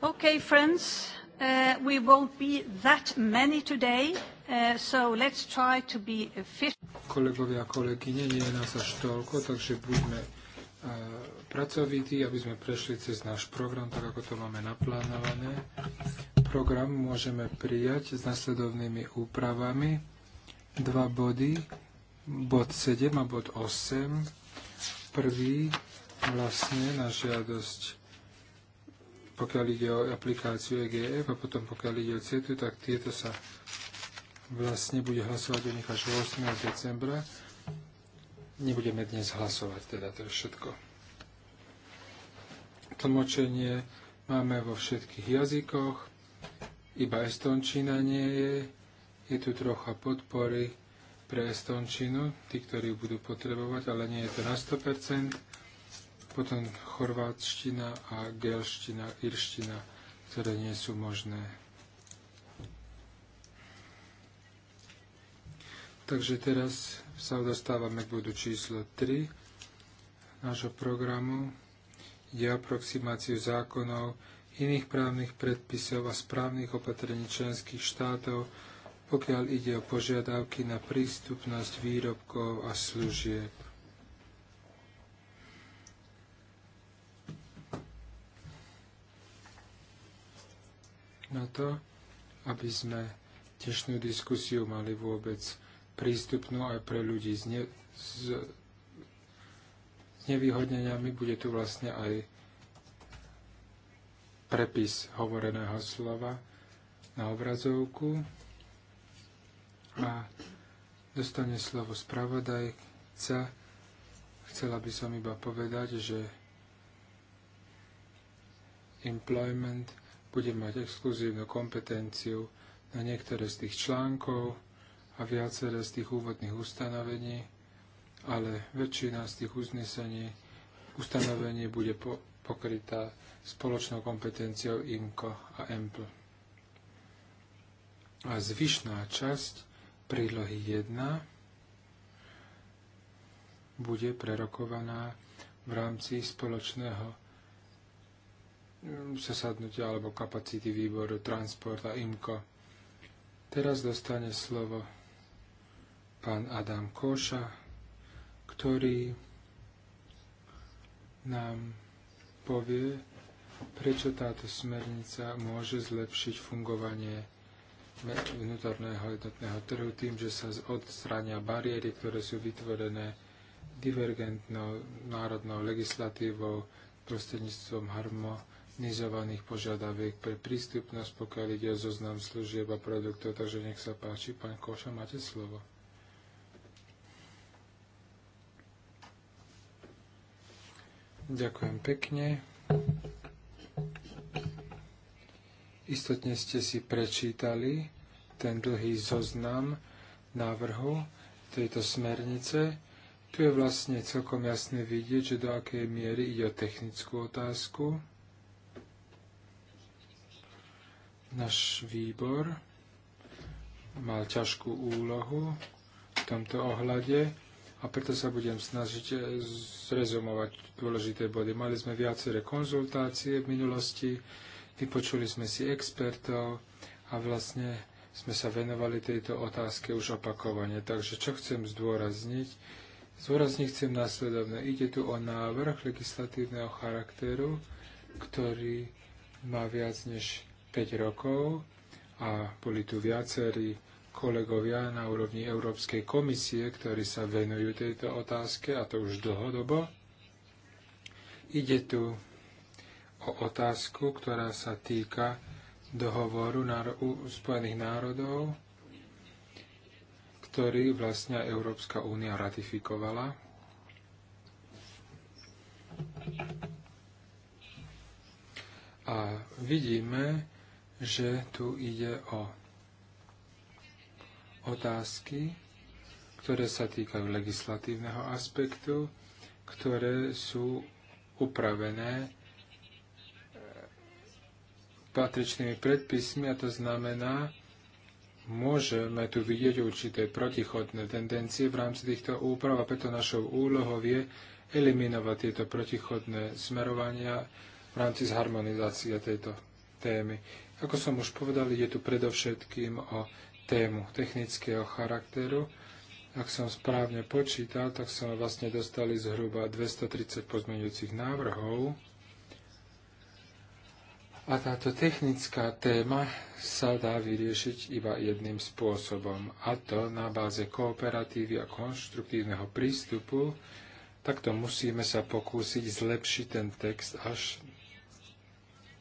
Okay, friends, uh, we won't be that many today, uh, so let's try to be efficient. Kolegovia kolegyne, nie je nás až toľko, takže buďme uh, pracovití, aby sme prešli cez náš program, tak ako to máme naplánované. Program môžeme prijať s nasledovnými úpravami. Dva body, bod 7 a bod 8. Prvý vlastne na žiadosť pokiaľ ide o aplikáciu EGF a potom pokiaľ ide o CETU, tak tieto sa vlastne bude hlasovať o nich až 8. decembra. Nebudeme dnes hlasovať, teda to je všetko. Tlmočenie máme vo všetkých jazykoch, iba estončina nie je, je tu trocha podpory pre estončinu, tí, ktorí budú potrebovať, ale nie je to na 100% potom chorvátština a gelština, irština, ktoré nie sú možné. Takže teraz sa dostávame k bodu číslo 3 nášho programu. Ide aproximáciu zákonov, iných právnych predpisov a správnych opatrení členských štátov, pokiaľ ide o požiadavky na prístupnosť výrobkov a služieb. na to, aby sme dnešnú diskusiu mali vôbec prístupnú aj pre ľudí s, ne, s nevýhodneniami. Bude tu vlastne aj prepis hovoreného slova na obrazovku a dostane slovo spravodajca. Chcela by som iba povedať, že employment bude mať exkluzívnu kompetenciu na niektoré z tých článkov a viaceré z tých úvodných ustanovení, ale väčšina z tých uznesení, ustanovení bude po, pokrytá spoločnou kompetenciou IMCO a EMPL. A zvyšná časť prílohy 1 bude prerokovaná v rámci spoločného sesadnutia mm, alebo kapacity výboru transport a IMKO. Teraz dostane slovo pán Adam Koša, ktorý nám povie, prečo táto smernica môže zlepšiť fungovanie vnútorného jednotného trhu tým, že sa odstrania bariéry, ktoré sú vytvorené divergentnou národnou legislatívou prostredníctvom harmo znižovaných požiadaviek pre prístupnosť, pokiaľ ide o zoznam služieb a produktov. Takže nech sa páči, pán Koša, máte slovo. Ďakujem pekne. Istotne ste si prečítali ten dlhý zoznam návrhu tejto smernice. Tu je vlastne celkom jasné vidieť, že do akej miery ide o technickú otázku, Náš výbor mal ťažkú úlohu v tomto ohľade a preto sa budem snažiť eh, zrezumovať dôležité body. Mali sme viaceré konzultácie v minulosti, vypočuli sme si expertov a vlastne sme sa venovali tejto otázke už opakovane. Takže čo chcem zdôrazniť? Zdôrazniť chcem následovne. Ide tu o návrh legislatívneho charakteru, ktorý má viac než 5 rokov a boli tu viacerí kolegovia na úrovni Európskej komisie, ktorí sa venujú tejto otázke, a to už dlhodobo. Ide tu o otázku, ktorá sa týka dohovoru Spojených národov, ktorý vlastne Európska únia ratifikovala. A vidíme, že tu ide o otázky, ktoré sa týkajú legislatívneho aspektu, ktoré sú upravené e, patričnými predpismi a to znamená, môžeme tu vidieť určité protichodné tendencie v rámci týchto úprav a preto našou úlohou je eliminovať tieto protichodné smerovania v rámci zharmonizácie tejto témy. Ako som už povedal, ide tu predovšetkým o tému technického charakteru. Ak som správne počítal, tak sme vlastne dostali zhruba 230 pozmeňujúcich návrhov. A táto technická téma sa dá vyriešiť iba jedným spôsobom, a to na báze kooperatívy a konštruktívneho prístupu, takto musíme sa pokúsiť zlepšiť ten text až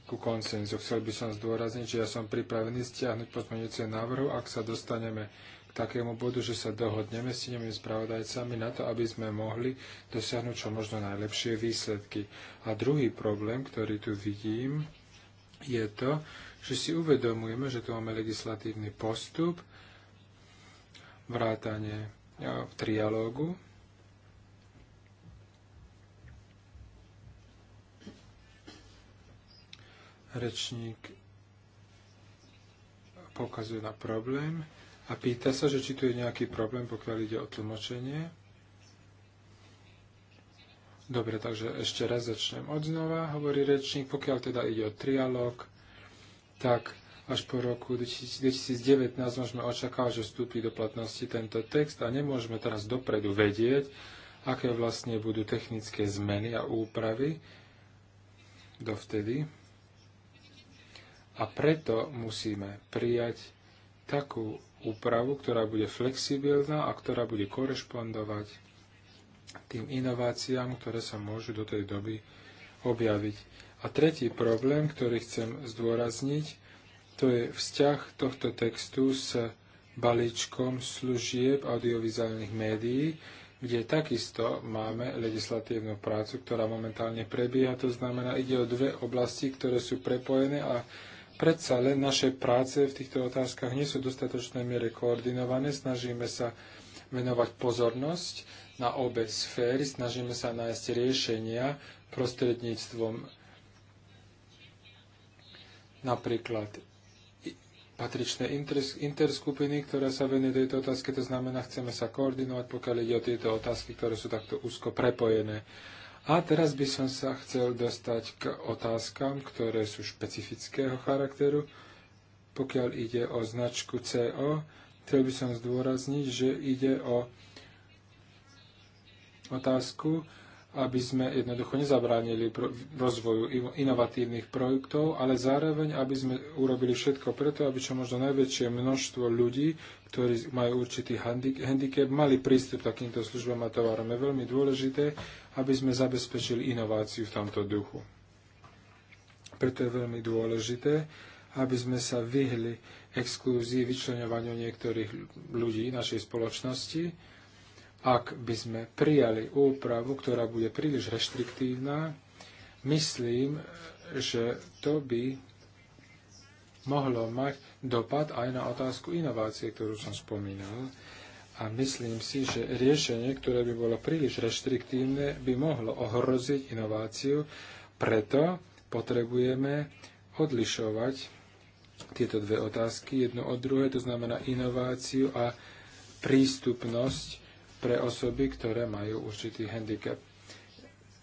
ku konsenzu. Chcel by som zdôrazniť, že ja som pripravený stiahnuť pozmeňujúce návrhu, ak sa dostaneme k takému bodu, že sa dohodneme s inými spravodajcami na to, aby sme mohli dosiahnuť čo možno najlepšie výsledky. A druhý problém, ktorý tu vidím, je to, že si uvedomujeme, že tu máme legislatívny postup, vrátanie v trialógu, Rečník pokazuje na problém a pýta sa, že či tu je nejaký problém, pokiaľ ide o tlmočenie. Dobre, takže ešte raz začnem od znova, hovorí rečník, pokiaľ teda ide o trialog, tak až po roku 2019 môžeme očakávať, že vstúpi do platnosti tento text a nemôžeme teraz dopredu vedieť, aké vlastne budú technické zmeny a úpravy dovtedy. A preto musíme prijať takú úpravu, ktorá bude flexibilná a ktorá bude korešpondovať tým inováciám, ktoré sa môžu do tej doby objaviť. A tretí problém, ktorý chcem zdôrazniť, to je vzťah tohto textu s balíčkom služieb audiovizuálnych médií, kde takisto máme legislatívnu prácu, ktorá momentálne prebieha. To znamená, ide o dve oblasti, ktoré sú prepojené a predsa len naše práce v týchto otázkach nie sú v dostatočnej miere koordinované. Snažíme sa venovať pozornosť na obe sféry, snažíme sa nájsť riešenia prostredníctvom napríklad patričné interskupiny, ktorá sa venuje tejto otázke, to znamená, chceme sa koordinovať, pokiaľ ide o tieto otázky, ktoré sú takto úzko prepojené. A teraz by som sa chcel dostať k otázkam, ktoré sú špecifického charakteru. Pokiaľ ide o značku CO, chcel by som zdôrazniť, že ide o otázku, aby sme jednoducho nezabránili rozvoju inovatívnych projektov, ale zároveň, aby sme urobili všetko preto, aby čo možno najväčšie množstvo ľudí, ktorí majú určitý handicap, mali prístup takýmto službám a tovarom. Je veľmi dôležité, aby sme zabezpečili inováciu v tomto duchu. Preto je veľmi dôležité, aby sme sa vyhli exkluzii, vyčlenovaniu niektorých ľudí našej spoločnosti, ak by sme prijali úpravu, ktorá bude príliš reštriktívna, myslím, že to by mohlo mať dopad aj na otázku inovácie, ktorú som spomínal. A myslím si, že riešenie, ktoré by bolo príliš reštriktívne, by mohlo ohroziť inováciu. Preto potrebujeme odlišovať tieto dve otázky jednu od druhej, to znamená inováciu a prístupnosť pre osoby, ktoré majú určitý handicap.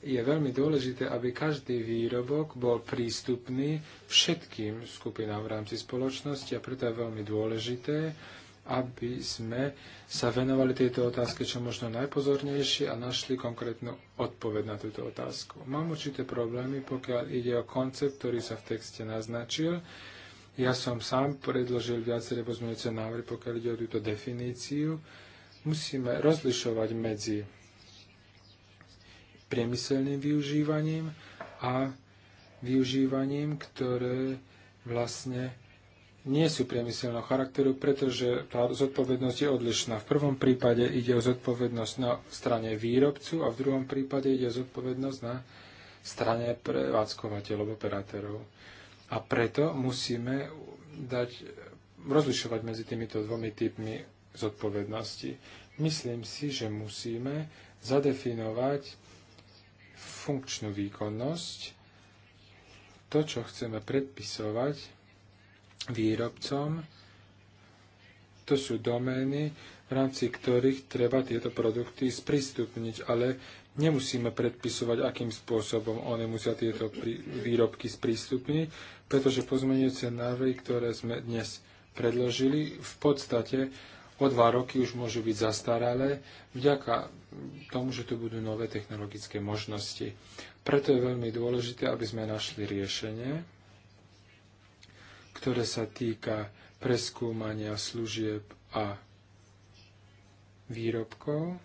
Je veľmi dôležité, aby každý výrobok bol prístupný všetkým skupinám v rámci spoločnosti a preto je veľmi dôležité, aby sme sa venovali tejto otázke čo možno najpozornejšie a našli konkrétnu odpoveď na túto otázku. Mám určité problémy, pokiaľ ide o koncept, ktorý sa v texte naznačil. Ja som sám predložil viaceré pozmeňujúce návrhy, pokiaľ ide o túto definíciu. Musíme rozlišovať medzi priemyselným využívaním a využívaním, ktoré vlastne nie sú priemyselného charakteru, pretože tá zodpovednosť je odlišná. V prvom prípade ide o zodpovednosť na strane výrobcu a v druhom prípade ide o zodpovednosť na strane prevádzkovateľov, operátorov. A preto musíme dať, rozlišovať medzi týmito dvomi typmi zodpovednosti. Myslím si, že musíme zadefinovať funkčnú výkonnosť, to, čo chceme predpisovať výrobcom, to sú domény, v rámci ktorých treba tieto produkty sprístupniť, ale nemusíme predpisovať, akým spôsobom oni musia tieto výrobky sprístupniť, pretože pozmeňujúce návrhy, ktoré sme dnes predložili, v podstate o dva roky už môžu byť zastaralé vďaka tomu, že tu budú nové technologické možnosti. Preto je veľmi dôležité, aby sme našli riešenie, ktoré sa týka preskúmania služieb a výrobkov,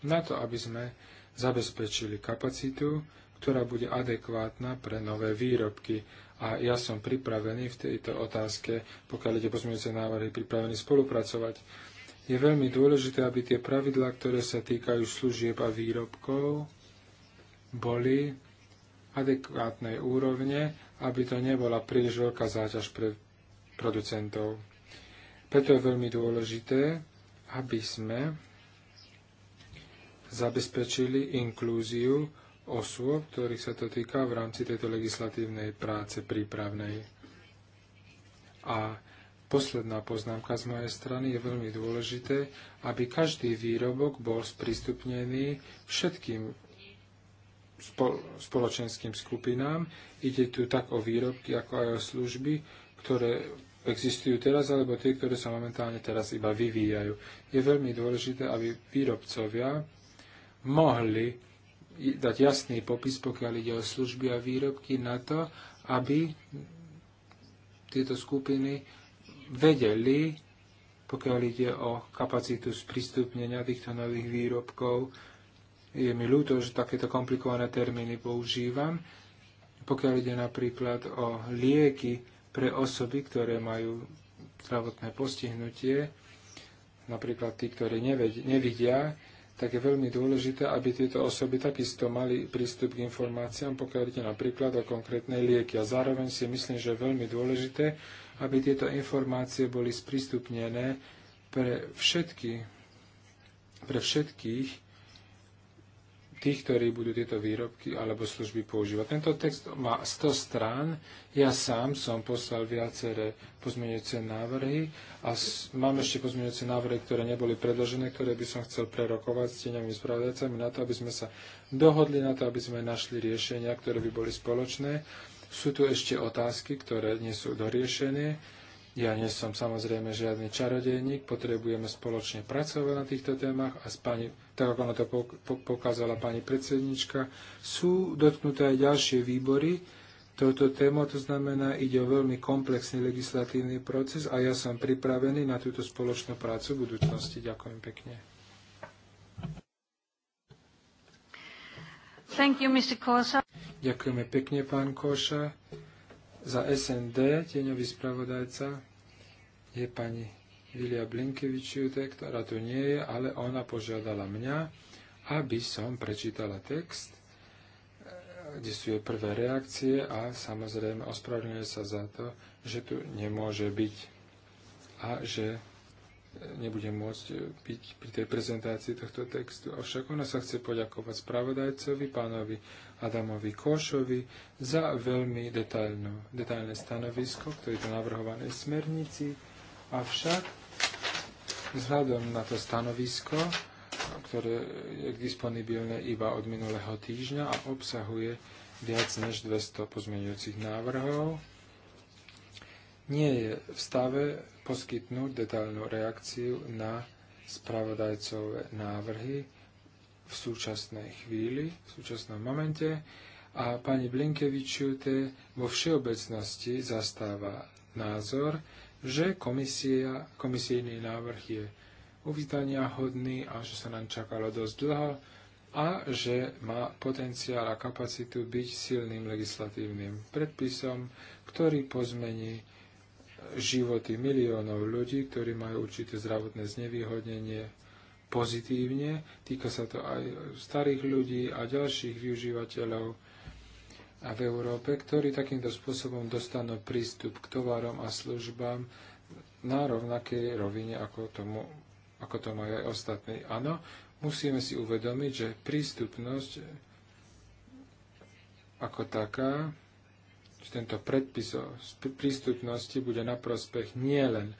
na to, aby sme zabezpečili kapacitu, ktorá bude adekvátna pre nové výrobky a ja som pripravený v tejto otázke, pokiaľ ide pozmeňujúce návrhy, pripravený spolupracovať. Je veľmi dôležité, aby tie pravidlá, ktoré sa týkajú služieb a výrobkov, boli adekvátnej úrovne, aby to nebola príliš veľká záťaž pre producentov. Preto je veľmi dôležité, aby sme zabezpečili inklúziu osôb, ktorých sa to týka v rámci tejto legislatívnej práce prípravnej. A posledná poznámka z mojej strany je veľmi dôležité, aby každý výrobok bol sprístupnený všetkým spoločenským skupinám. Ide tu tak o výrobky, ako aj o služby, ktoré existujú teraz, alebo tie, ktoré sa momentálne teraz iba vyvíjajú. Je veľmi dôležité, aby výrobcovia mohli dať jasný popis, pokiaľ ide o služby a výrobky, na to, aby tieto skupiny vedeli, pokiaľ ide o kapacitu sprístupnenia týchto nových výrobkov. Je mi ľúto, že takéto komplikované termíny používam. Pokiaľ ide napríklad o lieky pre osoby, ktoré majú zdravotné postihnutie, napríklad tí, ktorí nevedia, nevidia, tak je veľmi dôležité, aby tieto osoby takisto mali prístup k informáciám, pokiaľ ide napríklad o konkrétne lieky. A zároveň si myslím, že je veľmi dôležité, aby tieto informácie boli sprístupnené pre všetky, pre všetkých, tých, ktorí budú tieto výrobky alebo služby používať. Tento text má 100 strán. Ja sám som poslal viaceré pozmeňujúce návrhy a mám ešte pozmeňujúce návrhy, ktoré neboli predložené, ktoré by som chcel prerokovať s tieňami spravodajcami na to, aby sme sa dohodli, na to, aby sme našli riešenia, ktoré by boli spoločné. Sú tu ešte otázky, ktoré nie sú doriešené ja nie som samozrejme žiadny čarodejník, potrebujeme spoločne pracovať na týchto témach a s pani, tak ako na to pokázala pani predsednička, sú dotknuté aj ďalšie výbory touto tému, to znamená, ide o veľmi komplexný legislatívny proces a ja som pripravený na túto spoločnú prácu v budúcnosti. Ďakujem pekne. Thank you, Mr. Kosa. Ďakujeme pekne, pán Koša za SND, tieňový spravodajca je pani Ilia Blinkevičiute, ktorá tu nie je, ale ona požiadala mňa, aby som prečítala text, eh, kde sú jej prvé reakcie a samozrejme ospravedlňuje sa za to, že tu nemôže byť a že eh, nebude môcť eh, byť pri tej prezentácii tohto textu. Avšak ona sa chce poďakovať spravodajcovi, pánovi Adamovi Košovi, za veľmi detailné stanovisko k tejto navrhovanej smernici Avšak vzhľadom na to stanovisko, ktoré je disponibilné iba od minulého týždňa a obsahuje viac než 200 pozmeňujúcich návrhov, nie je v stave poskytnúť detailnú reakciu na spravodajcové návrhy v súčasnej chvíli, v súčasnom momente a pani Blinkevičiute vo všeobecnosti zastáva názor, že komisia, komisijný návrh je uvítania hodný a že sa nám čakalo dosť dlho a že má potenciál a kapacitu byť silným legislatívnym predpisom, ktorý pozmení životy miliónov ľudí, ktorí majú určité zdravotné znevýhodnenie pozitívne. Týka sa to aj starých ľudí a ďalších využívateľov a v Európe, ktorí takýmto spôsobom dostanú prístup k tovarom a službám na rovnakej rovine, ako, tomu, ako to majú aj ostatní. Áno, musíme si uvedomiť, že prístupnosť ako taká, že tento predpis o prístupnosti bude na prospech nielen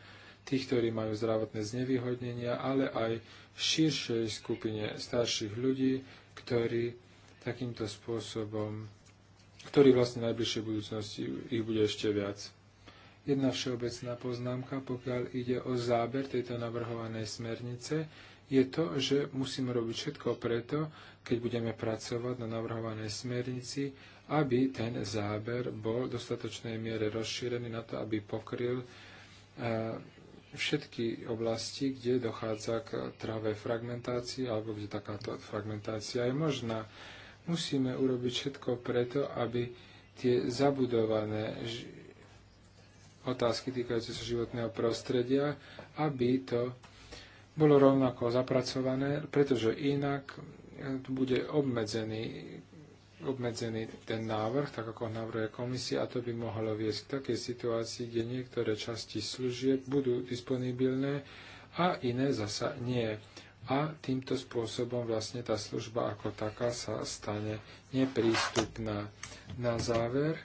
tých, ktorí majú zdravotné znevýhodnenia, ale aj širšej skupine starších ľudí, ktorí takýmto spôsobom ktorý vlastne v najbližšej budúcnosti ich bude ešte viac. Jedna všeobecná poznámka, pokiaľ ide o záber tejto navrhovanej smernice, je to, že musíme robiť všetko preto, keď budeme pracovať na navrhovanej smernici, aby ten záber bol v dostatočnej miere rozšírený na to, aby pokryl e, všetky oblasti, kde dochádza k trhavej fragmentácii alebo kde takáto fragmentácia je možná. Musíme urobiť všetko preto, aby tie zabudované otázky týkajúce sa životného prostredia, aby to bolo rovnako zapracované, pretože inak e, bude obmedzený, obmedzený ten návrh, tak ako navrhuje komisia, a to by mohlo viesť k takej situácii, kde niektoré časti služieb budú disponibilné a iné zasa nie a týmto spôsobom vlastne tá služba ako taká sa stane neprístupná. Na záver,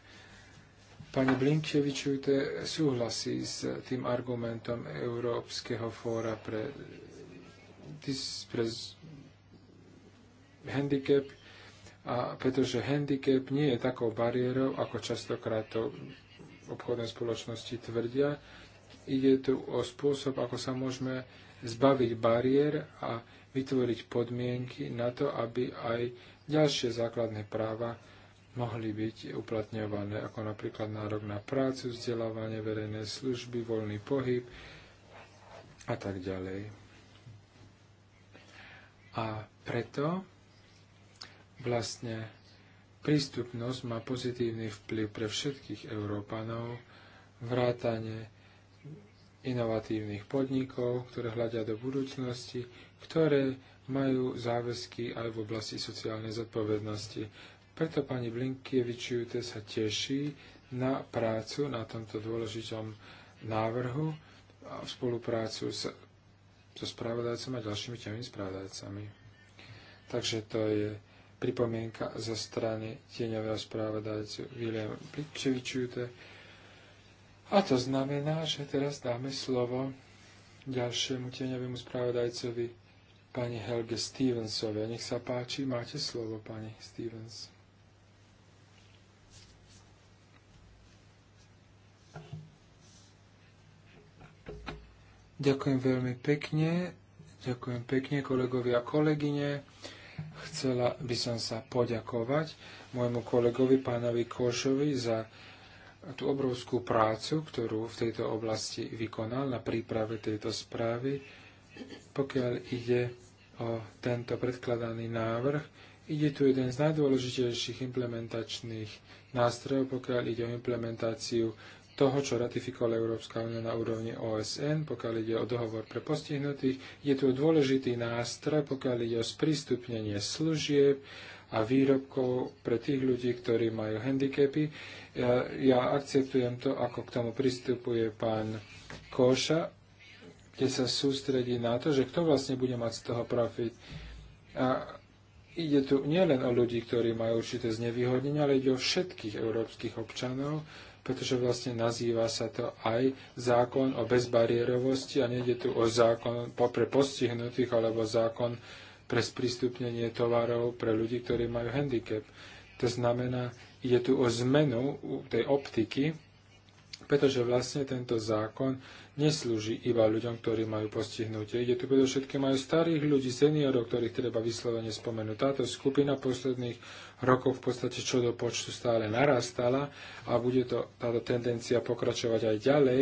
pani Blinkčevičujte súhlasí s tým argumentom Európskeho fóra pre, pre handicap, a pretože handicap nie je takou bariérou, ako častokrát to obchodné spoločnosti tvrdia. Ide tu o spôsob, ako sa môžeme zbaviť bariér a vytvoriť podmienky na to, aby aj ďalšie základné práva mohli byť uplatňované, ako napríklad nárok na prácu, vzdelávanie, verejné služby, voľný pohyb a tak ďalej. A preto vlastne prístupnosť má pozitívny vplyv pre všetkých Európanov, vrátane inovatívnych podnikov, ktoré hľadia do budúcnosti, ktoré majú záväzky aj v oblasti sociálnej zodpovednosti. Preto pani Blinkievičiute sa teší na prácu na tomto dôležitom návrhu a v spoluprácu s, so spravodajcom a ďalšími ťami spravodajcami. Takže to je pripomienka zo strany tieňového spravodajcu William Blikčevičiute a to znamená, že teraz dáme slovo ďalšiemu tieňovému spravodajcovi pani Helge Stevensovi. Nech sa páči, máte slovo, pani Stevens. Ďakujem veľmi pekne. Ďakujem pekne kolegovi a kolegyne. Chcela by som sa poďakovať môjmu kolegovi pánovi Košovi za tú obrovskú prácu, ktorú v tejto oblasti vykonal na príprave tejto správy. Pokiaľ ide o tento predkladaný návrh, ide tu jeden z najdôležitejších implementačných nástrojov, pokiaľ ide o implementáciu toho, čo ratifikovala Európska únia na úrovni OSN, pokiaľ ide o dohovor pre postihnutých. Je tu dôležitý nástroj, pokiaľ ide o sprístupnenie služieb a výrobkov pre tých ľudí, ktorí majú handicapy. Ja, ja akceptujem to, ako k tomu pristupuje pán Koša, kde sa sústredí na to, že kto vlastne bude mať z toho profit. A ide tu nielen o ľudí, ktorí majú určité znevýhodnenia, ale ide o všetkých európskych občanov, pretože vlastne nazýva sa to aj zákon o bezbariérovosti a nejde tu o zákon pre postihnutých alebo zákon pre sprístupnenie tovarov pre ľudí, ktorí majú handicap. To znamená, ide tu o zmenu tej optiky, pretože vlastne tento zákon neslúži iba ľuďom, ktorí majú postihnutie. Ide tu predovšetkým aj starých ľudí, seniorov, ktorých treba vyslovene spomenúť. Táto skupina posledných rokov v podstate čo do počtu stále narastala a bude to, táto tendencia pokračovať aj ďalej.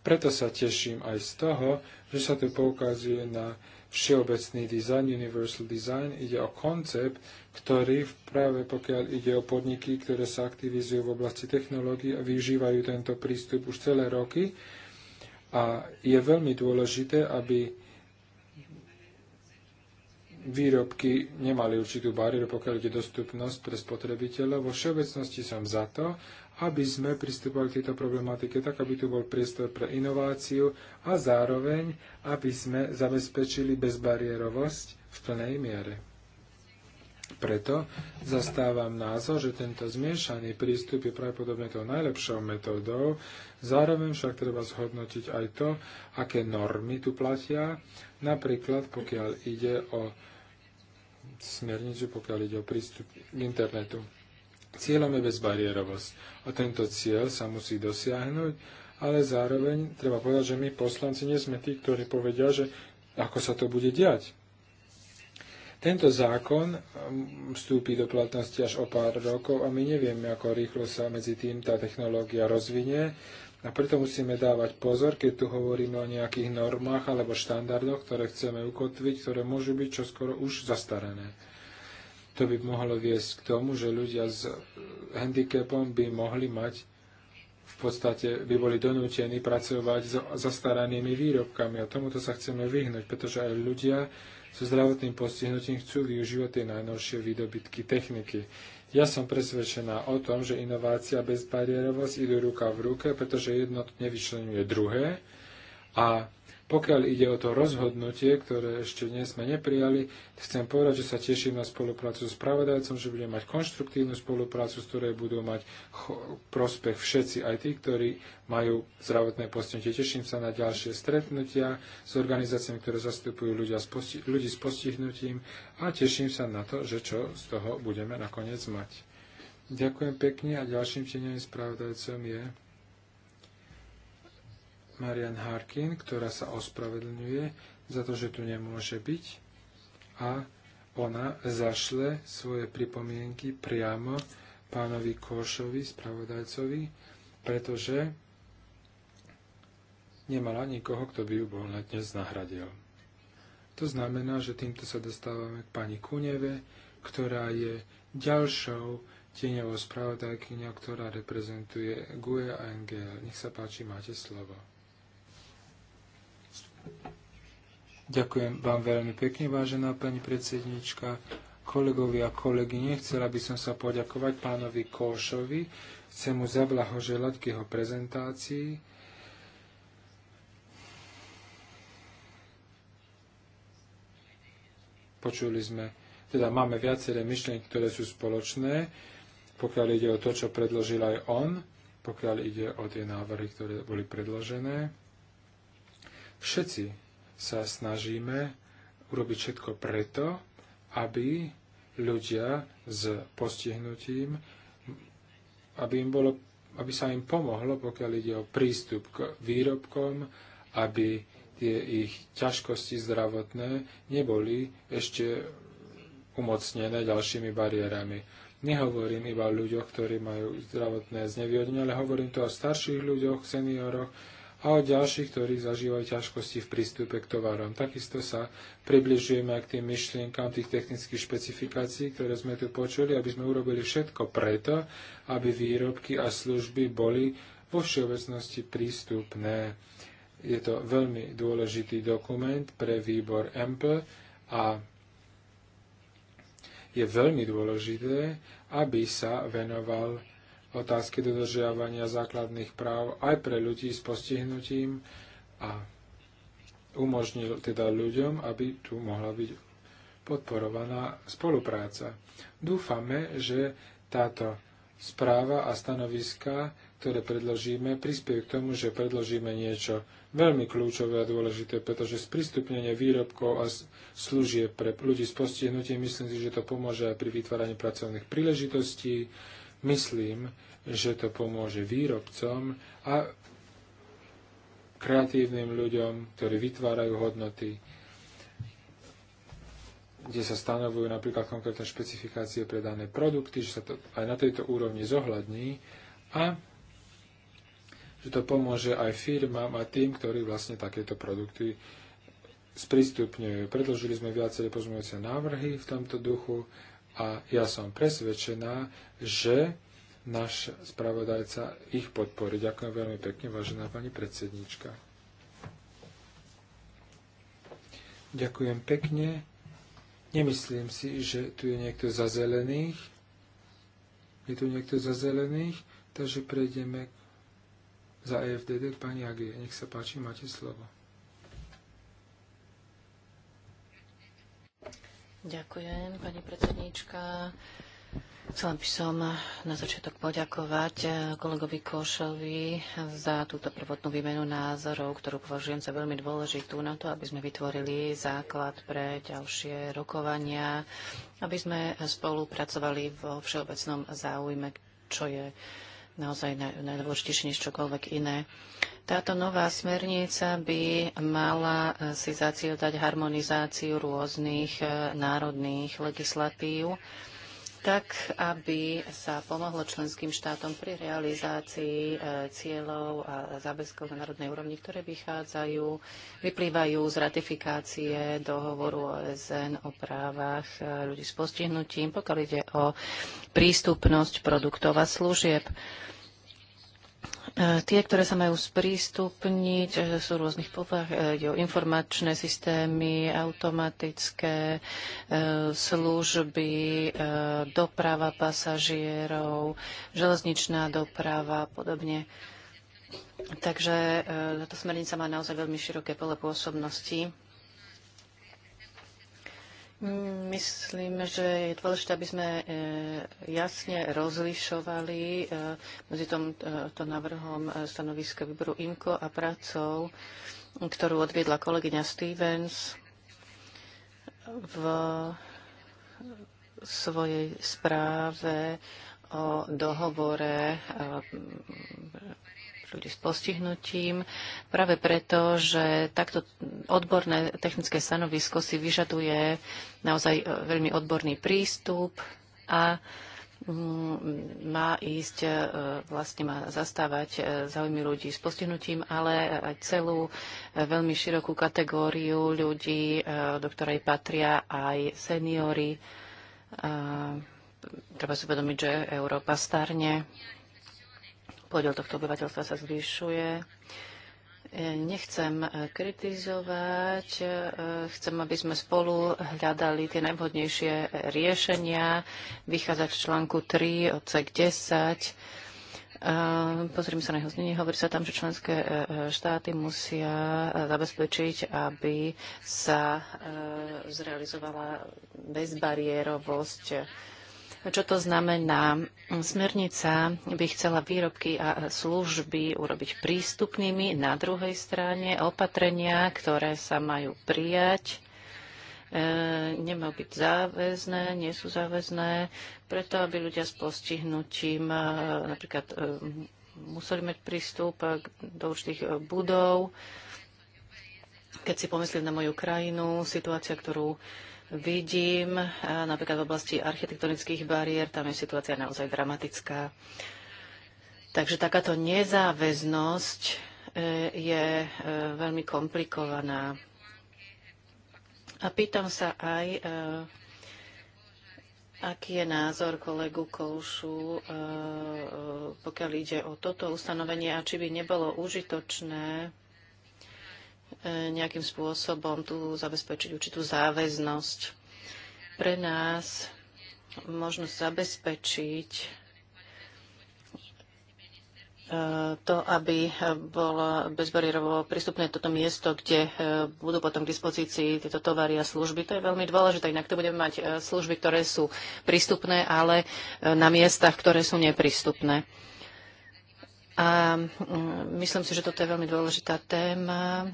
Preto sa teším aj z toho, že sa tu poukazuje na všeobecný dizajn, universal design, ide o koncept, ktorý práve pokiaľ ide o podniky, ktoré sa aktivizujú v oblasti technológií a využívajú tento prístup už celé roky. A je veľmi dôležité, aby výrobky nemali určitú bariéru, pokiaľ ide dostupnosť pre spotrebiteľov. Vo všeobecnosti som za to, aby sme pristupovali k tejto problematike tak, aby tu bol priestor pre inováciu a zároveň, aby sme zabezpečili bezbariérovosť v plnej miere. Preto zastávam názor, že tento zmiešaný prístup je pravdepodobne tou najlepšou metódou, zároveň však treba zhodnotiť aj to, aké normy tu platia, napríklad pokiaľ ide o smernicu, pokiaľ ide o prístup k internetu. Cieľom je bezbariérovosť a tento cieľ sa musí dosiahnuť, ale zároveň treba povedať, že my poslanci nie sme tí, ktorí povedia, že ako sa to bude diať. Tento zákon um, vstúpi do platnosti až o pár rokov a my nevieme, ako rýchlo sa medzi tým tá technológia rozvinie a preto musíme dávať pozor, keď tu hovoríme o nejakých normách alebo štandardoch, ktoré chceme ukotviť, ktoré môžu byť čoskoro už zastarané. To by mohlo viesť k tomu, že ľudia s handicapom by mohli mať v podstate by boli donútení pracovať so zastaranými výrobkami a tomuto sa chceme vyhnúť, pretože aj ľudia so zdravotným postihnutím chcú využívať tie najnovšie výdobytky techniky. Ja som presvedčená o tom, že inovácia a bezbariérovosť idú ruka v ruke, pretože jedno nevyčlenuje druhé a pokiaľ ide o to rozhodnutie, ktoré ešte dnes sme neprijali, chcem povedať, že sa teším na spoluprácu s pravodajcom, že budem mať konštruktívnu spoluprácu, z ktorej budú mať prospech všetci, aj tí, ktorí majú zdravotné postihnutie. Teším sa na ďalšie stretnutia s organizáciami, ktoré zastupujú ľudia s ľudí s postihnutím a teším sa na to, že čo z toho budeme nakoniec mať. Ďakujem pekne a ďalším teniem spravodajcom je Marian Harkin, ktorá sa ospravedlňuje za to, že tu nemôže byť a ona zašle svoje pripomienky priamo pánovi Košovi, spravodajcovi, pretože nemala nikoho, kto by ju bol na dnes nahradil. To znamená, že týmto sa dostávame k pani Kuneve, ktorá je ďalšou tieňovou spravodajkyňou, ktorá reprezentuje GUE a NGL. Nech sa páči, máte slovo. Ďakujem vám veľmi pekne, vážená pani predsednička, kolegovi a kolegyne. Chcela by som sa poďakovať pánovi Košovi. Chcem mu zablahoželať k jeho prezentácii. Počuli sme, teda máme viaceré myšlienky, ktoré sú spoločné, pokiaľ ide o to, čo predložil aj on, pokiaľ ide o tie návrhy, ktoré boli predložené. Všetci sa snažíme urobiť všetko preto, aby ľudia s postihnutím, aby, im bolo, aby sa im pomohlo, pokiaľ ide o prístup k výrobkom, aby tie ich ťažkosti zdravotné neboli ešte umocnené ďalšími bariérami. Nehovorím iba o ľuďoch, ktorí majú zdravotné znevýhodnenie, ale hovorím to o starších ľuďoch, senioroch, a o ďalších, ktorí zažívajú ťažkosti v prístupe k tovarom. Takisto sa približujeme k tým myšlienkám tých technických špecifikácií, ktoré sme tu počuli, aby sme urobili všetko preto, aby výrobky a služby boli vo všeobecnosti prístupné. Je to veľmi dôležitý dokument pre výbor EMPL a je veľmi dôležité, aby sa venoval otázky dodržiavania základných práv aj pre ľudí s postihnutím a umožnil teda ľuďom, aby tu mohla byť podporovaná spolupráca. Dúfame, že táto správa a stanoviska, ktoré predložíme, prispie k tomu, že predložíme niečo veľmi kľúčové a dôležité, pretože sprístupnenie výrobkov a služieb pre ľudí s postihnutím, myslím si, že to pomôže aj pri vytváraní pracovných príležitostí, Myslím, že to pomôže výrobcom a kreatívnym ľuďom, ktorí vytvárajú hodnoty, kde sa stanovujú napríklad konkrétne špecifikácie pre dané produkty, že sa to aj na tejto úrovni zohľadní a že to pomôže aj firmám a tým, ktorí vlastne takéto produkty sprístupňujú. Predložili sme viaceré pozmeňujúce návrhy v tomto duchu a ja som presvedčená, že náš spravodajca ich podporí. Ďakujem veľmi pekne, vážená pani predsednička. Ďakujem pekne. Nemyslím si, že tu je niekto za zelených. Je tu niekto za zelených, takže prejdeme za EFDD. Pani Agie, nech sa páči, máte slovo. Ďakujem, pani predsedníčka. Chcela by som na začiatok poďakovať eh, kolegovi Košovi za túto prvotnú výmenu názorov, ktorú považujem za veľmi dôležitú na to, aby sme vytvorili základ pre ďalšie rokovania, aby sme spolupracovali vo všeobecnom záujme, čo je naozaj najdôležitejšie než čokoľvek iné. Táto nová smernica by mala e, si za cieľ dať harmonizáciu rôznych e, národných legislatív tak aby sa pomohlo členským štátom pri realizácii e, cieľov a záväzkov na národnej úrovni, ktoré vychádzajú, vyplývajú z ratifikácie dohovoru OSN o právach e, ľudí s postihnutím, pokiaľ ide o prístupnosť produktov a služieb. Eh, tie, ktoré sa majú sprístupniť, eh, sú v rôznych povách, eh, ide o informačné systémy, automatické služby, doprava pasažierov, železničná doprava a podobne. Takže táto smernica má naozaj veľmi široké pole pôsobnosti. Myslím, že je dôležité, aby sme e, jasne rozlišovali e, medzi tomto e, návrhom stanoviska výboru IMCO a prácou, ktorú odviedla kolegyňa Stevens v svojej správe o dohovore ľudí s postihnutím, práve preto, že takto odborné technické stanovisko si vyžaduje naozaj e, veľmi odborný prístup a mm, má ísť, e, vlastne má zastávať e, záujmy ľudí s postihnutím, ale aj celú veľmi širokú kategóriu ľudí, do ktorej patria aj seniory. Treba si uvedomiť, že Európa starne Podiel tohto obyvateľstva sa zvyšuje. E, nechcem e, kritizovať, e, chcem, aby sme spolu hľadali tie najvhodnejšie riešenia, vychádzať z článku 3, odsek 10. Pozrime sa na jeho znenie. Hovorí sa tam, že členské štáty musia zabezpečiť, aby sa zrealizovala bezbariérovosť čo to znamená? Smernica by chcela výrobky a služby urobiť prístupnými, na druhej strane opatrenia, ktoré sa majú prijať, e, nemajú byť záväzné, nie sú záväzné, preto aby ľudia s postihnutím e, napríklad e, museli mať prístup do určitých budov. Keď si pomyslím na moju krajinu, situácia, ktorú vidím, napríklad v oblasti architektonických bariér, tam je situácia naozaj dramatická. Takže takáto nezáväznosť e, je e, veľmi komplikovaná. A pýtam sa aj, e, aký je názor kolegu Koušu, pokiaľ ide o toto ustanovenie a či by nebolo užitočné E, nejakým spôsobom tu zabezpečiť určitú záväznosť. Pre nás možnosť zabezpečiť e, to, aby bolo bezbariérovo prístupné toto miesto, kde e, budú potom k dispozícii tieto tovary a služby. To je veľmi dôležité, inak tu budeme mať služby, ktoré sú prístupné, ale na miestach, ktoré sú neprístupné. A mm, myslím si, že toto je veľmi dôležitá téma.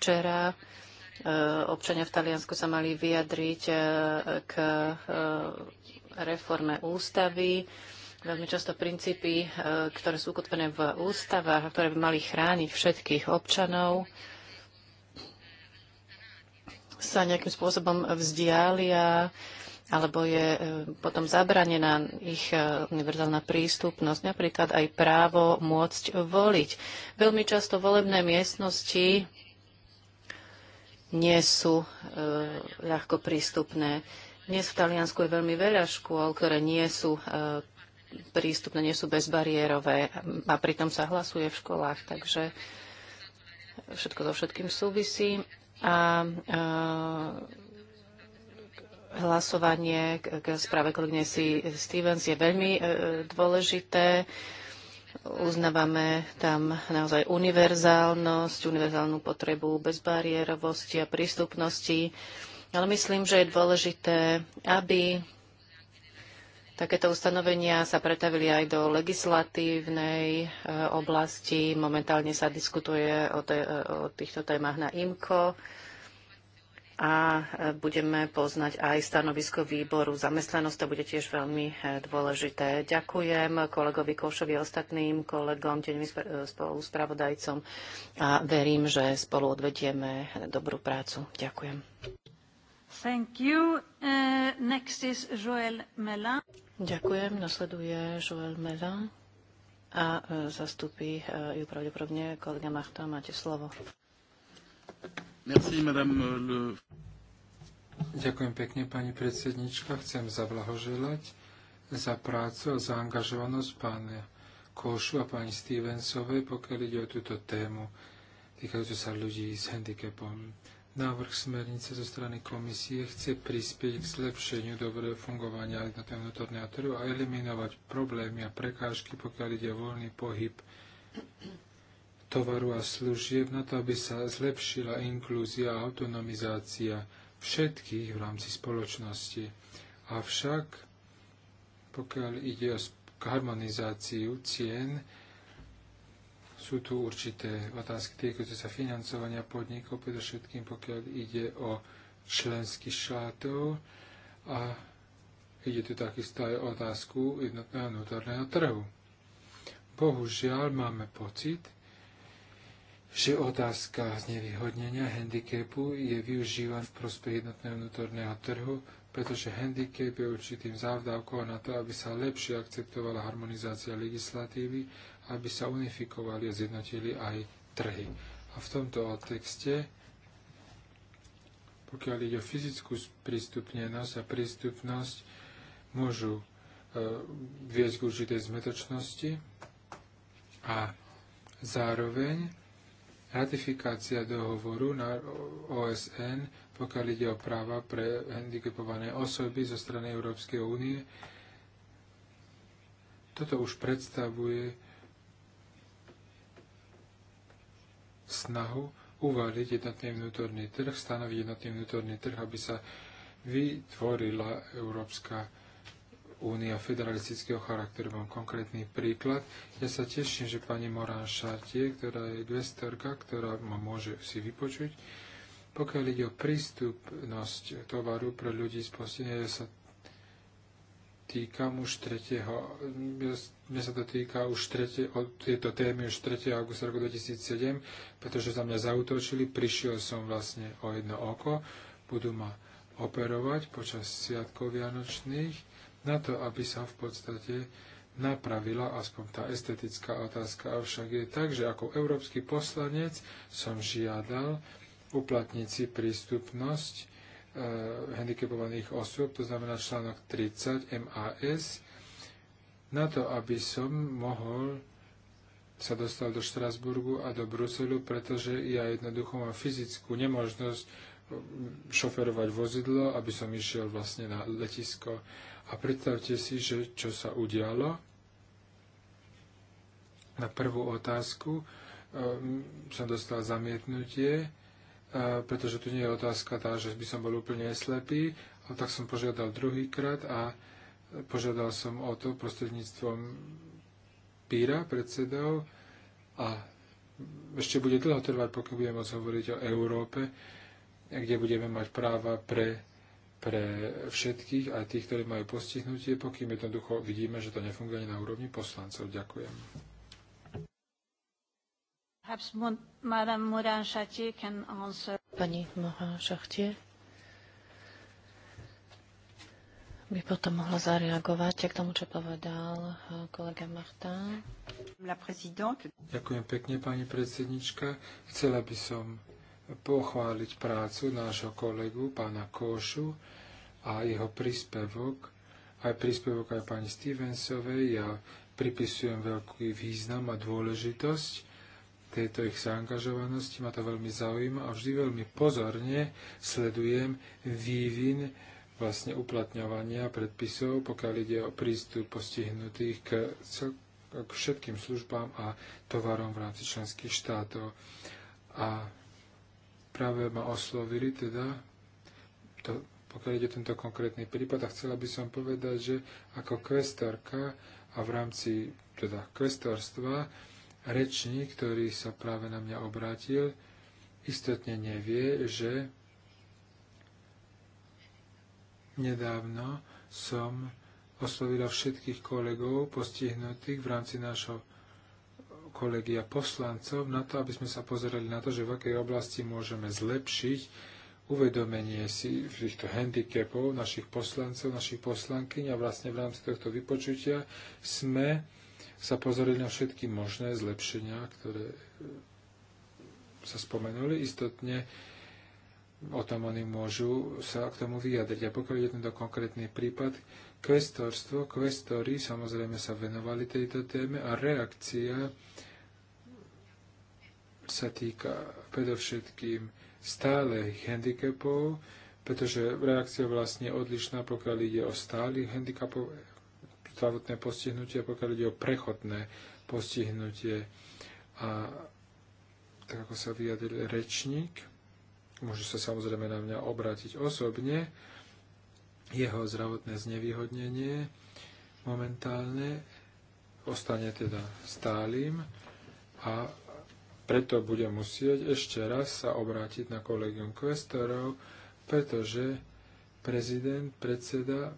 Včera e, občania v Taliansku sa mali vyjadriť e, k e, reforme ústavy. Veľmi často princípy, ktoré sú ukotvené v ústavách ktoré by mali chrániť všetkých občanov, sa nejakým spôsobom vzdialia alebo je e, potom zabranená ich e, univerzálna prístupnosť, napríklad aj právo môcť voliť. Veľmi často volebné miestnosti nie sú e, ľahko prístupné. Dnes v Taliansku je veľmi veľa škôl, ktoré nie sú e, prístupné, nie sú bezbariérové a pritom sa hlasuje v školách, takže všetko so všetkým súvisí. A e, hlasovanie k správe kolegyne Stevens je veľmi e, e, dôležité. Uznávame tam naozaj univerzálnosť, univerzálnu potrebu bezbariérovosti a prístupnosti. Ale myslím, že je dôležité, aby Takéto ustanovenia sa pretavili aj do legislatívnej e, oblasti. Momentálne sa diskutuje o, te, o týchto témach na IMCO a e, budeme poznať aj stanovisko výboru zamestnanosť. To bude tiež veľmi e, dôležité. Ďakujem kolegovi Košovi a ostatným kolegom, tieňmi e, spravodajcom a verím, že spolu odvedieme dobrú prácu. Ďakujem. Thank you. Uh, next is Joël Melin. Ďakujem. Nasleduje Joël Melin a uh, zastupí uh, ju pravdepodobne kolega Machta. Máte slovo. Euh, Ďakujem pekne, pani predsednička. Chcem zablahoželať za prácu a zaangažovanosť pána Košu a pani Stevensovej, pokiaľ ide o túto tému týkajúcu sa ľudí s handicapom. Návrh smernice zo strany komisie chce prispieť k zlepšeniu dobrého fungovania jednotného vnútorného trhu a eliminovať problémy a prekážky, pokiaľ ide o voľný pohyb tovaru a služieb na to, aby sa zlepšila inklúzia a autonomizácia všetkých v rámci spoločnosti. Avšak, pokiaľ ide o harmonizáciu cien, sú tu určité otázky týkajúce sa financovania podnikov, predovšetkým pokiaľ ide o členských štátov a ide tu takisto aj otázku jednotného vnútorného trhu. Bohužiaľ máme pocit, že otázka znevýhodnenia handicapu je využívaná v prospech jednotného vnútorného trhu, pretože handicap je určitým závdavkom na to, aby sa lepšie akceptovala harmonizácia legislatívy, aby sa unifikovali a zjednotili aj trhy. A v tomto texte, pokiaľ ide o fyzickú prístupnenosť a prístupnosť, môžu e, viesť k určitej zmetočnosti a zároveň Ratifikácia dohovoru na OSN, pokiaľ ide o práva pre handicapované osoby zo strany Európskej únie, toto už predstavuje snahu uvaliť jednotný vnútorný trh, stanoviť jednotný vnútorný trh, aby sa vytvorila európska únia federalistického charakteru. Mám konkrétny príklad. Ja sa teším, že pani Morán Šartie, ktorá je investorka, ktorá ma môže si vypočuť, pokiaľ ide o prístupnosť tovaru pre ľudí z postihne, ja sa týkam už 3. Mne sa to týka už 3. od tejto témy už 3. augusta roku 2007, pretože za mňa zautočili, prišiel som vlastne o jedno oko, budú ma operovať počas sviatkov vianočných, na to, aby sa v podstate napravila aspoň tá estetická otázka. Avšak je tak, že ako európsky poslanec som žiadal uplatniť si prístupnosť e, handicapovaných osôb, to znamená článok 30 MAS, na to, aby som mohol sa dostal do Štrasburgu a do Bruselu, pretože ja jednoducho mám fyzickú nemožnosť šoferovať vozidlo, aby som išiel vlastne na letisko a predstavte si, že čo sa udialo. Na prvú otázku um, som dostal zamietnutie, uh, pretože tu nie je otázka tá, že by som bol úplne slepý, ale tak som požiadal druhýkrát a požiadal som o to prostredníctvom Píra, predsedov, a ešte bude dlho trvať, pokiaľ budeme môcť hovoriť o Európe, kde budeme mať práva pre pre všetkých, aj tých, ktorí majú postihnutie, pokým jednoducho vidíme, že to nefunguje ani na úrovni poslancov. Ďakujem. Pani Mohan Šachtie by potom mohla zareagovať k tomu, čo povedal eh, kolega Martin. Ďakujem pekne, pani predsednička. Chcela by som pochváliť prácu nášho kolegu, pána Košu a jeho príspevok, aj príspevok aj pani Stevensovej. Ja pripisujem veľký význam a dôležitosť tejto ich zaangažovanosti. Ma to veľmi zaujíma a vždy veľmi pozorne sledujem vývin vlastne uplatňovania predpisov, pokiaľ ide o prístup postihnutých k, k všetkým službám a tovarom v rámci členských štátov. A práve ma oslovili, teda to, pokiaľ ide tento konkrétny prípad. A chcela by som povedať, že ako kvestorka a v rámci teda kvestorstva rečník, ktorý sa práve na mňa obrátil, istotne nevie, že nedávno som oslovila všetkých kolegov postihnutých v rámci nášho kolegia poslancov na to, aby sme sa pozerali na to, že v akej oblasti môžeme zlepšiť uvedomenie si týchto handicapov našich poslancov, našich poslankyň a vlastne v rámci tohto vypočutia sme sa pozerali na všetky možné zlepšenia, ktoré sa spomenuli. Istotne o tom oni môžu sa k tomu vyjadriť. A pokiaľ je tento konkrétny prípad, Kvestorstvo, kvestori samozrejme sa venovali tejto téme a reakcia sa týka predovšetkým stálych handicapov, pretože reakcia vlastne odlišná, pokiaľ ide o stálych handicapov, zdravotné postihnutie, pokiaľ ide o prechodné postihnutie. A tak ako sa vyjadril rečník, môže sa samozrejme na mňa obrátiť osobne, jeho zdravotné znevýhodnenie momentálne ostane teda stálym a preto bude musieť ešte raz sa obrátiť na kolegium kvestorov, pretože prezident, predseda,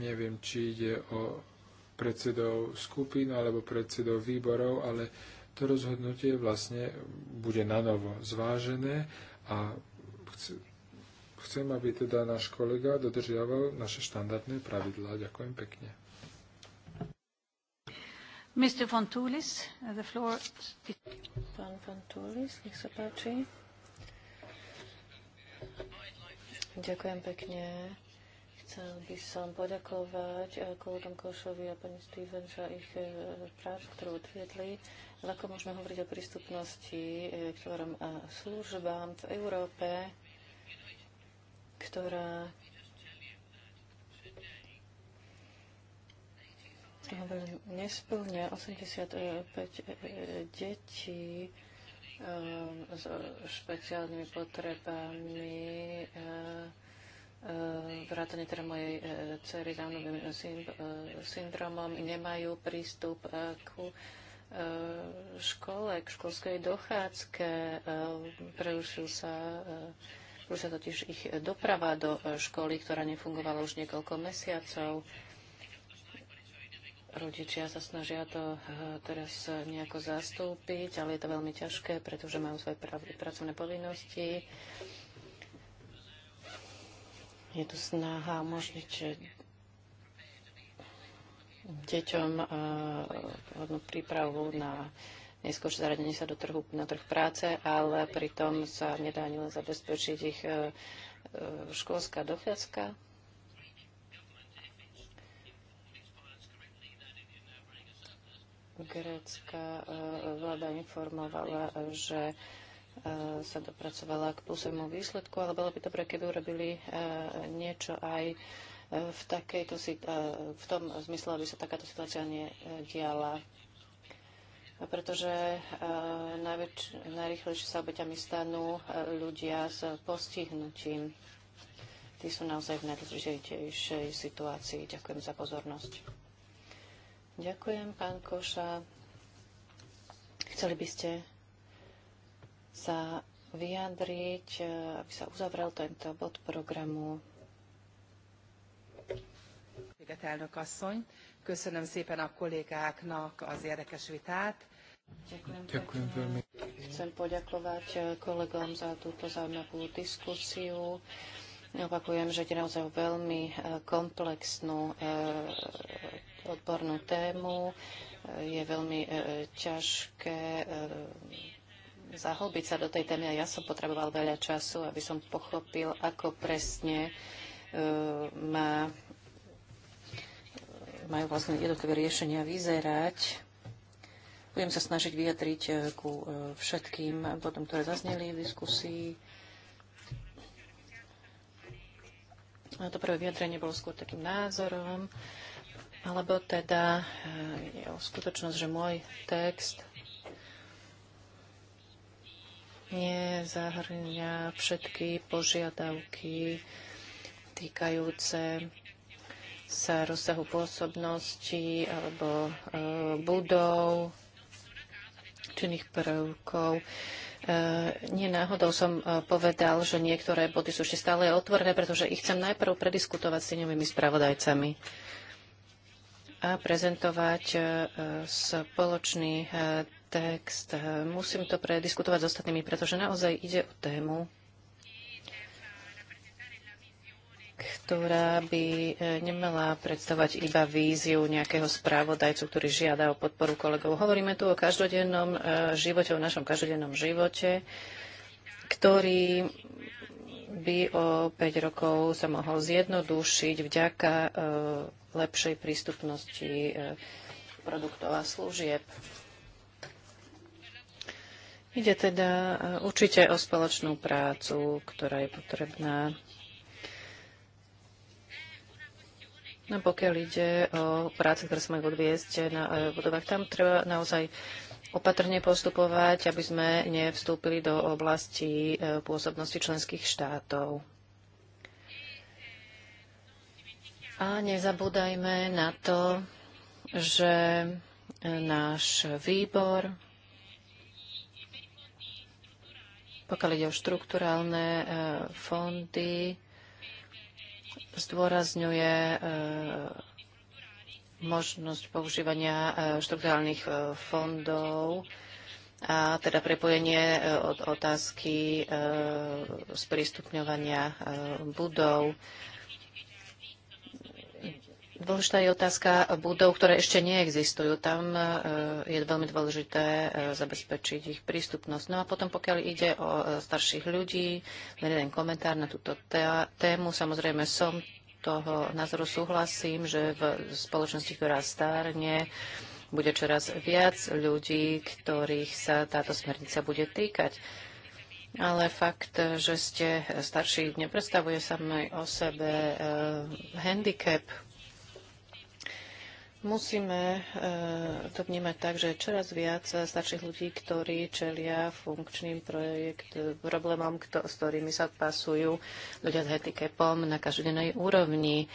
neviem, či ide o predsedov skupín alebo predsedov výborov, ale to rozhodnutie vlastne bude na novo zvážené a Chcem, aby teda náš kolega dodržiaval naše štandardné pravidlá. Ďakujem pekne. Mr. Von Tulis, uh, the floor. is... Pán Von Tulis, nech sa páči. Ďakujem pekne. Chcel by som poďakovať uh, kolegom Košovi a pani Steven za ich uh, prácu, ktorú odviedli. Ako môžeme hovoriť o prístupnosti k tovarom službám v Európe ktorá nesplňa 85 e, detí e, s špeciálnymi potrebami e, vrátane teda mojej cery Downovým syndromom nemajú prístup ku škole, k školskej dochádzke. preušil sa sa totiž ich doprava do e, školy, ktorá nefungovala už niekoľko mesiacov. Rodičia sa snažia to e, teraz nejako zastúpiť, ale je to veľmi ťažké, pretože majú svoje pracovné povinnosti. Je tu snaha umožniť deťom e, hodnú prípravu na neskôr zaradenie sa do trhu, na trh práce, ale pritom sa nedá ani len zabezpečiť ich e, e, školská dochádzka. Grécka e, vláda informovala, že sa dopracovala k plusovému výsledku, ale bolo by dobre, keby urobili niečo aj v, takejto, v tom zmysle, aby sa takáto situácia nediala pretože e, najrychlejšie sa obeťami stanú e, ľudia s postihnutím. Tí sú naozaj v najdôležitejšej situácii. Ďakujem za pozornosť. Ďakujem, pán Koša. Chceli by ste sa vyjadriť, e, aby sa uzavrel tento bod programu. Elnök asszony, köszönöm szépen a kollégáknak az érdekes vitát. Ďakujem, Ďakujem veľmi. Chcem poďakovať eh, kolegom za túto zaujímavú diskusiu. Opakujem, že je naozaj veľmi eh, komplexnú eh, odbornú tému. Je veľmi ťažké zahobiť sa do tej témy a ja som potreboval veľa času, aby som pochopil, ako presne má, majú vlastne jednotlivé riešenia vyzerať budem sa snažiť vyjadriť e, ku e, všetkým bodom, ktoré zazneli v diskusii. To prvé vyjadrenie bolo skôr takým názorom, alebo teda je o skutočnosť, že môj text nezahrňa všetky požiadavky týkajúce sa rozsahu pôsobnosti alebo e, budov, účinných prvkov. Nie náhodou som e, povedal, že niektoré body sú ešte stále otvorené, pretože ich chcem najprv prediskutovať s teňovými spravodajcami a prezentovať e, e, spoločný text. Musím to prediskutovať s ostatnými, pretože naozaj ide o tému, ktorá by e, nemala predstavovať iba víziu nejakého správodajcu, ktorý žiada o podporu kolegov. Hovoríme tu o každodennom e, živote, o našom každodennom živote, ktorý by o 5 rokov sa mohol zjednodušiť vďaka e, lepšej prístupnosti produktov a služieb. Ide teda určite o spoločnú prácu, ktorá je potrebná No pokiaľ ide o práce, ktoré sa majú odviesť na e, budovách, tam treba naozaj opatrne postupovať, aby sme nevstúpili do oblasti e, pôsobnosti členských štátov. A nezabúdajme na to, že e, náš výbor, pokiaľ ide o štruktúrálne fondy, zdôrazňuje e, možnosť používania e, štruktúrálnych e, fondov a teda prepojenie od otázky sprístupňovania budov Dôležitá je otázka budov, ktoré ešte neexistujú. Tam e, je veľmi dôležité e, zabezpečiť ich prístupnosť. No a potom, pokiaľ ide o e, starších ľudí, len jeden komentár na túto tému. Samozrejme, som toho názoru súhlasím, že v spoločnosti, ktorá stárne, bude čoraz viac ľudí, ktorých sa táto smernica bude týkať. Ale fakt, že ste starší, nepredstavuje samej o sebe e, handicap, Musíme e, to vnímať tak, že čoraz viac starších ľudí, ktorí čelia funkčným projekt, problémom, kto, s ktorými sa pasujú ľudia s handicapom na každodennej úrovni.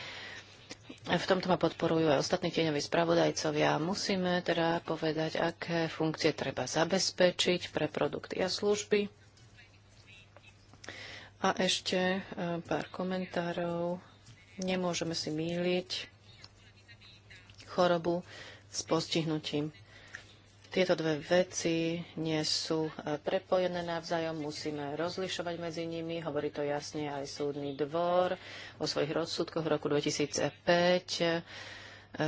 V tomto ma podporujú aj ostatní tieňoví spravodajcovia. Musíme teda povedať, aké funkcie treba zabezpečiť pre produkty a služby. A ešte e, pár komentárov. Nemôžeme si míliť chorobu s postihnutím. Tieto dve veci nie sú e, prepojené navzájom, musíme rozlišovať medzi nimi, hovorí to jasne aj súdny dvor o svojich rozsudkoch v roku 2005. E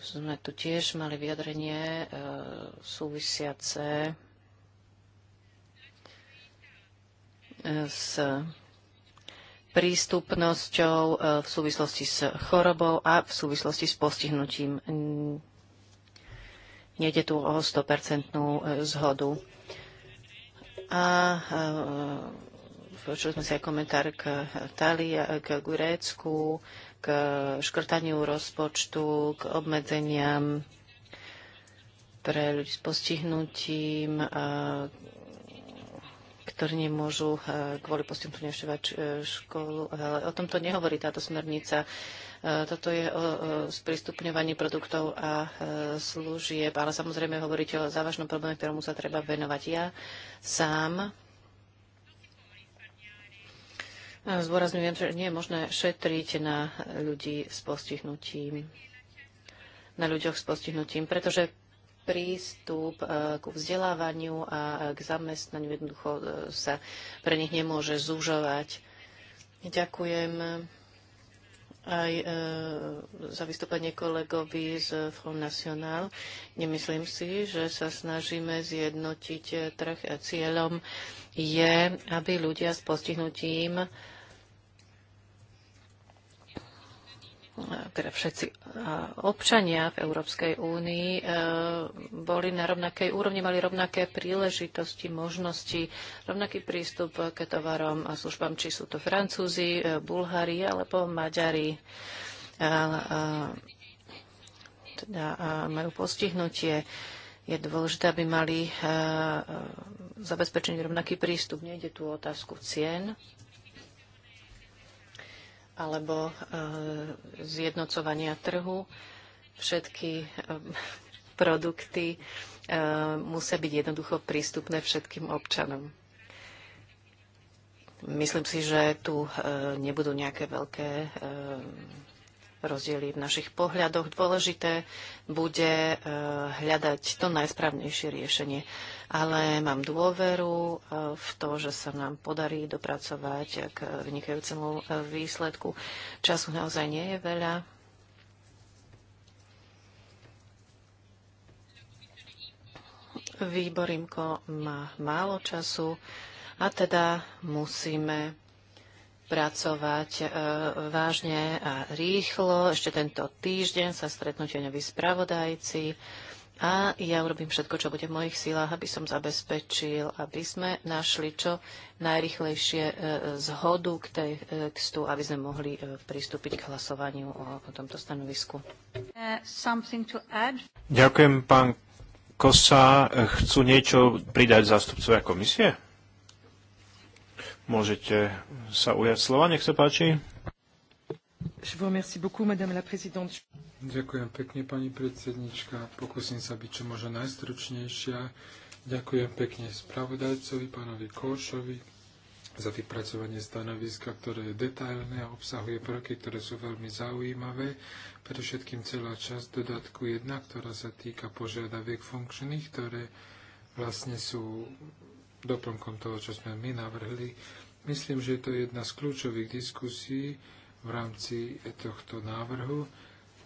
sme tu tiež mali vyjadrenie e, súvisiace s prístupnosťou e, v súvislosti s chorobou a v súvislosti s postihnutím. Nejde tu o 100% e, zhodu. A e, počuli sme si aj komentár k Tali, k Gurécku, k škrtaniu rozpočtu, k obmedzeniam pre ľudí s postihnutím, ktorí nemôžu eh, kvôli postihnutiu navštevovať eh, školu. Ale o tomto nehovorí táto smernica. Eh, toto je o sprístupňovaní produktov a služieb, ale samozrejme hovoríte o závažnom probléme, ktorému sa treba venovať. Ja sám Zvorazňujem, že nie je možné šetriť na ľudí s postihnutím na ľuďoch s postihnutím, pretože prístup e, k vzdelávaniu a e, k zamestnaniu jednoducho e, sa pre nich nemôže zúžovať. Ďakujem aj e, za vystúpenie kolegovi z Front National. Nemyslím si, že sa snažíme zjednotiť trh. Cieľom je, aby ľudia s postihnutím teda všetci občania v Európskej únii e, boli na rovnakej úrovni, mali rovnaké príležitosti, možnosti, rovnaký prístup k tovarom a službám, či sú to Francúzi, e, Bulhári alebo Maďari. E, teda majú postihnutie. Je dôležité, aby mali zabezpečený rovnaký prístup. Nejde tu o otázku cien, alebo e, zjednocovania trhu. Všetky e, produkty e, musia byť jednoducho prístupné všetkým občanom. Myslím si, že tu nebudú nejaké veľké rozdiely v našich pohľadoch. Dôležité bude e, hľadať to najsprávnejšie riešenie. Ale mám dôveru e, v to, že sa nám podarí dopracovať k vynikajúcemu e, výsledku. Času naozaj nie je veľa. Výborímko má málo času a teda musíme pracovať e, vážne a rýchlo. Ešte tento týždeň sa stretnú tieňoví spravodajci a ja urobím všetko, čo bude v mojich silách, aby som zabezpečil, aby sme našli čo najrychlejšie e, zhodu k textu, aby sme mohli e, pristúpiť k hlasovaniu o, tomto stanovisku. Ďakujem, pán Kosa. Chcú niečo pridať zástupcovia komisie? Môžete sa ujať slova, nech sa páči. Ďakujem pekne, pani predsednička. Pokúsim sa byť čo možno najstručnejšia. Ďakujem pekne spravodajcovi, pánovi Košovi, za vypracovanie stanoviska, ktoré je detailné a obsahuje prvky, ktoré sú veľmi zaujímavé. Pre všetkým celá časť dodatku 1, ktorá sa týka požiadaviek funkčných, ktoré vlastne sú doplnkom toho, čo sme my navrhli. Myslím, že to je jedna z kľúčových diskusí v rámci tohto návrhu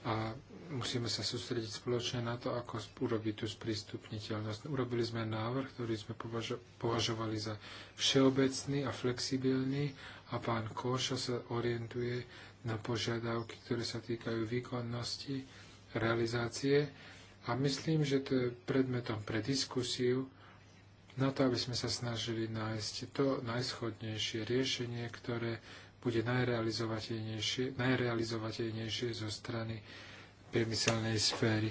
a musíme sa sústrediť spoločne na to, ako urobiť tú sprístupniteľnosť. Urobili sme návrh, ktorý sme považo- považovali za všeobecný a flexibilný a pán Koša sa orientuje na požiadavky, ktoré sa týkajú výkonnosti, realizácie a myslím, že to je predmetom pre diskusiu na to, aby sme sa snažili nájsť to najschodnejšie riešenie, ktoré bude najrealizovateľnejšie, najrealizovateľnejšie zo strany priemyselnej sféry.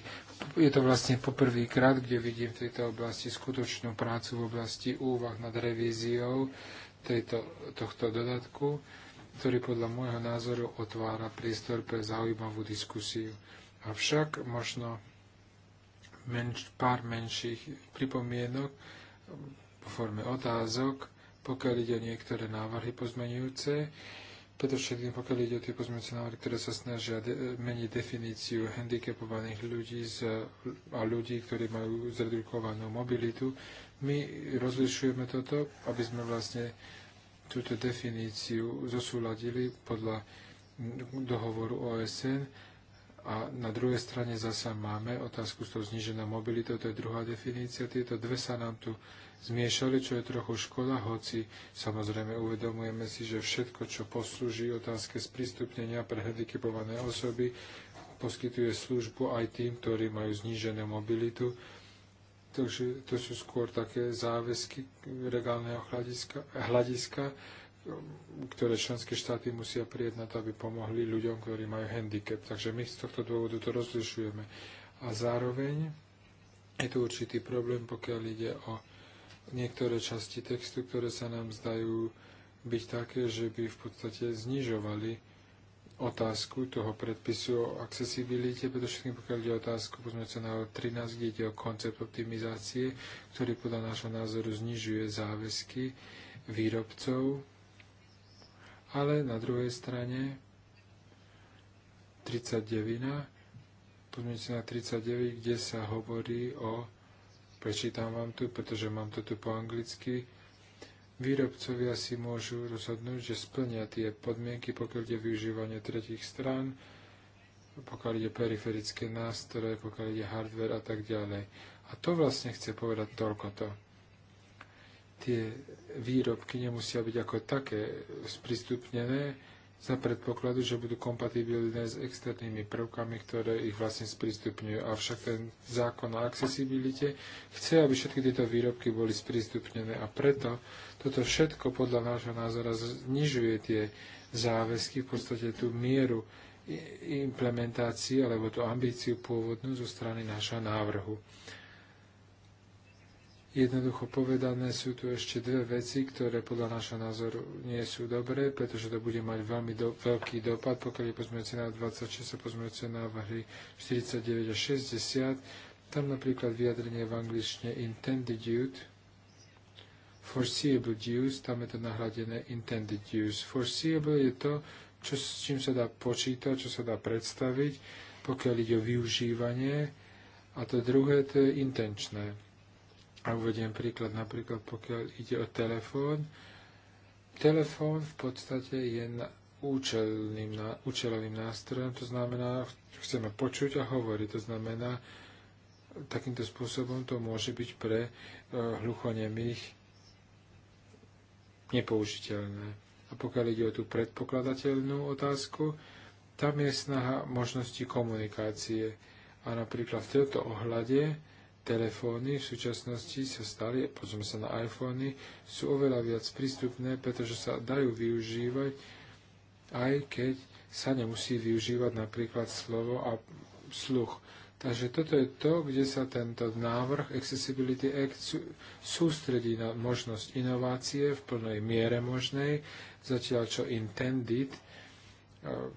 Je to vlastne poprvýkrát, kde vidím v tejto oblasti skutočnú prácu v oblasti úvah nad revíziou tejto, tohto dodatku, ktorý podľa môjho názoru otvára priestor pre zaujímavú diskusiu. Avšak možno menš, pár menších pripomienok, po forme otázok, pokiaľ ide o niektoré návrhy pozmenujúce, predovšetkým pokiaľ ide o tie pozmenujúce návrhy, ktoré sa snažia de- meniť definíciu handicapovaných ľudí z, a ľudí, ktorí majú zredukovanú mobilitu. My rozlišujeme toto, aby sme vlastne túto definíciu zosúladili podľa dohovoru OSN a na druhej strane zasa máme otázku s tou zniženou mobilitou, to je druhá definícia. Tieto dve sa nám tu zmiešali, čo je trochu škoda, hoci samozrejme uvedomujeme si, že všetko, čo poslúži otázke sprístupnenia pre handicapované osoby, poskytuje službu aj tým, ktorí majú zníženú mobilitu. Takže to sú skôr také záväzky regálneho hľadiska, hľadiska ktoré členské štáty musia prijať na to, aby pomohli ľuďom, ktorí majú handicap. Takže my z tohto dôvodu to rozlišujeme. A zároveň je tu určitý problém, pokiaľ ide o niektoré časti textu, ktoré sa nám zdajú byť také, že by v podstate znižovali otázku toho predpisu o accesibilite, všetkým pokiaľ ide o otázku pozmeňujúce na 13, kde ide o koncept optimizácie, ktorý podľa nášho názoru znižuje záväzky výrobcov ale na druhej strane 39, pozmeňte na 39, kde sa hovorí o, prečítam vám tu, pretože mám to tu po anglicky, výrobcovia si môžu rozhodnúť, že splnia tie podmienky, pokiaľ ide využívanie tretich strán, pokiaľ ide periferické nástroje, pokiaľ ide hardware a tak ďalej. A to vlastne chce povedať toľko to tie výrobky nemusia byť ako také sprístupnené za predpokladu, že budú kompatibilné s externými prvkami, ktoré ich vlastne sprístupňujú. Avšak ten zákon o accesibilite chce, aby všetky tieto výrobky boli sprístupnené a preto toto všetko podľa nášho názora znižuje tie záväzky, v podstate tú mieru implementácii alebo tú ambíciu pôvodnú zo strany nášho návrhu. Jednoducho povedané sú tu ešte dve veci, ktoré podľa našho názoru nie sú dobré, pretože to bude mať veľmi do, veľký dopad, pokiaľ je pozmeňujúce návrh 26 a pozmeňujúce návrhy 49 a 60. Tam napríklad vyjadrenie v angličtine intended use, foreseeable use, tam je to nahradené intended use. Foreseeable je to, čo, s čím sa dá počítať, čo sa dá predstaviť, pokiaľ ide o využívanie. A to druhé, to je intenčné a uvediem príklad, napríklad pokiaľ ide o telefón. Telefón v podstate je na účelným, na, účelovým nástrojom, to znamená, chceme počuť a hovoriť, to znamená, takýmto spôsobom to môže byť pre e, hluchonemých nepoužiteľné. A pokiaľ ide o tú predpokladateľnú otázku, tam je snaha možnosti komunikácie. A napríklad v tejto ohľade telefóny v súčasnosti sa stali, pozrieme sa na iPhony, sú oveľa viac prístupné, pretože sa dajú využívať, aj keď sa nemusí využívať napríklad slovo a sluch. Takže toto je to, kde sa tento návrh Accessibility Act sústredí na možnosť inovácie v plnej miere možnej, zatiaľ čo intended, e,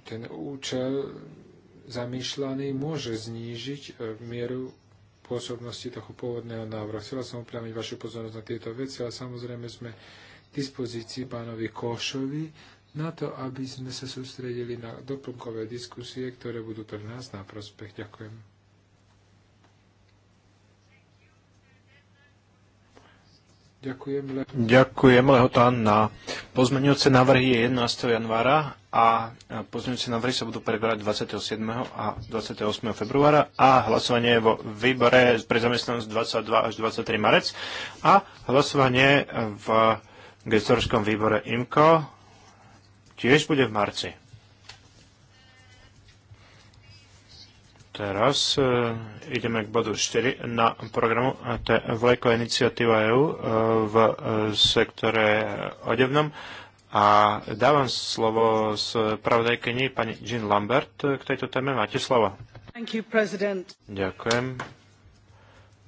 ten účel zamýšľaný, môže znížiť e, mieru pôsobnosti toho pôvodného návrhu. Chcela som upriamiť vašu pozornosť na tieto veci, ale samozrejme sme k dispozícii pánovi Košovi na to, aby sme sa sústredili na doplnkové diskusie, ktoré budú pre nás na prospech. Ďakujem. Ďakujem. Le... Ďakujem, Lehota na pozmeňujúce návrhy je 11. januára a pozmeňujúce návrhy sa budú preberať 27. a 28. februára a hlasovanie vo výbore pre zamestnanosť 22 až 23 marec a hlasovanie v gestorskom výbore IMCO tiež bude v marci. Teraz uh, ideme k bodu 4 na programu, a to je Vleko iniciatíva EU uh, e, v uh, sektore odevnom. A dávam slovo s pravdajkyni pani Jean Lambert k tejto téme. Máte slovo. Thank you, president. Ďakujem.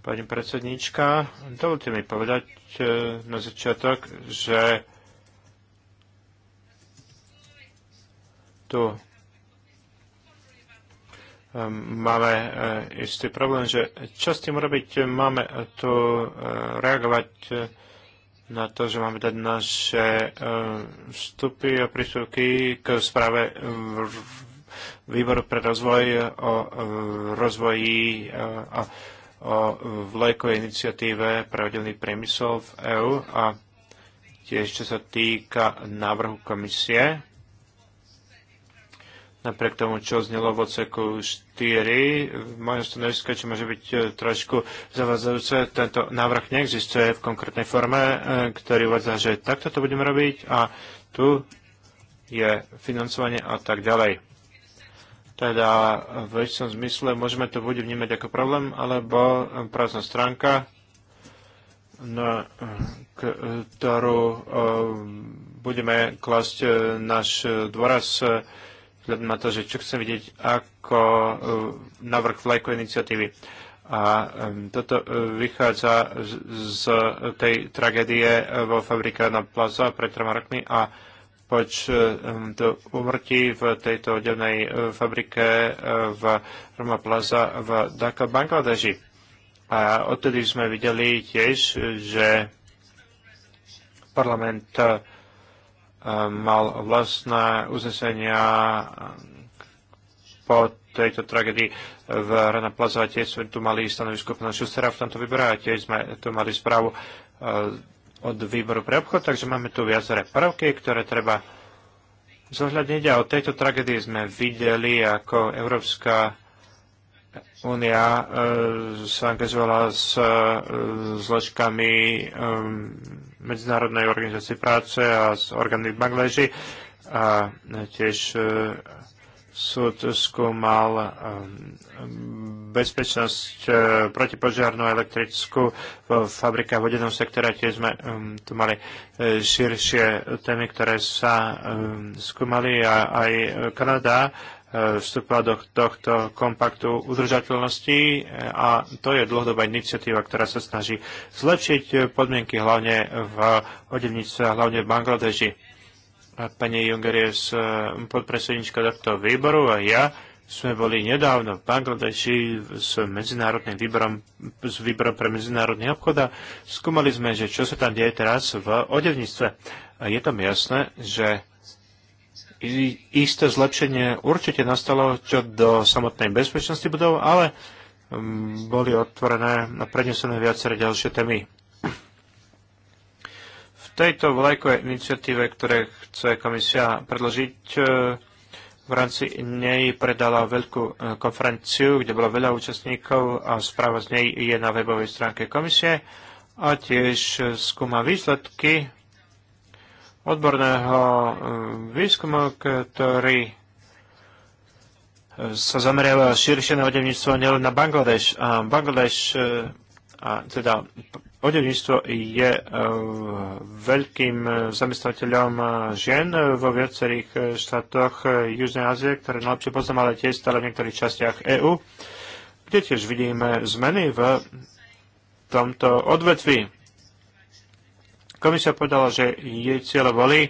Pani predsednička, dovolte mi povedať uh, na začiatok, že tu Ehm, máme eh, istý problém, že čo s tým robiť, Máme tu eh, reagovať eh, na to, že máme dať naše vstupy a príspevky k správe výboru pre rozvoj o rozvoji a o vlajkovej iniciatíve pre oddelný priemysel v EÚ a tiež čo sa týka návrhu komisie napriek tomu, čo znelo v odseku 4, v mojom stanovisku, čo môže byť e, trošku zavazujúce, tento návrh neexistuje v konkrétnej forme, e, ktorý uvádza, že takto to budeme robiť a tu je financovanie a tak ďalej. Teda v istom zmysle môžeme to bude vnímať ako problém, alebo prázdna stránka, na ktorú e, budeme klasť náš dôraz vzhľadom na to, že čo chcem vidieť ako e, navrh vlajkovej iniciatívy. A toto e, vychádza z tej tragédie e, vo fabrike na Plaza pred troma rokmi a poč do umrtí v tejto odevnej fabrike v Roma Plaza v Dhaka, Bangladeži. A odtedy sme videli tiež, že parlament uh, mal vlastné uznesenia e, po tejto tragédii v Rana Plaza. Tiež sme tu mali stanovisko pána Šustera v tomto výbore a tiež sme tu mali správu e, od výboru pre obchod, takže máme tu viaceré prvky, ktoré treba zohľadniť a od tejto tragédie sme videli, ako Európska Únia eh, sa angažovala s eh, zložkami eh, Medzinárodnej organizácie práce a s orgánmi v Bangladeži a tiež súd skúmal bezpečnosť protipožiarnú elektrickú v fabrikách vodenom sektora. Tiež sme tu mali širšie témy, ktoré sa skúmali a aj Kanada vstupovať do tohto kompaktu udržateľnosti a to je dlhodobá iniciatíva, ktorá sa snaží zlepšiť podmienky hlavne v odevnice a hlavne v Bangladeži. Pani Jungeries, podpredsednička tohto výboru a ja sme boli nedávno v Bangladeši s medzinárodným výborom, s výborom pre medzinárodný obchod a skúmali sme, že čo sa tam deje teraz v odevníctve. je tam jasné, že isté zlepšenie určite nastalo čo do samotnej bezpečnosti budov, ale mm, boli otvorené a prednesené viaceré ďalšie témy. V tejto vlajkovej iniciatíve, ktoré chce komisia predložiť, e, v rámci nej predala veľkú e, konferenciu, kde bolo veľa účastníkov a správa z nej je na webovej stránke komisie a tiež e, skúma výsledky odborného mm, výskumu, ktorý e, sa zameriava širšie na odevníctvo nielen na Bangladeš. A Bangladeš, e, a teda odevníctvo je e, veľkým zamestnateľom žien vo viacerých štátoch Južnej Ázie, ktoré najlepšie poznám, ale tiež stále v niektorých častiach EÚ, kde tiež vidíme zmeny v tomto odvetví. Komisia povedala, že jej cieľe boli,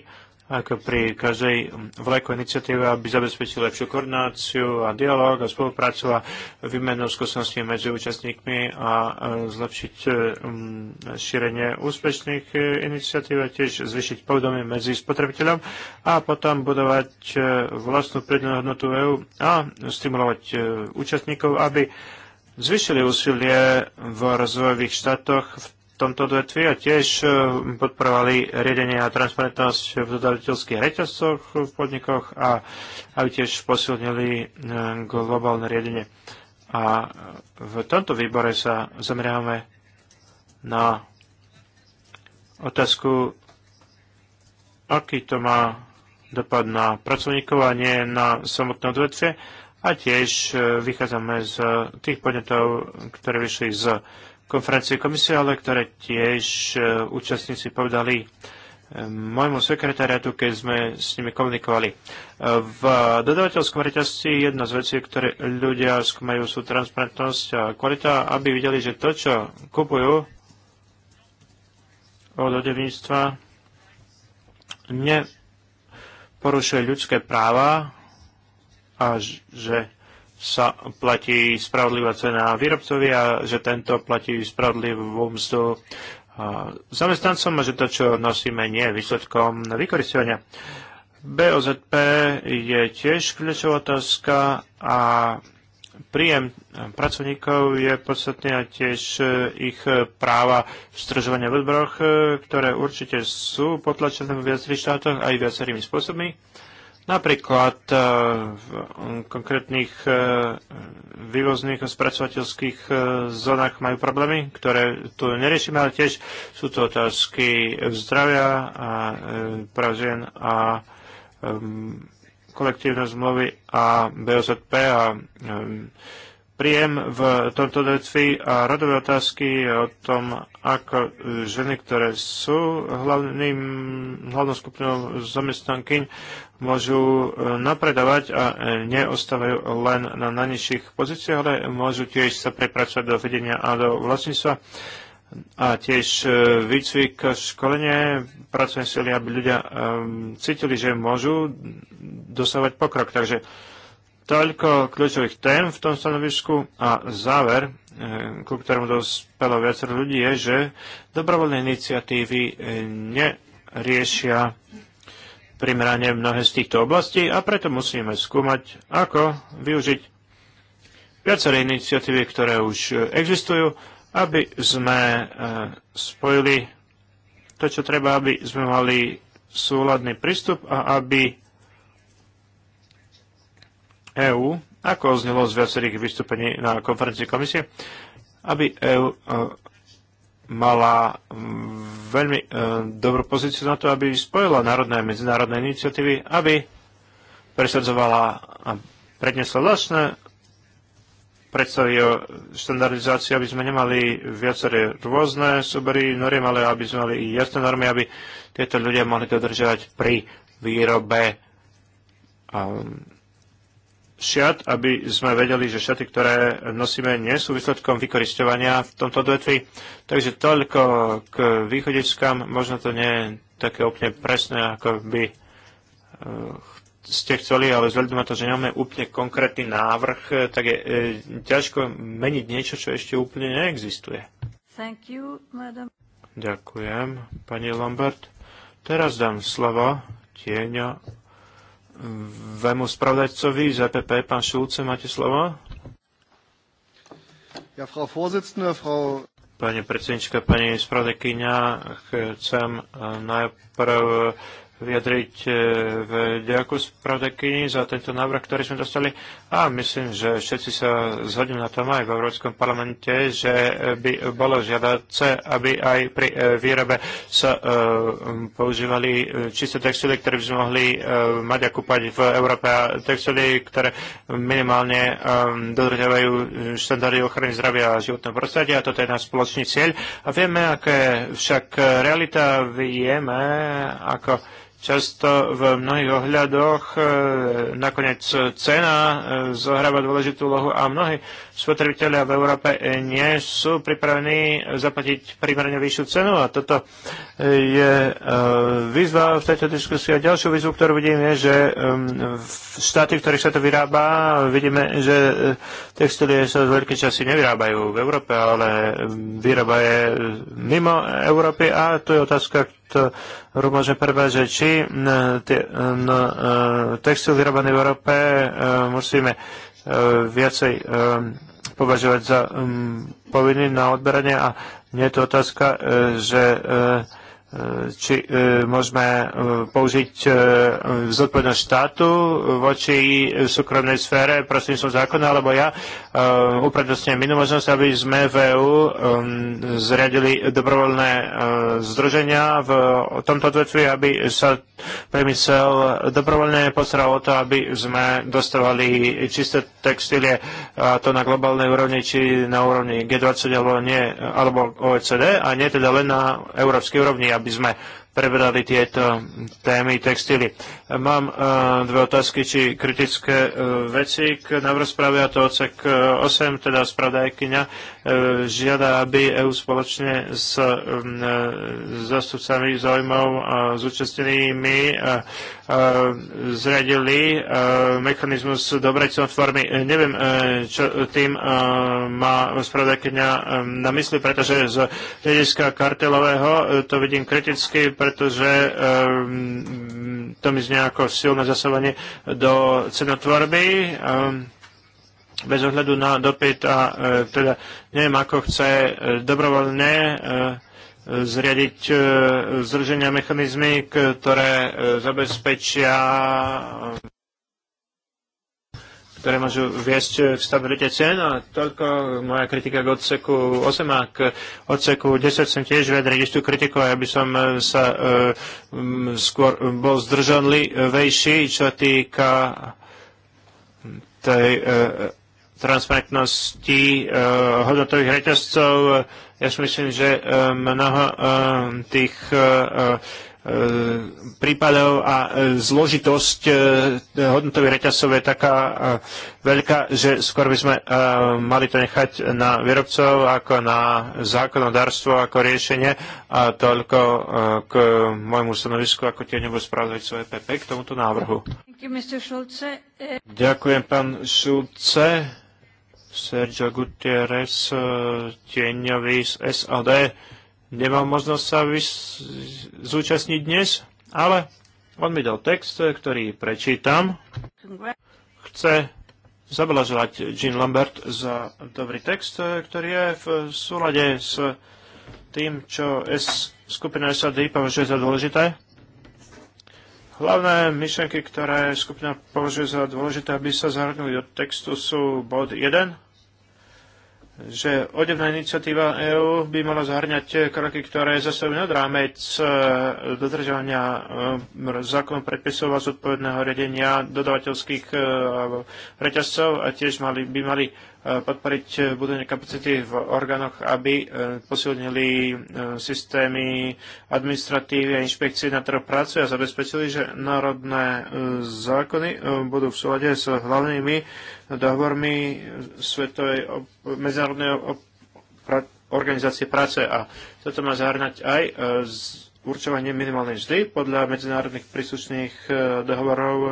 ako pri každej vlajkovej iniciatíve, aby zabezpečil lepšiu koordináciu a dialog a spoluprácu a výmenu skúseností medzi účastníkmi a e, zlepšiť e, šírenie úspešných e, iniciatív a tiež zvyšiť povedomie medzi spotrebiteľom a potom budovať vlastnú prednú hodnotu EÚ a stimulovať účastníkov, aby zvyšili úsilie v rozvojových štátoch v tomto odvetvi a tiež e, podporovali riadenie a transparentnosť v dodavateľských reťazcoch v podnikoch a aby tiež posilnili e, globálne riadenie. A v tomto výbore sa zameriavame na otázku, aký to má dopad na pracovníkov a nie na samotné odvetvie. A tiež e, vychádzame z tých podnetov, ktoré vyšli z konferencie komisie, ale ktoré tiež e, účastníci povedali e, môjmu sekretariatu, keď sme s nimi komunikovali. E, v dodavateľskom reťazci jedna z vecí, ktoré ľudia skúmajú, sú transparentnosť a kvalita, aby videli, že to, čo kupujú od odevníctva, neporušuje ľudské práva a že sa platí spravodlivá cena výrobcovi a že tento platí spravodlivú mzdu zamestnancom a že to, čo nosíme, nie je výsledkom vykoristovania. BOZP je tiež kľúčová otázka a príjem pracovníkov je podstatný a tiež e, ich práva stržovania v odboroch, e, ktoré určite sú potlačené v viacerých štátoch aj viacerými spôsobmi. Napríklad eh, v mm, konkrétnych eh, vývozných a spracovateľských eh, zónach majú problémy, ktoré tu neriešime, ale tiež sú to otázky zdravia a práv žien a kolektívne zmluvy a BOZP a príjem v tomto odvetví a rodové otázky o tom, ako ženy, ktoré sú hlavným, hlavnou skupinou zamestnankyň, môžu e, napredovať a e, neostávajú len na najnižších pozíciách, ale môžu tiež sa prepracovať do vedenia a do vlastníctva a tiež e, výcvik, školenie pracovné sily, aby ľudia cítili, že môžu dosávať pokrok. Takže Toľko kľúčových tém v tom stanovisku a záver, eh, ku ktorému dospelo viacero ľudí, je, že dobrovoľné iniciatívy eh, neriešia primerane mnohé z týchto oblastí a preto musíme skúmať, ako využiť viaceré iniciatívy, ktoré už eh, existujú, aby sme spojili to, čo treba, aby sme mali súladný prístup a aby EÚ, ako oznelo z viacerých vystúpení na konferencii komisie, aby EÚ e, mala veľmi e, dobrú pozíciu na to, aby spojila národné a medzinárodné iniciatívy, aby presadzovala a predniesla vlastné predstavy o štandardizácii, aby sme nemali viaceré rôzne súbery noriem, ale aby sme mali jasné normy, aby tieto ľudia mohli dodržiavať pri výrobe um, šiat, aby sme vedeli, že šaty, ktoré nosíme, nie sú výsledkom vykoristovania v tomto odvetvi. Takže toľko k východiskám. Možno to nie je také úplne presné, ako by eh, ste chceli, ale vzhľadom na to, že nemáme úplne konkrétny návrh, eh, tak je e, ťažko meniť niečo, čo ešte úplne neexistuje. Thank you, madam. Ďakujem, pani Lambert. Teraz dám slovo Tieňo Vemu spravodajcovi z EPP, pán Šulce, máte slovo. Ja, Frau Vorsitzende, Frau... Pani predsednička, pani spravodajkyňa, chcem eh, najprv vyjadriť e, v ďakú spravodajkyni za tento návrh, ktorý sme dostali. A myslím, že všetci sa zhodnú na tom aj v Európskom parlamente, že by bolo žiadace, aby aj pri e, výrobe sa e, používali čisté textily, ktoré by sme mohli mať a kúpať v Európe a textily, ktoré minimálne dodržiavajú štandardy ochrany zdravia a životného prostredia. A toto je náš spoločný cieľ. A vieme, aké však realita vieme, ako Často v mnohých ohľadoch e, nakoniec cena e, zohráva dôležitú lohu a mnohí spotrebitelia v Európe nie sú pripravení zaplatiť primerne vyššiu cenu a toto je e, výzva v tejto diskusii. A ďalšiu výzvu, ktorú vidím, je, že v štáty, v ktorých sa to vyrába, vidíme, že textilie sa z veľkej časti nevyrábajú v Európe, ale vyrába je mimo Európy a tu je otázka, ktorú eh, môžeme prebrať, že či eh, tie eh, no, textil vyrobené v Európe musíme viacej považovať za mm, povinný na odberanie a nie je to otázka, že či e, môžeme e, použiť e, zodpovednosť štátu voči súkromnej sfére prosím som zákona, alebo ja uprednostňujem minú možnosť, aby sme v EU zriadili dobrovoľné združenia v tomto odvetvi, aby sa premysel dobrovoľne postaral o to, aby sme dostávali čisté textílie, a to na globálnej úrovni, či na úrovni G20 alebo nie, alebo OECD, a nie teda len na európskej úrovni. Ja aby sme prebrali tieto témy textily. Mám uh, dve otázky, či kritické uh, veci k návrhu správy, a to odsek uh, e, 8, teda spravodajkyňa E, žiada, aby EU spoločne e, s zastupcami záujmov e, zúčastnenými zradili mechanizmus dobrej formy. Neviem, čo tým má spravodajkyňa na mysli, pretože z hľadiska kartelového to vidím kriticky, pretože to mi znie ako silné zasovanie do cenotvorby bez ohľadu na dopyt a e, teda neviem, ako chce e, dobrovoľne e, e zriadiť e, zruženia mechanizmy, ktoré e, zabezpečia ktoré môžu viesť v e, stabilite cien a toľko moja kritika k odseku 8 a k odseku 10 som tiež vyjadriť istú kritiku, aby som e, sa e, m, skôr bol zdržanlivejší, čo týka tej e, transparentnosti eh, hodnotových reťazcov. Ja si myslím, že eh, mnoho eh, tých prípadov a zložitosť hodnotových reťazcov je taká veľká, že skôr by sme mali to nechať na výrobcov ako na zákonodárstvo, ako riešenie a toľko k môjmu stanovisku ako tie nebudú spravdať svoje PP k tomuto návrhu. Ďakujem, pán Šulce. Sergio Gutierrez, eh, tieňový z SAD. Nemal možnosť sa vys- zúčastniť dnes, ale on mi dal text, eh, ktorý prečítam. Chce zablažovať Jean Lambert za dobrý text, eh, ktorý je v súlade s tým, čo S, skupina SAD považuje za dôležité. Hlavné myšlenky, ktoré skupina považuje za dôležité, aby sa zahrnuli do textu, sú bod 1, že odevná iniciatíva EÚ by mala zahrňať kroky, ktoré zasahujú nad rámec e, dodržovania e, zákonov predpisov a zodpovedného riadenia dodavateľských e, reťazcov a tiež mali, by mali podporiť budovanie kapacity v orgánoch, aby e, posilnili e, systémy administratívy a inšpekcie na trh práce a zabezpečili, že národné e, zákony budú v súlade s hlavnými dohovormi Svetovej medzinárodnej organizácie práce. A toto má zahrnať aj určovanie minimálnej mzdy podľa medzinárodných príslušných e, dohovorov e,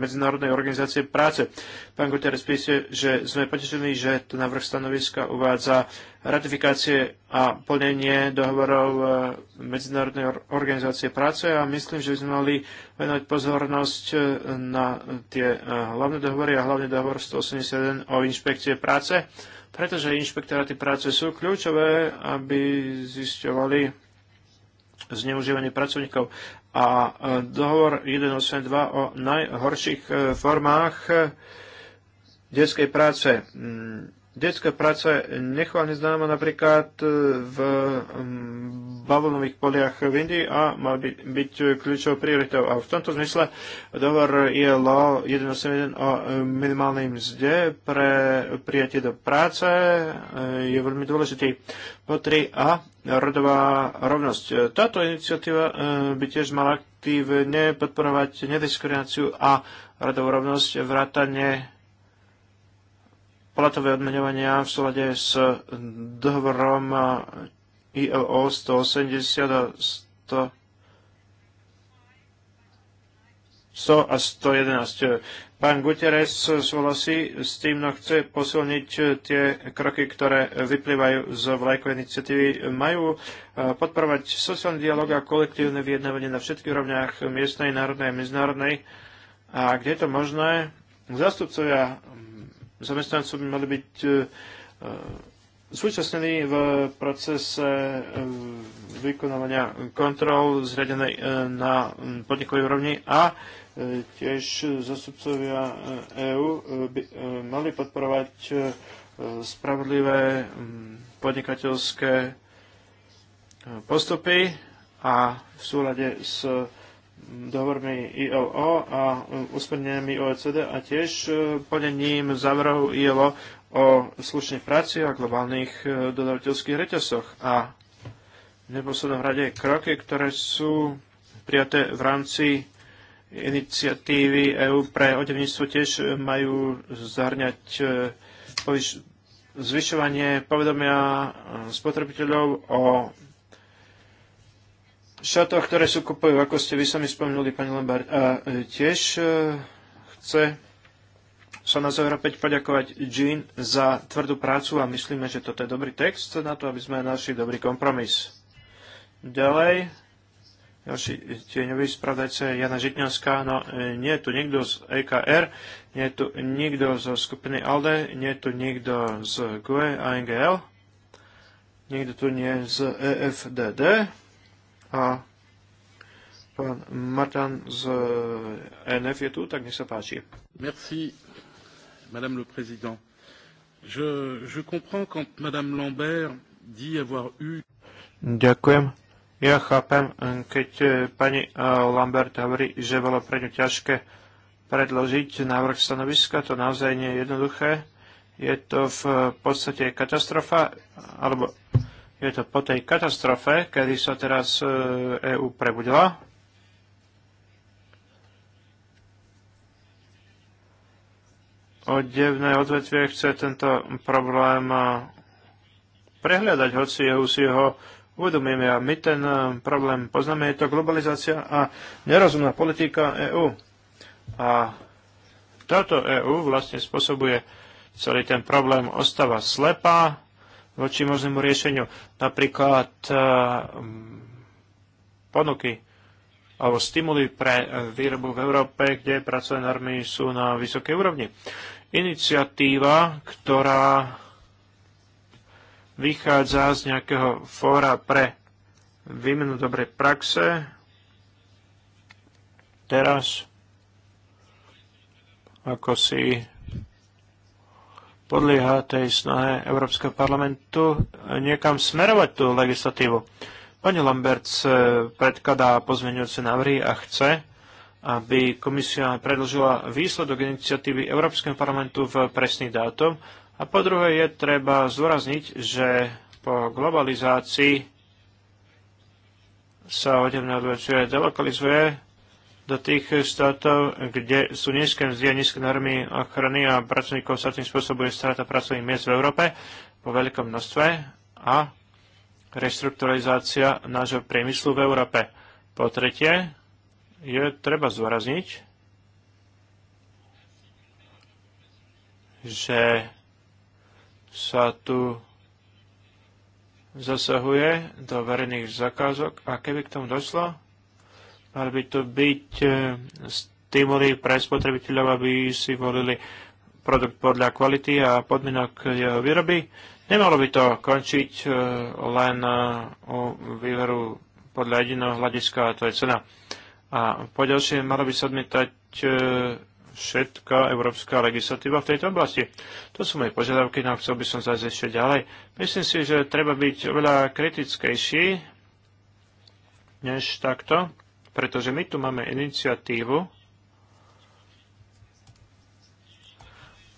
Medzinárodnej organizácie práce. Pán Guterres píše, že sme potešení, že to návrh stanoviska uvádza ratifikácie a plnenie dohovorov e, Medzinárodnej organizácie práce a myslím, že by sme mali venovať pozornosť na tie hlavné dohovory a hlavne dohovor 181 o inšpekcie práce, pretože inšpektoráty práce sú kľúčové, aby zisťovali zneužívaní pracovníkov. A e, dohovor 182 o najhorších e, formách e, detskej práce mm, Detská práca je nechválne známa napríklad e, v bavlnových poliach v Indii a mal by, byť kľúčovou prioritou. A v tomto zmysle dohovor LO 181 o minimálnej mzde pre prijatie do práce e, je veľmi dôležitý. Po 3a rodová rovnosť. Táto iniciatíva e, by tiež mala aktívne podporovať nediskrimináciu a rodovú rovnosť vrátane platové odmeňovania v súlade s dohovorom ILO 180 a 100 100 a 111. Pán Guterres súhlasí s tým, no chce posilniť tie kroky, ktoré vyplývajú z vlajkovej iniciatívy. Majú eh, podporovať sociálny dialog a kolektívne vyjednávanie na všetkých rovniach miestnej, národnej a medzinárodnej. A kde je to možné? Zastupcovia zamestnancov by mali byť súčasnení eh, eh, v procese eh, vykonávania kontrol zriadenej na podnikovej úrovni a tiež zastupcovia EÚ by mali podporovať spravodlivé hm, podnikateľské postupy a v súlade s mi ILO a usmerneniami OECD a tiež e, plnením záverov ILO o slušnej práci a globálnych e, dodavateľských reťazoch a v neposlednom rade kroky, ktoré sú prijaté v rámci iniciatívy EÚ pre odevníctvo tiež majú zahrňať e, zvyšovanie povedomia spotrebiteľov o šatoch, ktoré sú kupujú, ako ste vy sami spomenuli, pani Lombard, A e, tiež e, chce sa na záver opäť poďakovať Jean za tvrdú prácu a myslíme, že toto je dobrý text na to, aby sme našli dobrý kompromis. Ďalej, ďalší tieňový spravdajce Jana Žitňanská, no e, nie je tu nikto z EKR, nie je tu nikto zo skupiny ALDE, nie je tu nikto z GUE a NGL, nikto tu nie je z EFDD, a pán Martin z ENF je tu, tak nech sa páči. Merci, madame le président. Je, je comprends quand madame Lambert dit avoir eu... Ďakujem. Ja chápem, keď eh, pani eh, Lambert hovorí, že bolo pre ňu ťažké predložiť návrh stanoviska, to naozaj nie je jednoduché. Je to v eh, podstate katastrofa, alebo je to po tej katastrofe, kedy sa teraz EÚ e prebudila. Oddevné odvetvie chce tento problém e, prehľadať, hoci EU si ho uvedomíme a my ten e, problém poznáme, je to globalizácia a nerozumná politika EÚ. A táto EÚ vlastne spôsobuje celý ten problém ostáva slepá, voči možnému riešeniu. Napríklad eh, mm, ponuky alebo stimuly pre eh, výrobu v Európe, kde pracovné normy sú na vysokej úrovni. Iniciatíva, ktorá vychádza z nejakého fóra pre výmenu dobrej praxe, teraz ako si podlieha tej snahe Európskeho parlamentu niekam smerovať tú legislatívu. Pani Lamberts eh, predkladá pozmeňujúce návrhy a chce, aby komisia predložila výsledok iniciatívy Európskeho parlamentu v presný dátum. A po druhé je treba zdôrazniť, že po globalizácii sa ode odvečuje delokalizuje do tých štátov, kde sú nízke mzdy a nízke normy ochrany a pracovníkov sa tým spôsobuje strata pracovných miest v Európe po veľkom množstve a reštrukturalizácia nášho priemyslu v Európe. Po tretie, je treba zdôrazniť, že sa tu zasahuje do verejných zakázok a keby k tomu došlo, Mali by to byť e, stimuly pre spotrebiteľov, aby si volili produkt podľa kvality a podmienok jeho výroby. Nemalo by to končiť e, len u e, výveru podľa jediného hľadiska, a to je cena. A po ďalšie, malo by sa odmietať všetká európska legislatíva v tejto oblasti. To sú moje požiadavky, no chcel by som zase ešte ďalej. Myslím si, že treba byť oveľa kritickejší než takto pretože my tu máme iniciatívu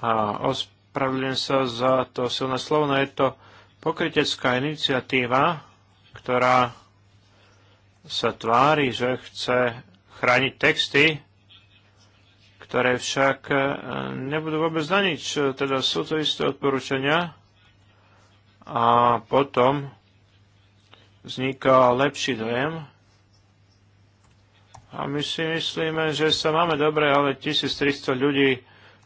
a ospravedlňujem sa za to silné slovo, no je to pokrytecká iniciatíva, ktorá sa tvári, že chce chrániť texty, ktoré však e, nebudú vôbec na nič. Teda sú to isté odporúčania a potom vzniká lepší dojem, a my si myslíme, že sa máme dobre, ale 1300 ľudí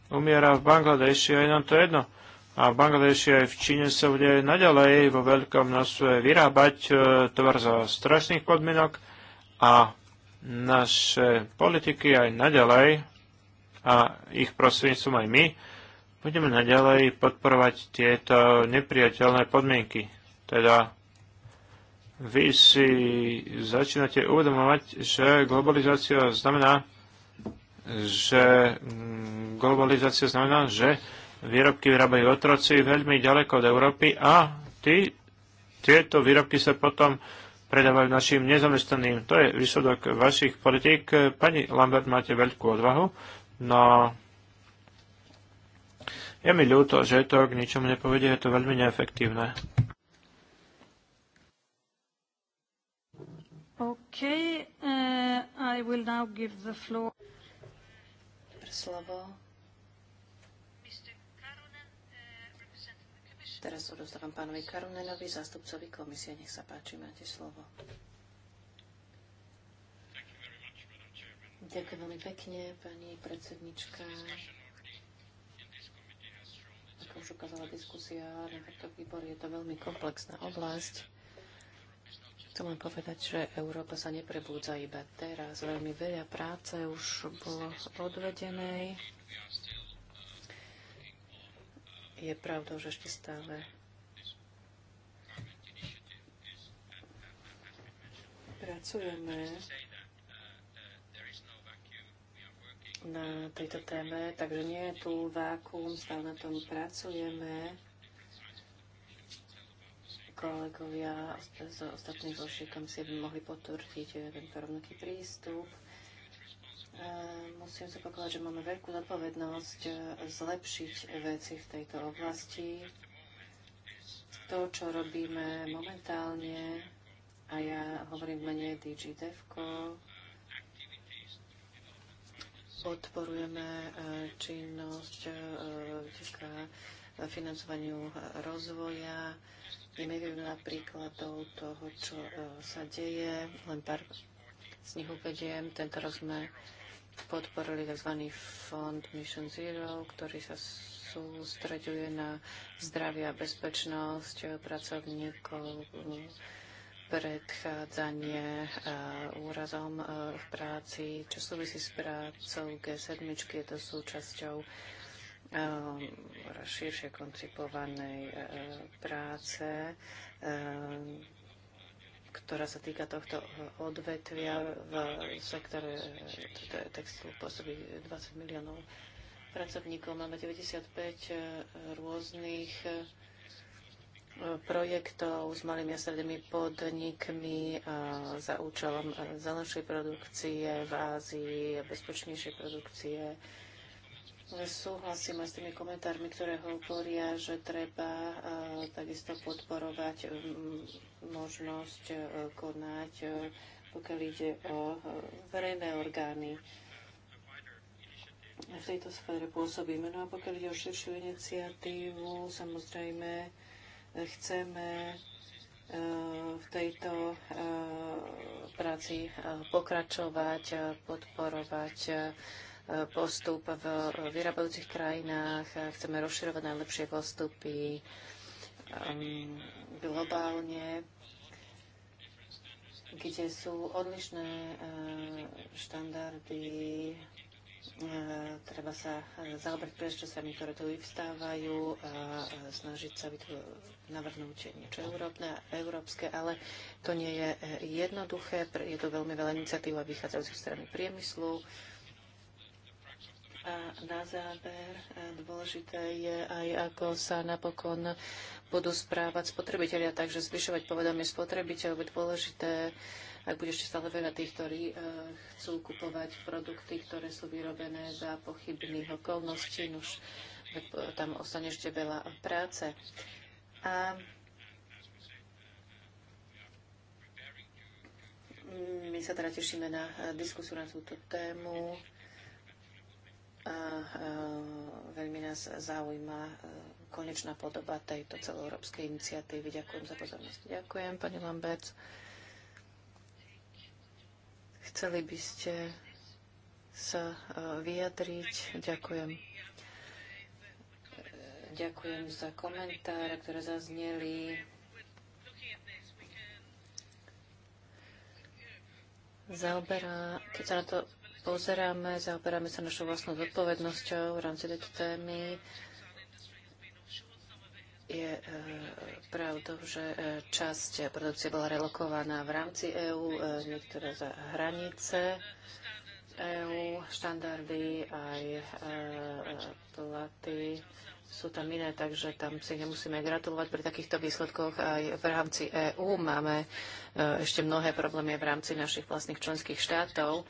umiera v Bangladeši a je nám to jedno. A v Bangladeši aj v Číne sa bude naďalej vo veľkom množstve vyrábať e, tovar za strašných podmienok a naše politiky aj naďalej a ich prostredníctvom aj my budeme naďalej podporovať tieto nepriateľné podmienky. Teda vy si začínate uvedomovať, že globalizácia znamená, že mm, globalizácia znamená, že výrobky vyrábajú otroci veľmi ďaleko od Európy a ty, tieto výrobky sa potom predávajú našim nezamestnaným. To je výsledok vašich politík. Pani Lambert, máte veľkú odvahu, no je mi ľúto, že to k ničomu nepovedie, je to veľmi neefektívne. Okay, uh, I will now give the floor. Slovo. Teraz odovzdávam pánovi Karunenovi, zástupcovi komisie. Nech sa páči, máte slovo. Ďakujem veľmi pekne, pani predsednička. Ako už ukázala diskusia na tento výbor, je to veľmi komplexná oblasť. Chcem len povedať, že Európa sa neprebúdza iba teraz. Veľmi veľa práce už bolo odvedenej. Je pravdou, že ešte stále pracujeme na tejto téme, takže nie je tu vákuum, stále na tom pracujeme kolegovia z ostatných zložiek komisie by mohli potvrdiť eh, tento rovnaký prístup. Eh, musím sa zopakovať, že máme veľkú zodpovednosť eh, zlepšiť veci v tejto oblasti. To, čo robíme momentálne, a ja hovorím v mene DG Devco, podporujeme činnosť vďaka financovaniu rozvoja neviem veľa príkladov toho, čo e, sa deje. Len pár z nich uvediem. Tento rok sme podporili tzv. fond Mission Zero, ktorý sa sústreďuje na zdravie a bezpečnosť pracovníkov, predchádzanie e, úrazom e, v práci, čo súvisí s prácou G7, je to súčasťou Ehm, širšie koncipovanej e, e, práce, ehm, ktorá sa týka tohto e, odvetvia v sektore textu pôsobí 20 miliónov pracovníkov. Máme 95 rôznych projektov s malými a strednými podnikmi za účelom zelenšej produkcie v Ázii, bezpečnejšej produkcie že súhlasím aj s tými komentármi, ktoré hovoria, že treba eh, takisto podporovať mm, možnosť eh, konať, eh, pokiaľ ide o verejné orgány. V tejto sfére pôsobíme. No a pokiaľ ide o širšiu iniciatívu, samozrejme chceme v tejto práci pokračovať, podporovať postup v vyrábajúcich krajinách, chceme rozširovať najlepšie postupy um, globálne, kde sú odlišné uh, štandardy uh, treba sa zaobrať príležitostami, ktoré tu vyvstávajú a snažiť sa navrhnúť niečo európne, európske, ale to nie je uh, jednoduché. Je to veľmi veľa iniciatív a vychádzajúcich strany priemyslu. A na záver dôležité je aj, ako sa napokon budú správať spotrebitelia, takže zvyšovať povedomie spotrebiteľov je dôležité, ak bude ešte stále veľa tých, ktorí e, chcú kupovať produkty, ktoré sú vyrobené za pochybných okolností, no už tam ostane ešte veľa práce. A my sa teda tešíme na e, diskusiu na túto tému a veľmi nás zaujíma e, konečná podoba tejto celoeurópskej iniciatívy. Ďakujem za pozornosť. Ďakujem, pani Lambert. Chceli by ste sa e, vyjadriť? Ďakujem. Ďakujem za komentáre, ktoré zazneli. Zaoberá, keď sa na to pozeráme, zaoberáme sa našou vlastnou zodpovednosťou v rámci tejto témy. Je e, pravdou, že e, časť produkcie bola relokovaná v rámci EÚ, e, niektoré za hranice EÚ, štandardy aj e, platy sú tam iné, takže tam si nemusíme gratulovať pri takýchto výsledkoch. Aj v rámci EÚ máme e, ešte mnohé problémy v rámci našich vlastných členských štátov.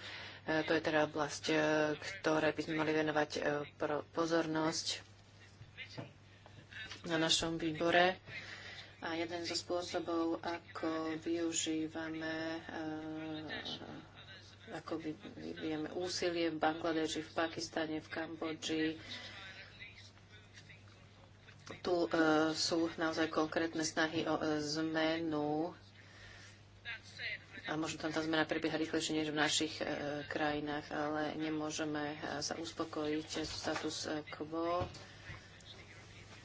E, to je teda oblasť, e, ktoré by sme mali venovať e, pozornosť na našom výbore. A jeden zo spôsobov, ako využívame, ako vieme, úsilie v Bangladeži, v Pakistane, v Kambodži, tu e, sú naozaj konkrétne snahy o e, zmenu a možno tam tá zmena prebieha rýchlejšie než v našich e, krajinách, ale nemôžeme e, sa uspokojiť status e, quo.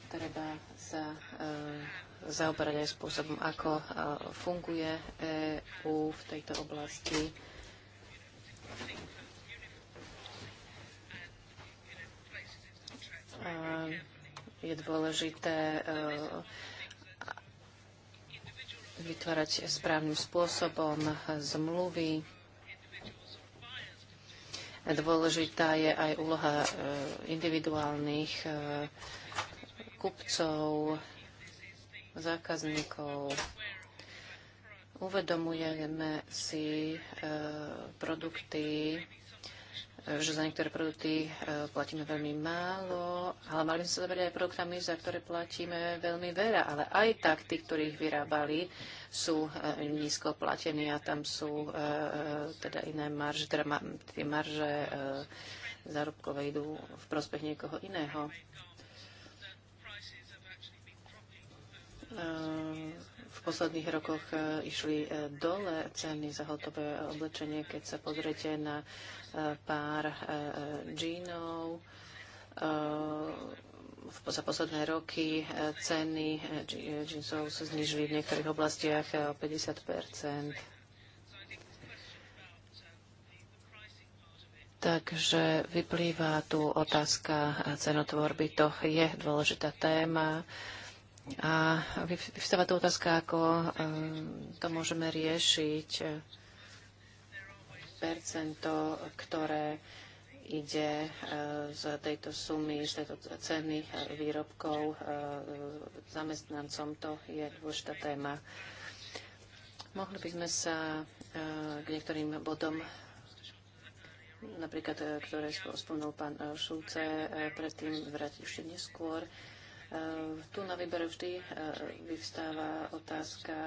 Treba sa e, zaoberať aj spôsobom, ako e, funguje EU v tejto oblasti. je dôležité e, vytvárať správnym spôsobom zmluvy. Dôležitá je aj úloha e, individuálnych e, kupcov, zákazníkov. Uvedomujeme si e, produkty že za niektoré produkty e, platíme veľmi málo, ale mali by sme sa zaberať aj produktami, za ktoré platíme veľmi veľa, ale aj tak tí, ktorí ich vyrábali, sú e, nízko platení a tam sú e, teda iné marže, teda tie marže zárobkové idú v prospech niekoho iného v posledných rokoch e, išli e, dole ceny za hotové oblečenie, keď sa pozriete na e, pár džínov. Za posledné roky ceny džínsov sa znižili v niektorých oblastiach o 50 Takže vyplýva tu otázka cenotvorby. To je dôležitá téma. A vyvstáva tu otázka, ako to môžeme riešiť eh, percento, ktoré ide eh, z tejto sumy, z tejto ceny eh, výrobkov zamestnancom. To je dôležitá téma. Mohli by sme sa k niektorým bodom napríklad, ktoré spomenul pán Šulce, predtým vrátiť ešte neskôr. Eh, tu na výbere vždy eh, vyvstáva otázka,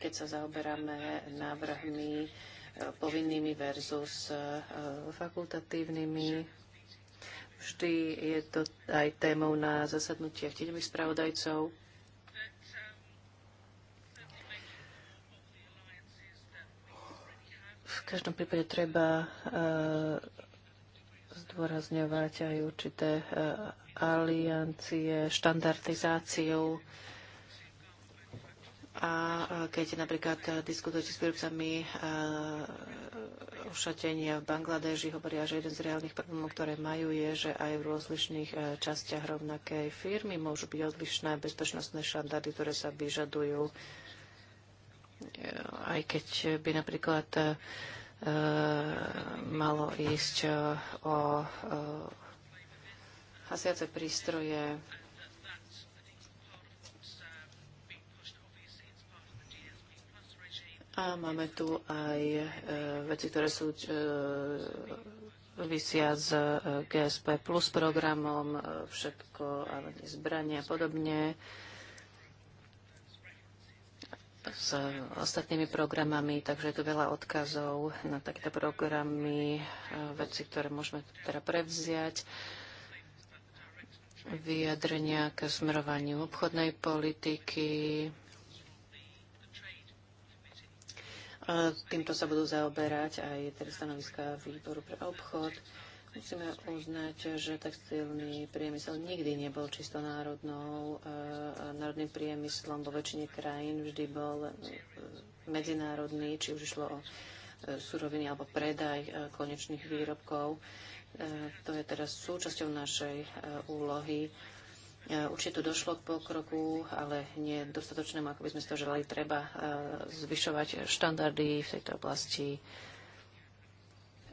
keď sa zaoberáme návrhmi eh, povinnými versus fakultatívnymi. Vždy je to aj témou na zasadnutiach tieňových spravodajcov. V každom prípade treba zdôrazňovať aj určité aliancie štandardizáciou. A keď napríklad diskutujete s výrobcami ošatenia v Bangladeži, hovoria, že jeden z reálnych problémov, ktoré majú, je, že aj v rozlišných e, častiach rovnakej firmy môžu byť odlišné bezpečnostné štandardy, ktoré sa vyžadujú. E, aj keď by napríklad e, malo ísť o hasiace prístroje, A máme tu aj e, veci, ktoré sú e, vysia e, s GSP plus programom, e, všetko, ale zbranie a podobne s ostatnými programami, takže je tu veľa odkazov na takéto programy, e, veci, ktoré môžeme teda prevziať. E, vyjadrenia k smerovaniu obchodnej politiky. Týmto sa budú zaoberať aj teda stanoviska výboru pre obchod. Musíme uznať, že textilný priemysel nikdy nebol čisto národnou, e, národným priemyslom. Vo väčšine krajín vždy bol e, medzinárodný, či už išlo o e, suroviny alebo predaj konečných výrobkov. E, to je teraz súčasťou našej e, úlohy. E, určite tu došlo k pokroku, ale nie dostatočnému, ako by sme si to želali. Treba zvyšovať štandardy v tejto oblasti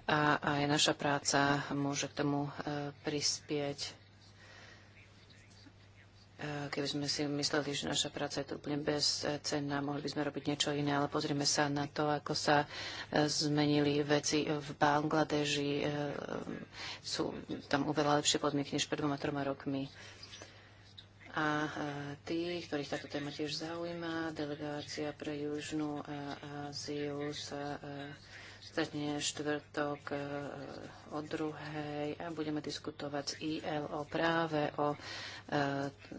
a aj naša práca môže k tomu prispieť. Keby sme si mysleli, že naša práca je tu úplne bezcenná, mohli by sme robiť niečo iné, ale pozrieme sa na to, ako sa e, zmenili veci v Bangladeži. E, sú tam oveľa lepšie podmienky než pred dvoma, troma rokmi. A e, tí, ktorých táto téma tiež zaujíma, delegácia pre Južnú Áziu sa stretne štvrtok e, o druhej a budeme diskutovať s ILO práve o e,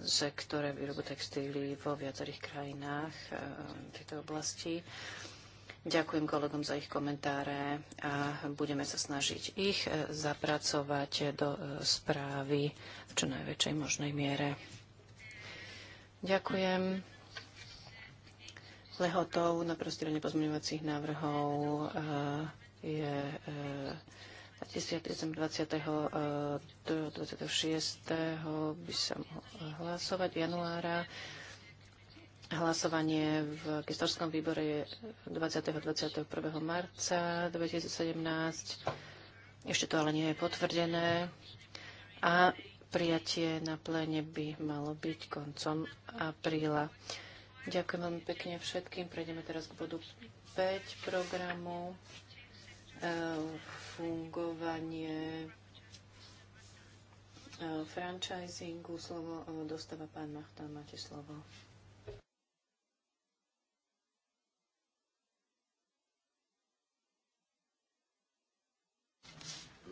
sektore výrobu textílií vo viacerých krajinách e, v tejto oblasti. Ďakujem kolegom za ich komentáre a budeme sa snažiť ich zapracovať do správy v čo najväčšej možnej miere. Ďakujem. Lehotou na prostredie pozmeňovacích návrhov eh, je 20. Eh, 26. Eh, by sa mohol hlasovať januára. Hlasovanie v gestorskom výbore je 20. 21. marca 2017. Ešte to ale nie je potvrdené. A prijatie na plene by malo byť koncom apríla. Ďakujem veľmi pekne všetkým. Prejdeme teraz k bodu 5 programu. E, Fungovanie e, franchisingu. Slovo e, dostáva pán Machta. Máte slovo.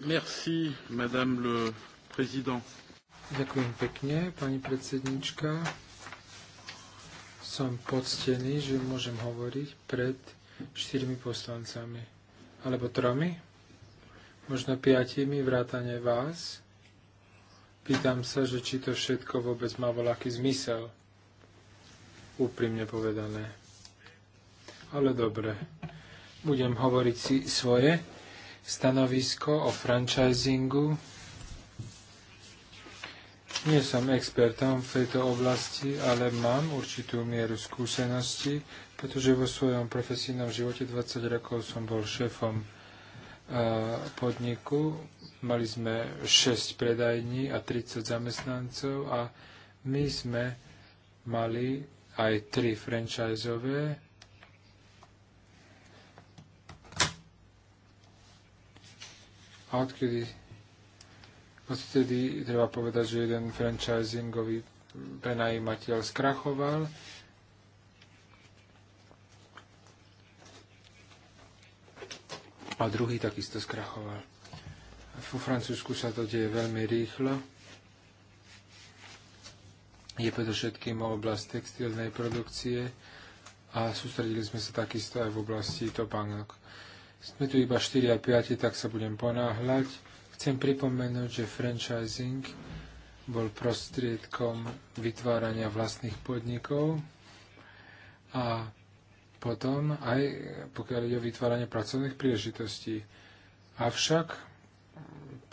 Merci, madame le président. Ďakujem pekne, pani predsednička som poctený, že môžem hovoriť pred štyrmi poslancami. Alebo tromi? Možno piatimi, vrátane vás. Pýtam sa, že či to všetko vôbec má voľaký zmysel. Úprimne povedané. Ale dobre. Budem hovoriť si svoje stanovisko o franchisingu nie som expertom v tejto oblasti, ale mám určitú mieru skúsenosti, pretože vo svojom profesijnom živote 20 rokov som bol šéfom e, podniku. Mali sme 6 predajní a 30 zamestnancov a my sme mali aj 3 franchiseové a odkedy Odtedy treba povedať, že jeden franchisingový prenajímateľ skrachoval. A druhý takisto skrachoval. V Francúzsku sa to deje veľmi rýchlo. Je predovšetkým oblasť textilnej produkcie a sústredili sme sa takisto aj v oblasti topánok. Sme tu iba 4 a 5, tak sa budem ponáhľať Chcem pripomenúť, že franchising bol prostriedkom vytvárania vlastných podnikov a potom aj pokiaľ ide o vytváranie pracovných príležitostí. Avšak,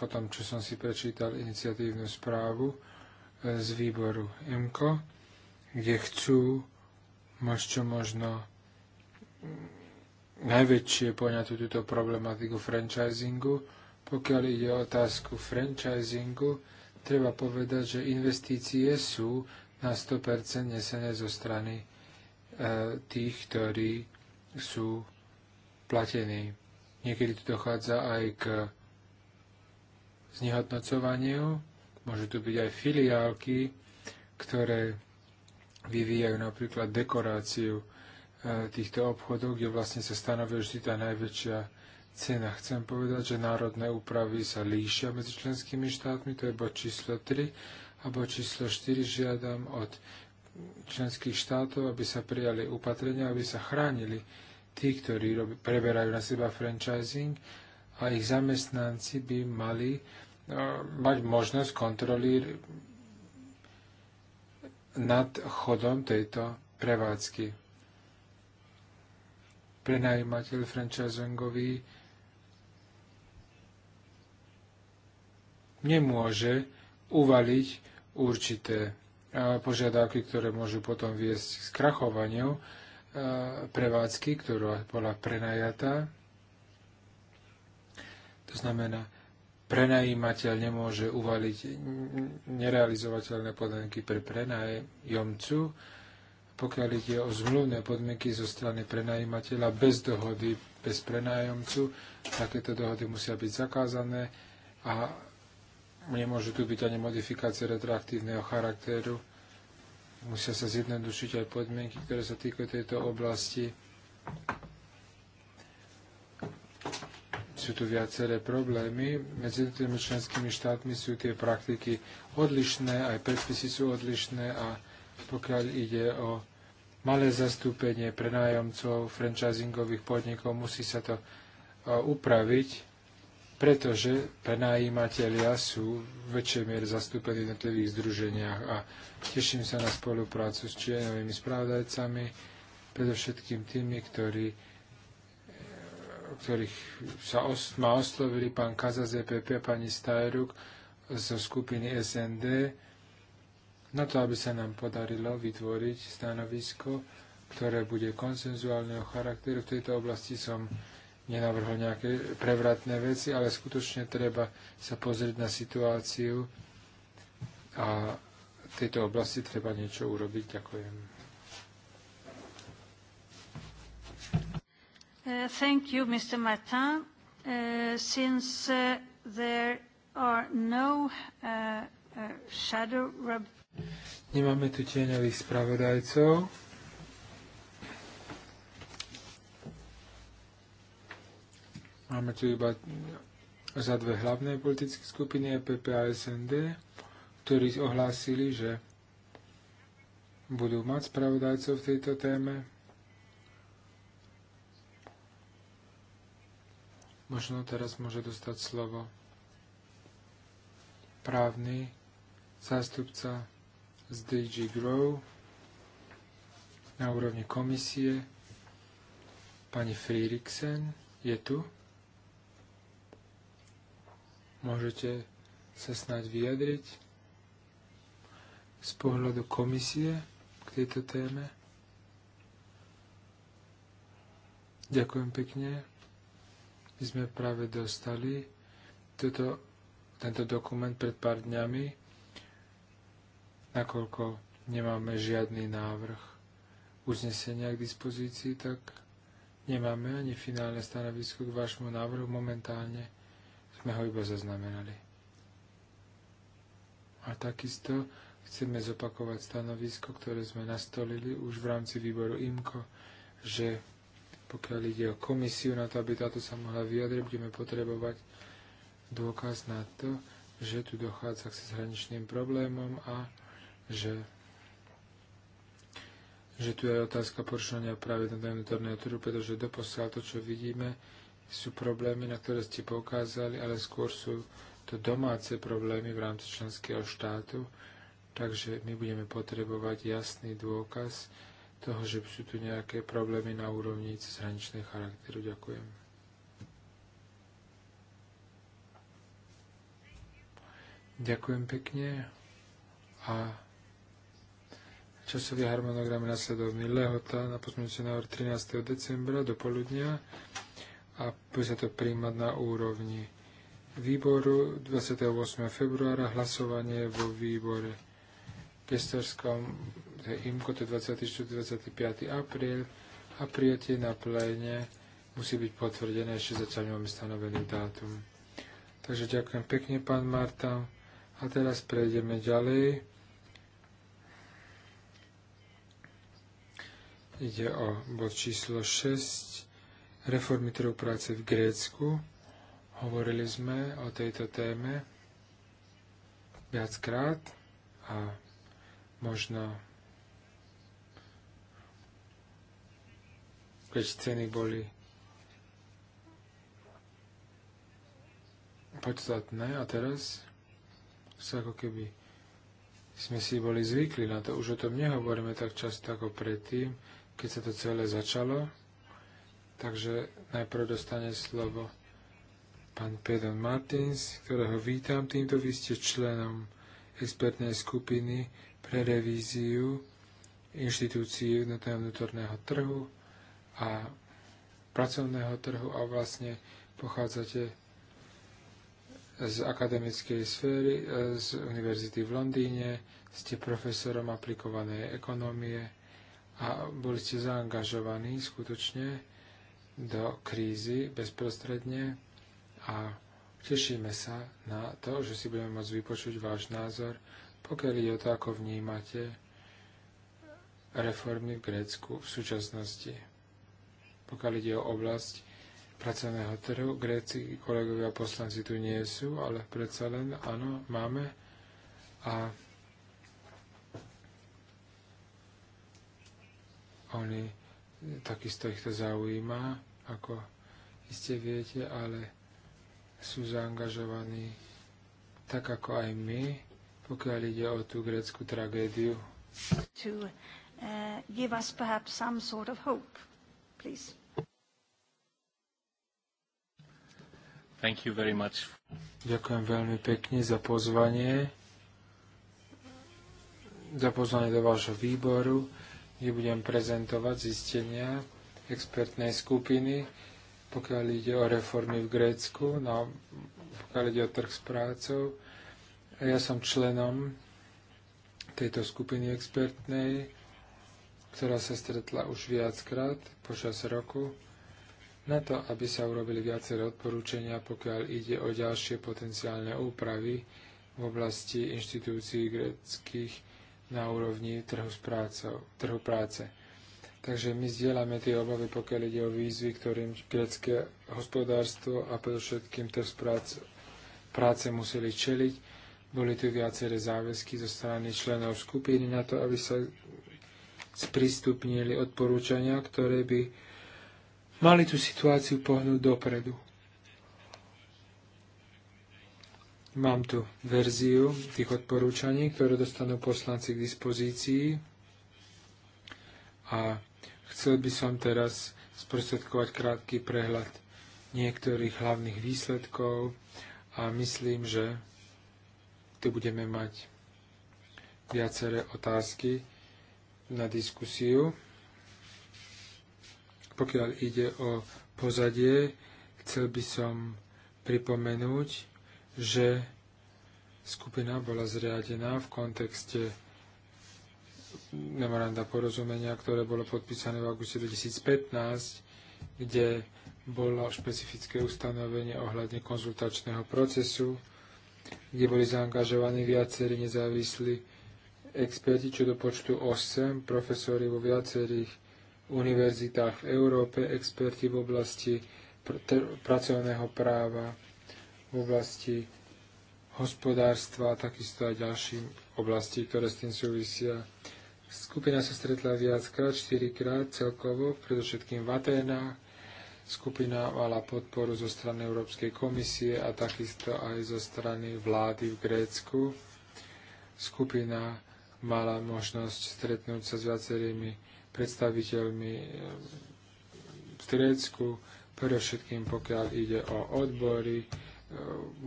potom čo som si prečítal iniciatívnu správu e, z výboru IMCO, kde chcú možno čo možno najväčšie poňať túto problematiku franchisingu, pokiaľ ide o otázku franchisingu, treba povedať, že investície sú na 100% nesené zo strany e, tých, ktorí sú platení. Niekedy tu dochádza aj k znehodnocovaniu. Môžu tu byť aj filiálky, ktoré vyvíjajú napríklad dekoráciu e, týchto obchodov, kde vlastne sa stanovuje vždy tá najväčšia cena. Chcem povedať, že národné úpravy sa líšia medzi členskými štátmi, to je bod číslo 3 a bod číslo 4 žiadam od členských štátov, aby sa prijali upatrenia, aby sa chránili tí, ktorí robí, preberajú na seba franchising a ich zamestnanci by mali uh, mať možnosť kontroly nad chodom tejto prevádzky. Prenajímateľ franchisingový nemôže uvaliť určité eh, požiadavky, ktoré môžu potom viesť k skrachovaniu eh, prevádzky, ktorá bola prenajatá. To znamená, prenajímateľ nemôže uvaliť nerealizovateľné podmienky pre prenájomcu, pokiaľ ide o zmluvné podmienky zo strany prenajímateľa bez dohody, bez prenajomcu, Takéto dohody musia byť zakázané a nemôžu tu byť ani modifikácie retroaktívneho charakteru. Musia sa zjednodušiť aj podmienky, ktoré sa týkajú tejto oblasti. Sú tu viaceré problémy. Medzi tými členskými štátmi sú tie praktiky odlišné, aj predpisy sú odlišné a pokiaľ ide o malé zastúpenie prenájomcov franchisingových podnikov, musí sa to e, upraviť pretože prenajímatelia sú v väčšej miere zastúpení v jednotlivých združeniach a teším sa na spoluprácu s členovými spravodajcami, predovšetkým tými, ktorí e, ktorých sa os, ma oslovili pán Kaza z EPP a pani Stajruk zo skupiny SND, na to, aby sa nám podarilo vytvoriť stanovisko, ktoré bude konsenzuálneho charakteru. V tejto oblasti som nenavrhol nejaké prevratné veci, ale skutočne treba sa pozrieť na situáciu a v tejto oblasti treba niečo urobiť. Ďakujem. Uh, thank you, Mr. Martin. Uh, since uh, there are no uh, uh, shadow... Nemáme tu tieňových spravodajcov. Máme tu iba za dve hlavné politické skupiny, EPP a SND, ktorí ohlásili, že budú mať spravodajcov v tejto téme. Možno teraz môže dostať slovo právny zástupca z DG Grow na úrovni komisie, pani Freeriksen. Je tu? Môžete sa snáď vyjadriť z pohľadu komisie k tejto téme? Ďakujem pekne. My sme práve dostali toto, tento dokument pred pár dňami, nakoľko nemáme žiadny návrh uznesenia k dispozícii, tak nemáme ani finálne stanovisko k vášmu návrhu momentálne sme ho iba zaznamenali. A takisto chceme zopakovať stanovisko, ktoré sme nastolili už v rámci výboru IMKO, že pokiaľ ide o komisiu na to, aby táto sa mohla vyjadriť, budeme potrebovať dôkaz na to, že tu dochádza k zahraničným problémom a že že tu je otázka porušenia práve na vnútorného trhu, pretože doposiaľ to, čo vidíme, sú problémy, na ktoré ste poukázali, ale skôr sú to domáce problémy v rámci členského štátu, takže my budeme potrebovať jasný dôkaz toho, že sú tu nejaké problémy na úrovni cezhraničného charakteru. Ďakujem. Ďakujem pekne a časový harmonogram nasledovný. Lehota na pozmeňujúci návrh 13. decembra do poludnia a bude sa to príjmať na úrovni výboru 28. februára, hlasovanie vo výbore gestorskom IMKO to 24. 25. apríl a prijatie na pléne musí byť potvrdené, ešte zatiaľ nemáme stanovený dátum. Takže ďakujem pekne, pán Marta. A teraz prejdeme ďalej. Ide o bod číslo 6 reformy trhu práce v Grécku. Hovorili sme o tejto téme viackrát a možno keď ceny boli podstatné a teraz sa ako keby sme si boli zvykli na to. Už o tom nehovoríme tak často ako predtým, keď sa to celé začalo. Takže najprv dostane slovo pán Pedro Martins, ktorého vítam. Týmto vy ste členom expertnej skupiny pre revíziu inštitúcií jednotného vnútorného trhu a pracovného trhu a vlastne pochádzate z akademickej sféry, e, z univerzity v Londýne, ste profesorom aplikovanej ekonomie a boli ste zaangažovaní skutočne do krízy bezprostredne a tešíme sa na to, že si budeme môcť vypočuť váš názor, pokiaľ je to, ako vnímate reformy v Grécku v súčasnosti. Pokiaľ ide o oblasť pracovného trhu, Gréci kolegovia poslanci tu nie sú, ale predsa len áno, máme. A oni takisto ich to zaujíma ako iste viete, ale sú zaangažovaní tak ako aj my, pokiaľ ide o tú greckú tragédiu. To, uh, give us perhaps some sort of hope, please. Thank you very much. Ďakujem veľmi pekne za pozvanie. Za pozvanie do vášho výboru, kde budem prezentovať zistenia expertnej skupiny, pokiaľ ide o reformy v Grécku, no, pokiaľ ide o trh s prácou. Ja som členom tejto skupiny expertnej, ktorá sa stretla už viackrát počas roku, na to, aby sa urobili viaceré odporúčania, pokiaľ ide o ďalšie potenciálne úpravy v oblasti inštitúcií gréckých na úrovni trhu, s prácou, trhu práce. Takže my zdieľame tie obavy, pokiaľ ide o výzvy, ktorým grecké hospodárstvo a predovšetkým trh práce, práce museli čeliť. Boli tu viaceré záväzky zo strany členov skupiny na to, aby sa sprístupnili odporúčania, ktoré by mali tú situáciu pohnúť dopredu. Mám tu verziu tých odporúčaní, ktoré dostanú poslanci k dispozícii a Chcel by som teraz sprostredkovať krátky prehľad niektorých hlavných výsledkov a myslím, že tu budeme mať viaceré otázky na diskusiu. Pokiaľ ide o pozadie, chcel by som pripomenúť, že skupina bola zriadená v kontexte memoranda porozumenia, ktoré bolo podpísané v auguste 2015, kde bolo špecifické ustanovenie ohľadne konzultačného procesu, kde boli zaangažovaní viacerí nezávislí experti, čo do počtu 8, profesori vo viacerých univerzitách v Európe, experti v oblasti pr- pracovného práva, v oblasti hospodárstva a takisto aj ďalším oblasti, ktoré s tým súvisia. Skupina sa stretla viackrát, štyrikrát krát celkovo, predovšetkým v Atenách. Skupina mala podporu zo strany Európskej komisie a takisto aj zo strany vlády v Grécku. Skupina mala možnosť stretnúť sa s viacerými predstaviteľmi eh, v Grécku, predovšetkým pokiaľ ide o odbory, eh,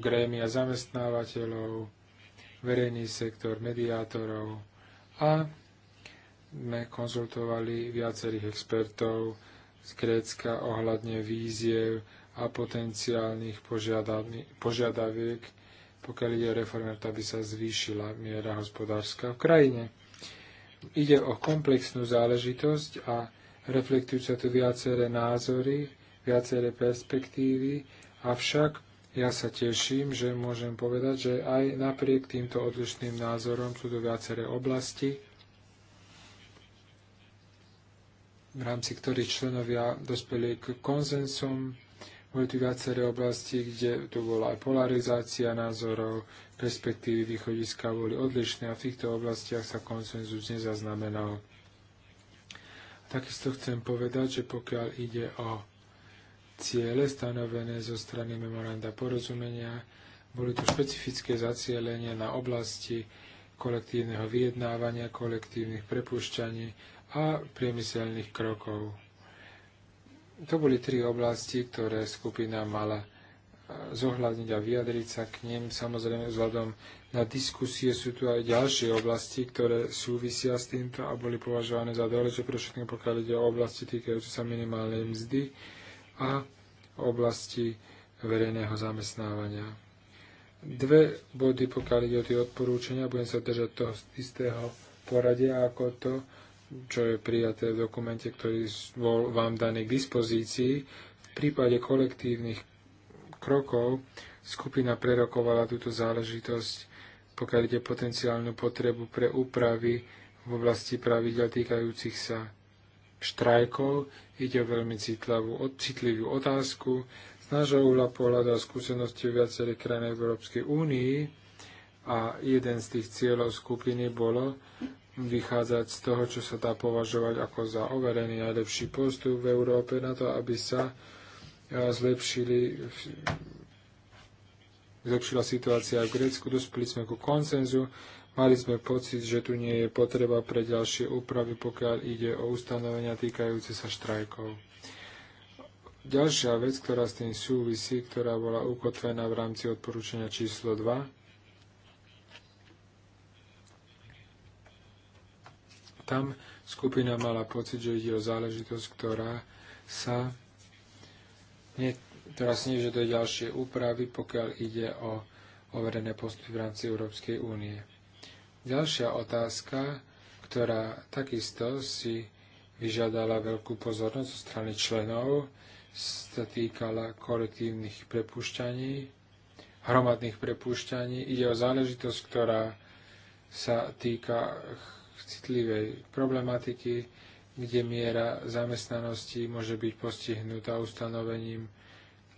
grémia zamestnávateľov, verejný sektor, mediátorov a sme konzultovali viacerých expertov z Grécka ohľadne víziev a potenciálnych požiadaviek, pokiaľ ide o reformer, aby sa zvýšila miera hospodárska v krajine. Ide o komplexnú záležitosť a reflektujú sa tu viaceré názory, viaceré perspektívy, avšak ja sa teším, že môžem povedať, že aj napriek týmto odlišným názorom sú tu viaceré oblasti, v rámci ktorých členovia dospeli k konzenzom. Boli tu viaceré oblasti, kde tu bola aj polarizácia názorov, perspektívy východiska boli odlišné a v týchto oblastiach sa konsenzus nezaznamenal. Takisto chcem povedať, že pokiaľ ide o ciele stanovené zo strany memoranda porozumenia, boli to špecifické zacielenie na oblasti kolektívneho vyjednávania, kolektívnych prepušťaní a priemyselných krokov. To boli tri oblasti, ktoré skupina mala e, zohľadniť a vyjadriť sa k nim. Samozrejme, vzhľadom na diskusie sú tu aj ďalšie oblasti, ktoré súvisia s týmto a boli považované za dôležité pre všetkým, pokiaľ ide o oblasti týkajúce sa minimálnej mzdy a oblasti verejného zamestnávania. Dve body, pokiaľ ide o tie odporúčania, budem sa držať toho istého poradia, ako to čo je prijaté v dokumente, ktorý bol vám daný k dispozícii. V prípade kolektívnych krokov skupina prerokovala túto záležitosť, pokiaľ ide potenciálnu potrebu pre úpravy v oblasti pravidel týkajúcich sa štrajkov. Ide o veľmi citlivú, citlivú otázku. Z nášho uhla pohľadu a skúsenosti viacerých krajín Európskej únii a jeden z tých cieľov skupiny bolo vychádzať z toho, čo sa dá považovať ako za overený najlepší postup v Európe na to, aby sa e, zlepšili, zlepšila situácia v Grécku. Dospeli sme ku koncenzu, mali sme pocit, že tu nie je potreba pre ďalšie úpravy, pokiaľ ide o ustanovenia týkajúce sa štrajkov. Ďalšia vec, ktorá s tým súvisí, ktorá bola ukotvená v rámci odporúčania číslo 2, tam skupina mala pocit, že ide o záležitosť, ktorá sa nie, teraz nie, že to je ďalšie úpravy, pokiaľ ide o overené postupy v rámci Európskej únie. Ďalšia otázka, ktorá takisto si vyžiadala veľkú pozornosť zo strany členov, sa týkala kolektívnych prepušťaní, hromadných prepušťaní. Ide o záležitosť, ktorá sa týka citlivej problematiky, kde miera zamestnanosti môže byť postihnutá ustanovením,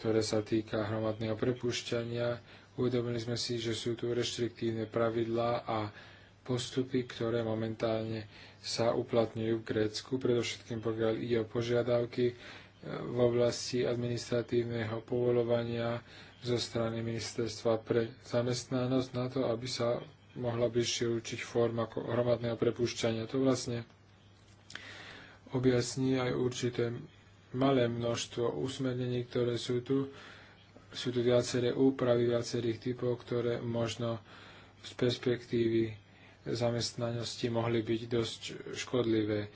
ktoré sa týka hromadného prepušťania. Uvedomili sme si, že sú tu reštriktívne pravidlá a postupy, ktoré momentálne sa uplatňujú v Grécku, predovšetkým pokiaľ ide o požiadavky eh, v oblasti administratívneho povolovania zo strany Ministerstva pre zamestnanosť na to, aby sa mohla by ešte určiť form ako hromadného prepušťania. To vlastne objasní aj určité malé množstvo usmernení, ktoré sú tu. Sú tu viaceré úpravy viacerých typov, ktoré možno z perspektívy zamestnanosti mohli byť dosť škodlivé.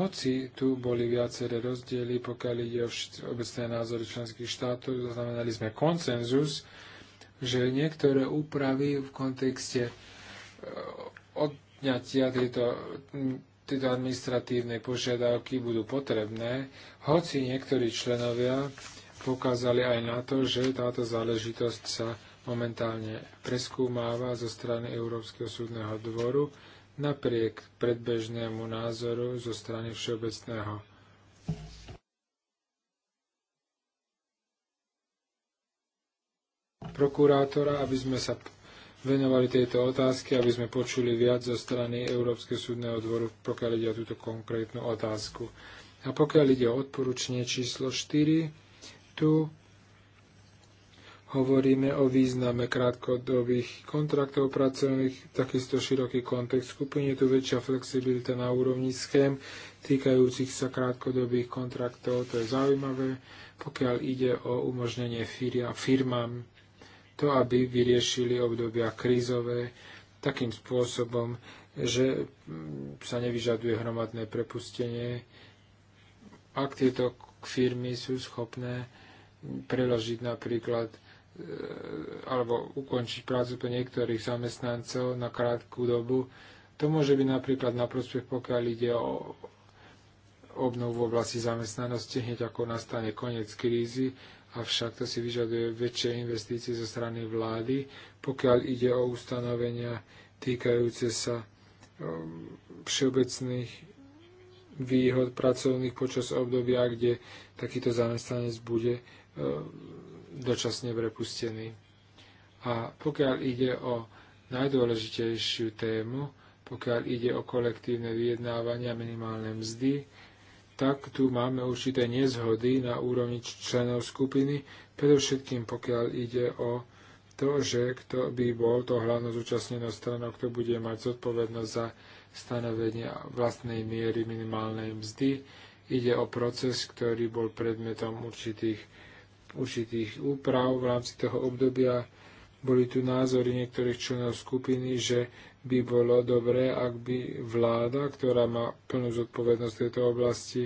Hoci tu boli viaceré rozdiely, pokiaľ ide o obecné názory členských štátov, zaznamenali sme koncenzus, že niektoré úpravy v kontexte e, odňatia tejto, tejto administratívnej požiadavky budú potrebné, hoci niektorí členovia pokázali aj na to, že táto záležitosť sa momentálne preskúmáva zo strany Európskeho súdneho dvoru napriek predbežnému názoru zo strany Všeobecného prokurátora, aby sme sa venovali tejto otázke, aby sme počuli viac zo strany Európskeho súdneho dvoru, pokiaľ ide o túto konkrétnu otázku. A pokiaľ ide o odporúčanie číslo 4, tu hovoríme o význame krátkodobých kontraktov pracovných, takisto široký kontext skupiny, je tu väčšia flexibilita na úrovni schém týkajúcich sa krátkodobých kontraktov, to je zaujímavé, pokiaľ ide o umožnenie firmám to, aby vyriešili obdobia krízové takým spôsobom, že mm, sa nevyžaduje hromadné prepustenie, ak tieto firmy sú schopné preložiť napríklad e, alebo ukončiť prácu pre niektorých zamestnancov na krátku dobu. To môže byť napríklad na prospech, pokiaľ ide o obnovu v oblasti zamestnanosti, hneď ako nastane koniec krízy, avšak to si vyžaduje väčšie investície zo strany vlády, pokiaľ ide o ustanovenia týkajúce sa um, všeobecných výhod pracovných počas obdobia, kde takýto zamestnanec bude um, dočasne prepustený. A pokiaľ ide o najdôležitejšiu tému, pokiaľ ide o kolektívne vyjednávania minimálne mzdy, tak tu máme určité nezhody na úrovni členov skupiny, predovšetkým pokiaľ ide o to, že kto by bol to hlavnou zúčastnenou stranou, kto bude mať zodpovednosť za stanovenie vlastnej miery minimálnej mzdy. Ide o proces, ktorý bol predmetom určitých, určitých úprav v rámci toho obdobia boli tu názory niektorých členov skupiny, že by bolo dobré, ak by vláda, ktorá má plnú zodpovednosť v tejto oblasti,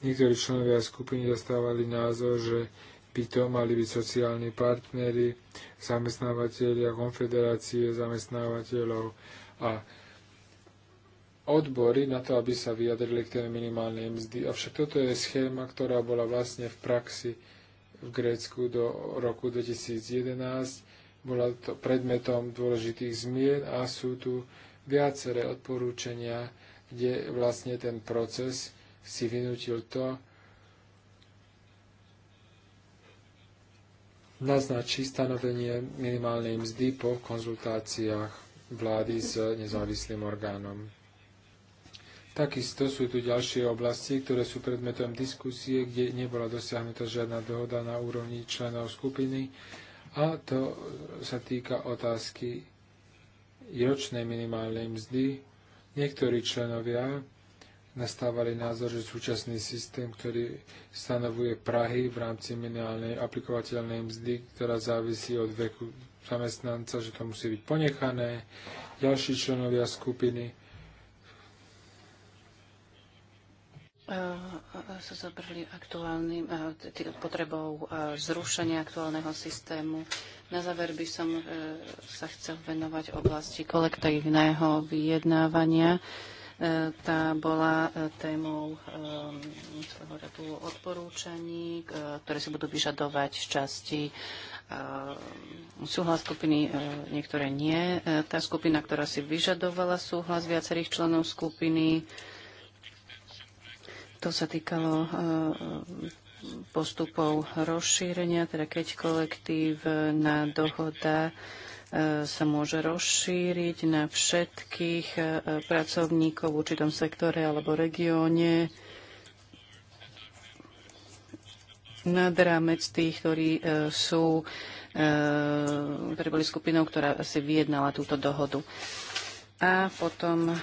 niektorí členovia skupiny zastávali názor, že by to mali byť sociálni partnery, zamestnávateľia, konfederácie zamestnávateľov a odbory na to, aby sa vyjadrili k tej minimálnej mzdy. Avšak toto je schéma, ktorá bola vlastne v praxi v Grécku do roku 2011 bola to predmetom dôležitých zmien a sú tu viaceré odporúčania, kde vlastne ten proces si vynútil to, naznačí stanovenie minimálnej mzdy po konzultáciách vlády s nezávislým orgánom. Takisto sú tu ďalšie oblasti, ktoré sú predmetom diskusie, kde nebola dosiahnutá žiadna dohoda na úrovni členov skupiny a to sa týka otázky ročnej minimálnej mzdy. Niektorí členovia nastávali názor, že súčasný systém, ktorý stanovuje Prahy v rámci minimálnej aplikovateľnej mzdy, ktorá závisí od veku zamestnanca, že to musí byť ponechané. Ďalší členovia skupiny Eh, sa zabrali aktuálnym eh, potrebou eh, zrušenia aktuálneho systému. Na záver by som sa chcel venovať oblasti kolektívneho vyjednávania. Tá bola témou svojho radu odporúčaní, ktoré si budú vyžadovať z časti súhlas skupiny, niektoré nie. Tá skupina, ktorá si vyžadovala súhlas viacerých členov skupiny, to sa týkalo e, postupov rozšírenia, teda keď na dohoda e, sa môže rozšíriť na všetkých e, pracovníkov v určitom sektore alebo regióne nad rámec tých, ktorí sú, ktorí boli skupinou, ktorá si vyjednala túto dohodu. A potom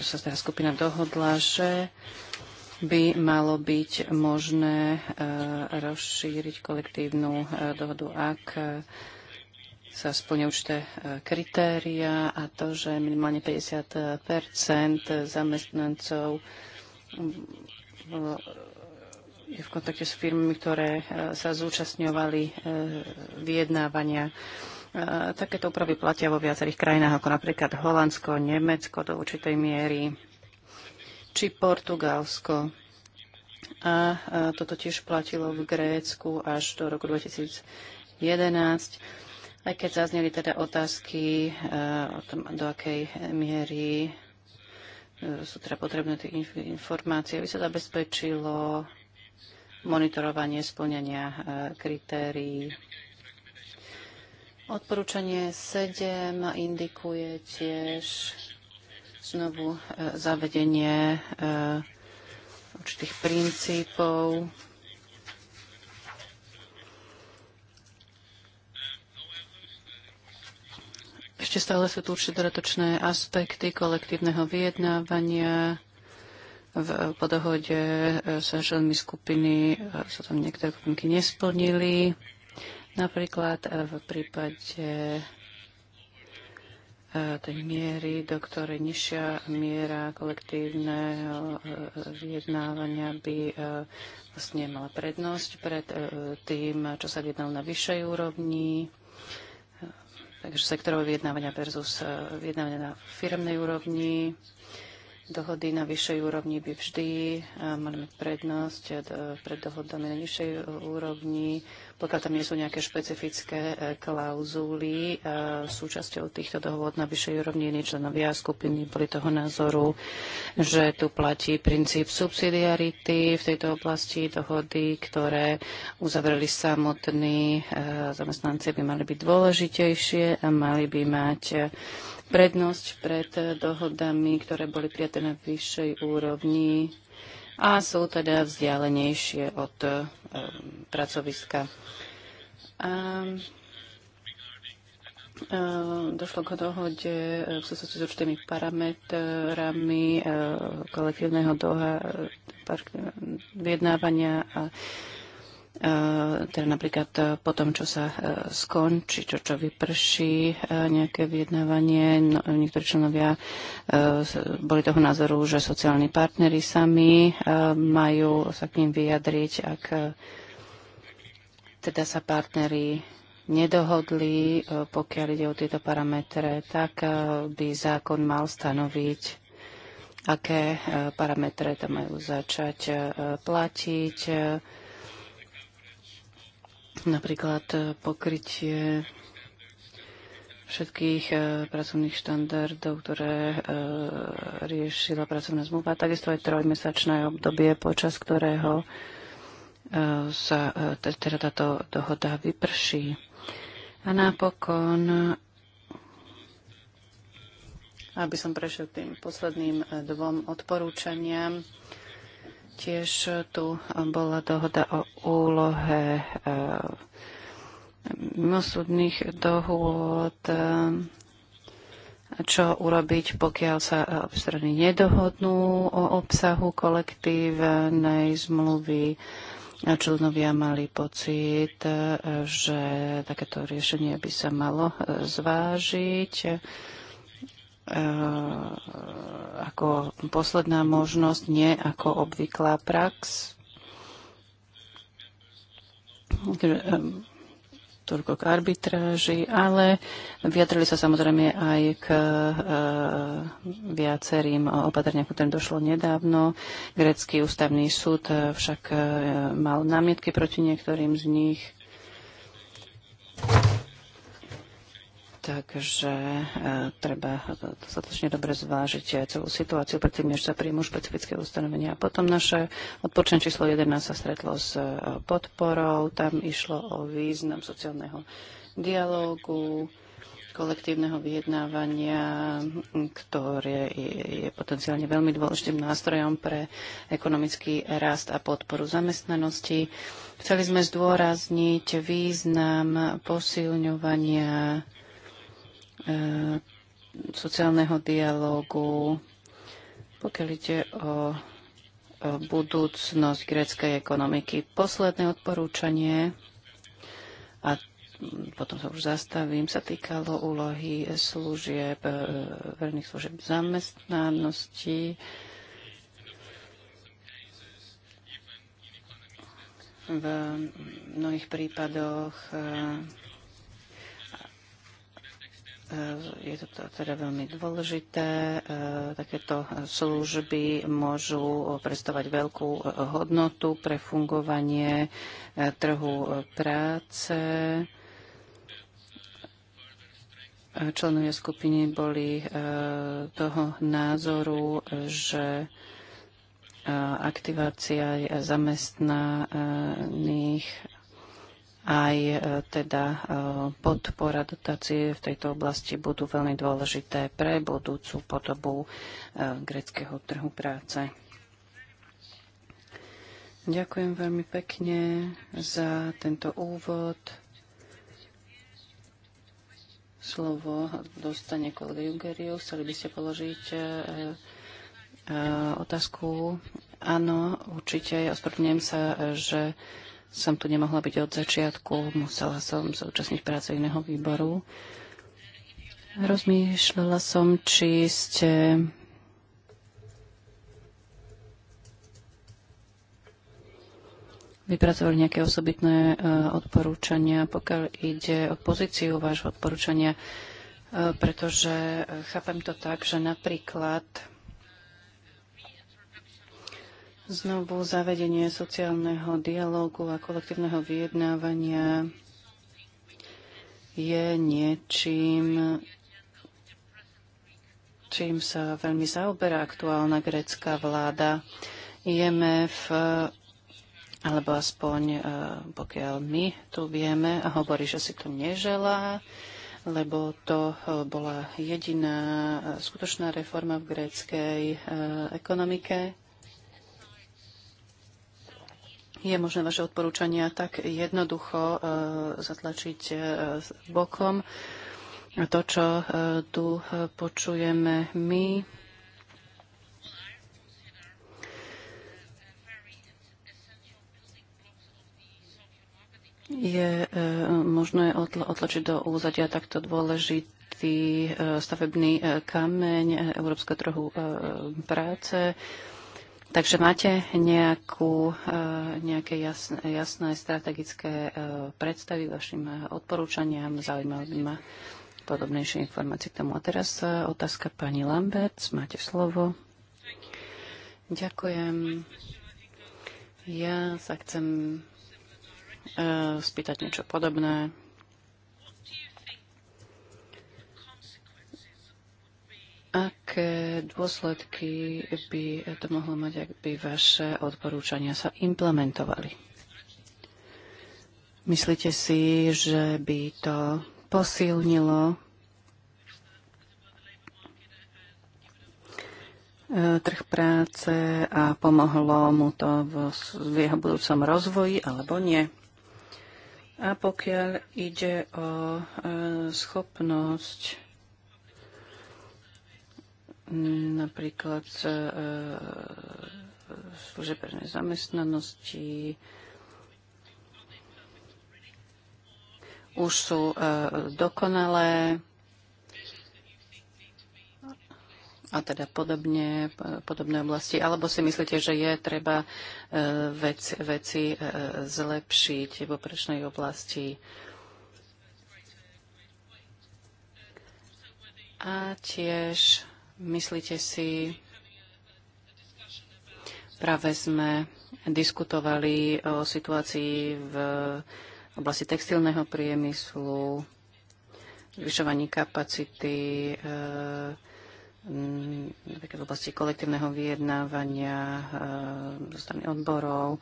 sa teda skupina dohodla, že by malo byť možné eh, rozšíriť kolektívnu eh, dohodu, ak eh, sa splňujú určité kritéria a to, že minimálne 50 zamestnancov je v kontakte s firmami, ktoré sa zúčastňovali vyjednávania. E, takéto úpravy platia vo viacerých krajinách, ako napríklad Holandsko, Nemecko do určitej miery, či Portugalsko. A e, toto tiež platilo v Grécku až do roku 2011. Aj keď zazneli teda otázky e, o tom, do akej miery sú teda potrebné tie informácie, aby sa zabezpečilo monitorovanie splňania kritérií Odporúčanie 7 indikuje tiež znovu e, zavedenie e, určitých princípov. Ešte stále sú tu určité dodatočné aspekty kolektívneho vyjednávania. V, e, po dohode sa členmi skupiny sa tam niektoré podmienky nesplnili. Napríklad e, v prípade e, tej miery, do ktorej nižšia miera kolektívneho e, vyjednávania by vlastne mala prednosť pred tým, čo sa vyjednalo na vyššej úrovni. Takže sektorové vyjednávania versus vyjednávania na firmnej úrovni. Dohody na vyššej úrovni by vždy mali mať prednosť pred dohodami na nižšej úrovni pokiaľ tam nie sú nejaké špecifické e, klauzuly e, súčasťou týchto dohôd na vyššej úrovni, iní členovia skupiny boli toho názoru, že tu platí princíp subsidiarity v tejto oblasti dohody, ktoré uzavreli samotní e, zamestnanci by mali byť dôležitejšie a mali by mať prednosť pred dohodami, ktoré boli prijaté na vyššej úrovni a sú teda vzdialenejšie od e, pracoviska. A, eh, Došlo k dohode eh, v súvislosti s určitými parametrami kolektívneho doha, vyjednávania a E, teda napríklad e, po tom, čo sa e, skončí, čo, čo vyprší nejaké vyjednávanie. No, niektorí členovia boli toho názoru, že sociálni partnery sami majú sa k ním vyjadriť, ak teda sa partnery nedohodli, pokiaľ ide o tieto parametre, tak by zákon mal stanoviť aké parametre tam majú začať platiť, Napríklad e, pokrytie všetkých e, pracovných štandardov, ktoré e, riešila pracovná zmluva, takisto aj trojmesačné obdobie, počas ktorého sa teda táto dohoda vyprší. A napokon, aby som prešiel k tým posledným dvom odporúčaniam, Tiež tu bola dohoda o úlohe mimosúdnych eh, dohôd, eh, čo urobiť, pokiaľ sa strany nedohodnú o obsahu kolektívnej zmluvy. Členovia mali pocit, eh, že takéto riešenie by sa malo zvážiť Eh, ako posledná možnosť, nie ako obvyklá prax. Eh, toľko k arbitráži, ale vyjadrili sa samozrejme aj k eh, viacerým opatreniam, ktorým došlo nedávno. Grecký ústavný súd však mal námietky proti niektorým z nich. Takže e, treba dostatočne dobre zvážiť celú situáciu predtým, než sa príjmu špecifické ustanovenia. A potom naše odporčenie číslo 11 sa stretlo s e, podporou. Tam išlo o význam sociálneho dialógu, kolektívneho vyjednávania, ktoré je potenciálne veľmi dôležitým nástrojom pre ekonomický rast a podporu zamestnanosti. Chceli sme zdôrazniť význam posilňovania E, sociálneho dialógu, pokiaľ ide o budúcnosť gréckej ekonomiky. Posledné odporúčanie, a potom sa už zastavím, sa týkalo úlohy služieb, e, verejných služieb zamestnanosti. V mnohých prípadoch e, Eh, je to teda, teda veľmi dôležité. Eh, takéto služby môžu predstavovať veľkú eh, hodnotu pre fungovanie trhu práce. Členovia skupiny boli toho názoru, že aktivácia zamestnaných aj e, teda e, podpora dotácie v tejto oblasti budú veľmi dôležité pre budúcu podobu e, greckého trhu práce. Ďakujem veľmi pekne za tento úvod. Slovo dostane kolega Jungeriu. Chceli by ste položiť otázku? Áno, určite. Ospravedlňujem sa, že som tu nemohla byť od začiatku, musela som zúčastniť práce iného výboru. Rozmýšľala som, či ste vypracovali nejaké osobitné e, odporúčania, pokiaľ ide o pozíciu vášho odporúčania, e, pretože e, chápem to tak, že napríklad Znovu zavedenie sociálneho dialógu a kolektívneho vyjednávania je niečím, čím sa veľmi zaoberá aktuálna grécka vláda. IMF, alebo aspoň e, pokiaľ my tu vieme, a hovorí, že si to neželá, lebo to e, bola jediná e, skutočná reforma v gréckej ekonomike je možné vaše odporúčania tak jednoducho e, zatlačiť e, bokom. To, čo e, tu počujeme my, je možné otlačiť do úzadia takto dôležitý stavebný kameň Európskeho trhu práce. Takže máte nejakú, e, nejaké jasné, jasné strategické e, predstavy vašim e, odporúčaniam? Zaujímavé by ma podobnejšie informácie k tomu. A teraz otázka pani Lambert. Máte slovo. Ďakujem. Ja sa chcem spýtať niečo podobné Aké dôsledky by to mohlo mať, ak by vaše odporúčania sa implementovali? Myslíte si, že by to posilnilo e, trh práce a pomohlo mu to v, jeho budúcom rozvoji alebo nie? A pokiaľ ide o e, schopnosť napríklad e, e, služebnej zamestnanosti, už sú e, dokonalé a teda podobne, podobné oblasti? Alebo si myslíte, že je treba veci, e, zlepšiť v operačnej oblasti? A tiež Myslíte si, práve sme diskutovali o situácii v oblasti textilného priemyslu, zvyšovaní kapacity, eh, napríklad v oblasti kolektívneho vyjednávania eh, zo strany odborov.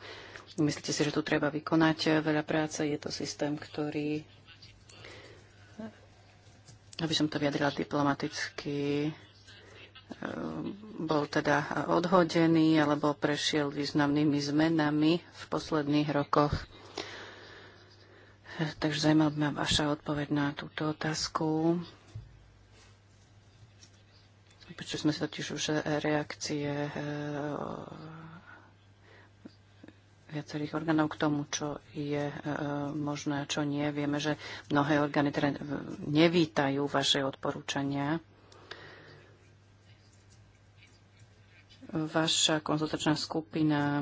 Myslíte si, že tu treba vykonať eh, veľa práce? Je to systém, ktorý, aby som to vyjadrila diplomaticky, bol teda odhodený alebo prešiel významnými zmenami v posledných rokoch. Takže zaujímavá ma vaša odpoveď na túto otázku. Prečo sme sa tiež už reakcie eh, viacerých orgánov k tomu, čo je eh, možné a čo nie. Vieme, že mnohé orgány teda nevítajú vaše odporúčania Vaša konzultačná skupina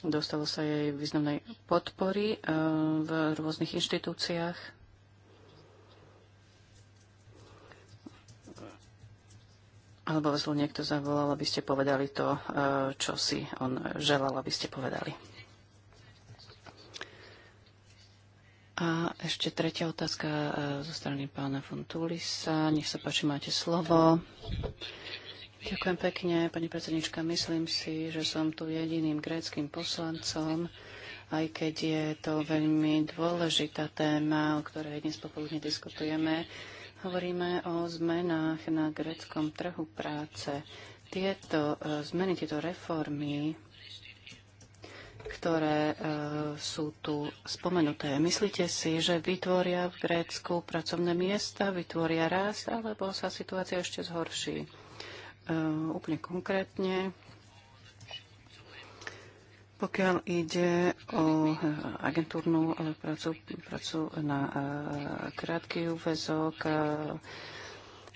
dostalo sa jej významnej podpory e, v rôznych inštitúciách. Alebo vás niekto zavolal, aby ste povedali to, e, čo si on želal, aby ste povedali. A ešte tretia otázka eh, zo strany pána Fontulisa. Nech sa páči, máte slovo. Ďakujem pekne, pani predsednička. Myslím si, že som tu jediným gréckým poslancom, aj keď je to veľmi dôležitá téma, o ktorej dnes popoludne diskutujeme. Hovoríme o zmenách na gréckom trhu práce. Tieto eh, zmeny, tieto reformy ktoré e, sú tu spomenuté. Myslíte si, že vytvoria v Grécku pracovné miesta, vytvoria rast, alebo sa situácia ešte zhorší? E, úplne konkrétne, pokiaľ ide o e, agentúrnu e, prácu, prácu na e, krátky úvezok, e,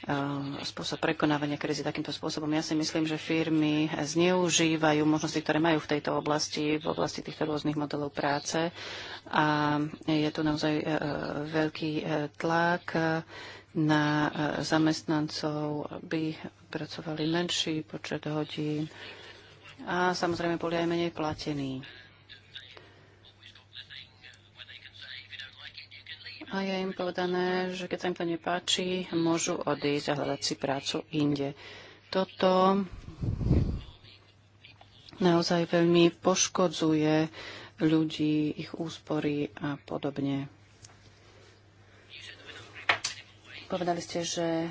Eh, spôsob prekonávania krízy takýmto spôsobom. Ja si myslím, že firmy zneužívajú možnosti, ktoré majú v tejto oblasti, v oblasti týchto rôznych modelov práce. A je tu naozaj eh, veľký eh, tlak na zamestnancov, aby pracovali menší počet hodín a samozrejme boli aj menej platení. a je im povedané, že keď sa im to nepáči, môžu odísť a hľadať si prácu inde. Toto naozaj veľmi poškodzuje ľudí, ich úspory a podobne. Povedali ste, že e,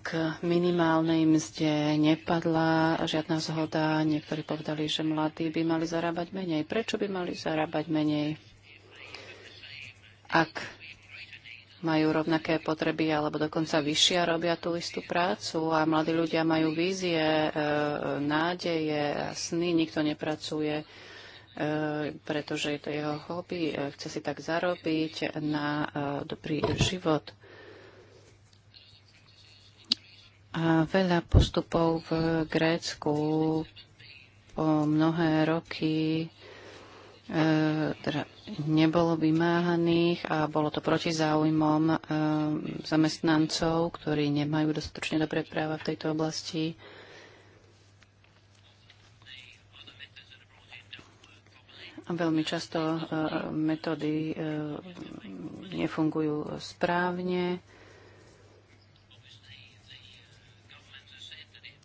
k minimálnej mzde nepadla žiadna zhoda. Niektorí povedali, že mladí by mali zarábať menej. Prečo by mali zarábať menej? Ak majú rovnaké potreby alebo dokonca vyššia robia tú istú prácu a mladí ľudia majú vízie, e, e, nádeje, sny, nikto nepracuje e, pretože je to jeho hobby, chce si tak zarobiť na dobrý život. A veľa postupov v Grécku po mnohé roky E, teda nebolo vymáhaných a bolo to proti záujmom e, zamestnancov, ktorí nemajú dostatočne dobré práva v tejto oblasti. A veľmi často e, metódy nefungujú správne.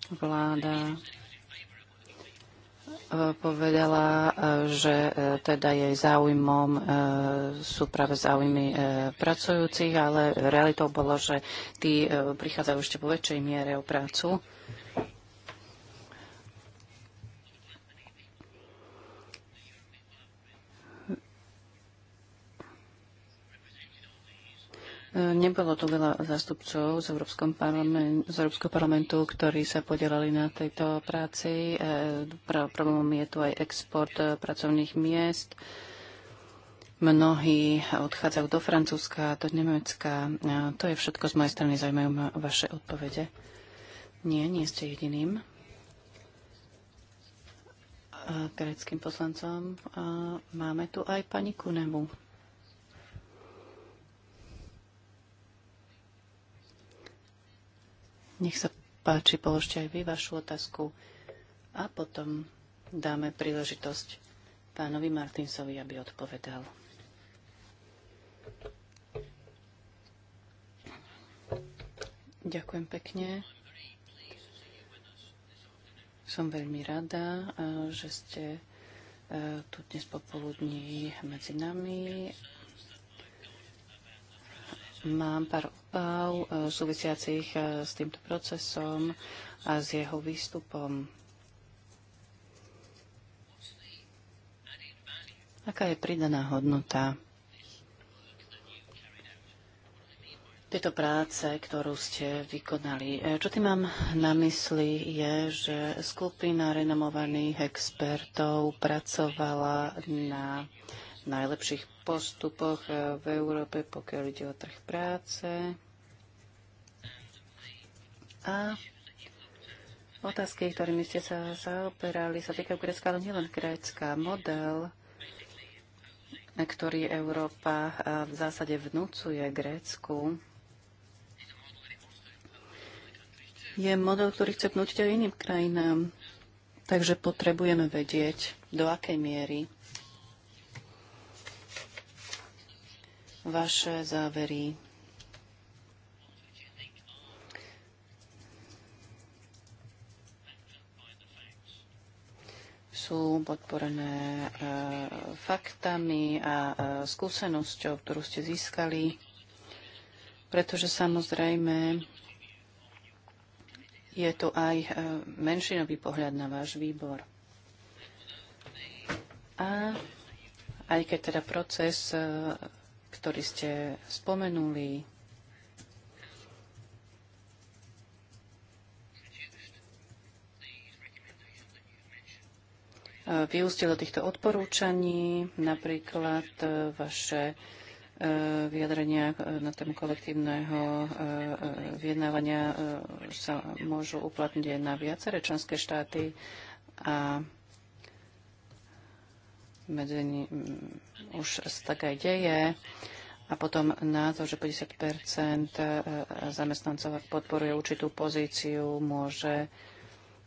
Vláda povedala, e, že e, teda jej záujmom e, sú práve záujmy pracujúcich, ale realitou bolo, že tí prichádzajú ešte po väčšej miere o prácu. Nebolo tu veľa zástupcov z, Európskom parlament, z Európskeho parlamentu, ktorí sa podielali na tejto práci. E, problémom je tu aj export e, pracovných miest. Mnohí odchádzajú do Francúzska, do Nemecka. To je všetko z mojej strany. Zaujímajú ma vaše odpovede. Nie, nie ste jediným e, greckým poslancom. Máme tu aj pani Kunemu. Nech sa páči, položte aj vy vašu otázku a potom dáme príležitosť pánovi Martinsovi, aby odpovedal. Ďakujem pekne. Som veľmi rada, eh, že ste eh, tu dnes popoludní medzi nami Mám pár obáv e, súvisiacich e, s týmto procesom a s jeho výstupom. Aká je pridaná hodnota tejto práce, ktorú ste vykonali? E, čo tým mám na mysli je, že skupina renomovaných expertov pracovala na najlepších postupoch eh, v Európe, pokiaľ ide o trh práce. A otázky, ktorými ste sa zaoberali, sa týkajú Grécka, ale nielen Grécka. Model, ktorý Európa eh, v zásade vnúcuje Grécku, je model, ktorý chce vnúť aj iným krajinám. Takže potrebujeme vedieť, do akej miery vaše závery. sú podporené e, faktami a e, skúsenosťou, ktorú ste získali, pretože samozrejme je tu aj e, menšinový pohľad na váš výbor. A aj keď teda proces e, ktorý ste spomenuli. E, Vyústilo týchto odporúčaní napríklad e, vaše e, vyjadrenia na tému kolektívneho vyjednávania sa môžu uplatniť aj na viaceré členské štáty a medzi mm, už sa tak aj deje. A potom na to, že 50 e, zamestnancov podporuje určitú pozíciu, môže,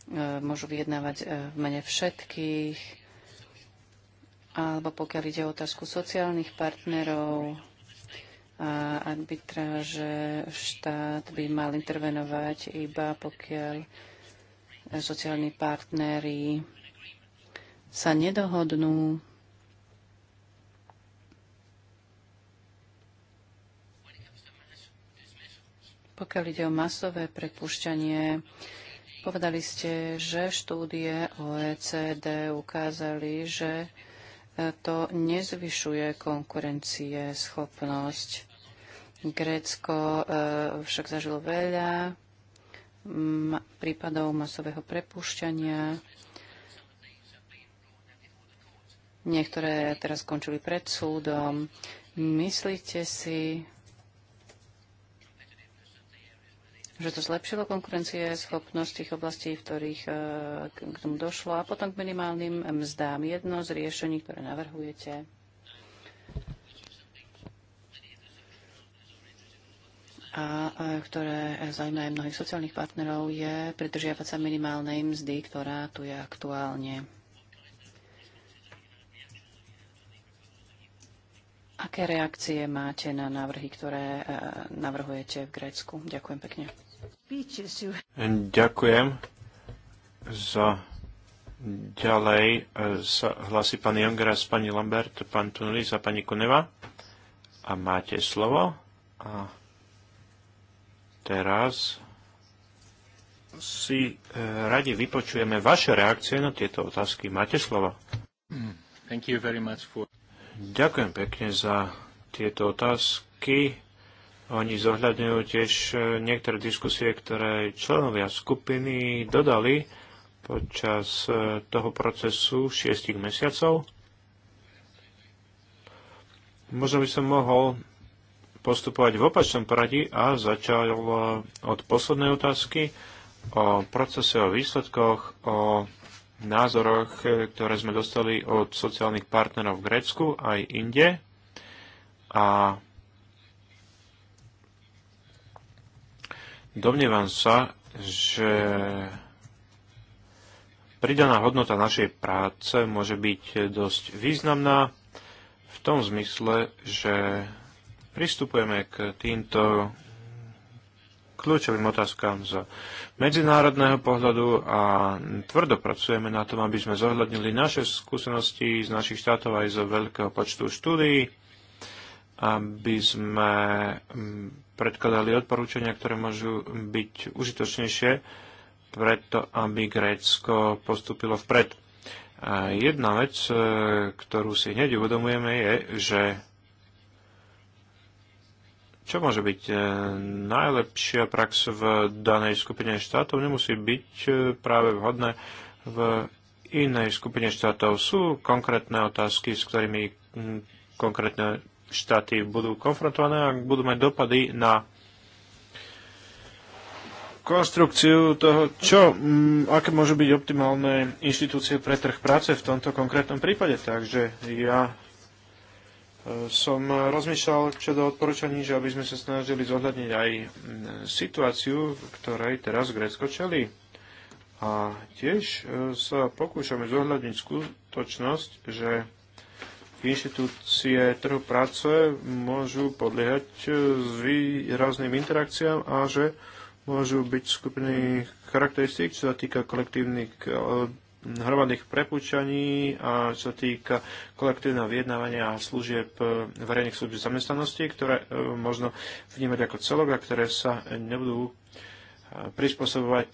e, môžu vyjednávať e, v mene všetkých. Alebo pokiaľ ide o otázku sociálnych partnerov, a arbitráže štát by mal intervenovať iba pokiaľ sociálni partnery sa nedohodnú Pokiaľ ide o masové prepušťanie, povedali ste, že štúdie OECD ukázali, že e, to nezvyšuje konkurencie, schopnosť. Grécko e, však zažilo veľa prípadov masového prepušťania. Niektoré teraz skončili pred súdom. Myslíte si, že to zlepšilo konkurencie schopnosť tých oblastí, v ktorých e, k tomu došlo a potom k minimálnym mzdám. Jedno z riešení, ktoré navrhujete. a ktoré zaujíma aj mnohých sociálnych partnerov, je pridržiavať sa minimálnej mzdy, ktorá tu je aktuálne. Aké reakcie máte na návrhy, ktoré e, navrhujete v Grécku? Ďakujem pekne. Ďakujem za ďalej e, sa hlasí pani Jongera s pani Lambert, pán Tunulis a pani Kuneva. A máte slovo. A teraz si e, radi vypočujeme vaše reakcie na tieto otázky. Máte slovo. Hmm, thank you very much for... Ďakujem pekne za tieto otázky. Oni zohľadňujú tiež e, niektoré diskusie, ktoré členovia skupiny dodali počas e, toho procesu šiestich mesiacov. Možno by som mohol postupovať v opačnom poradí a začal e, od poslednej otázky o procese, o výsledkoch, o názoroch, ktoré sme dostali od sociálnych partnerov v Grécku aj inde. A Domnievam sa, že pridaná hodnota našej práce môže byť dosť významná v tom zmysle, že pristupujeme k týmto kľúčovým otázkam z medzinárodného pohľadu a tvrdo pracujeme na tom, aby sme zohľadnili naše skúsenosti z našich štátov aj zo veľkého počtu štúdií aby sme mm, predkladali odporúčania, ktoré môžu byť užitočnejšie, preto aby Grécko postúpilo vpred. A jedna vec, e, ktorú si hneď uvedomujeme, je, že čo môže byť e, najlepšia prax v danej skupine štátov, nemusí byť e, práve vhodné v inej skupine štátov. Sú konkrétne otázky, s ktorými mm, konkrétne štáty budú konfrontované, a budú mať dopady na konstrukciu toho, čo, m, mm, aké môžu byť optimálne inštitúcie pre trh práce v tomto konkrétnom prípade. Takže ja e, som rozmýšľal čo do odporúčaní, že aby sme sa snažili zohľadniť aj mm, situáciu, ktorej teraz Grécko čelí. A tiež e, sa pokúšame zohľadniť skutočnosť, že inštitúcie trhu práce môžu podliehať eh, s výrazným interakciám a že môžu byť skupiny charakteristík, čo sa týka kolektívnych eh, hromadných prepúčaní a čo sa týka kolektívneho vyjednávania a služieb eh, verejných služieb zamestnanosti, ktoré možno vnímať ako celok a ktoré sa nebudú prispôsobovať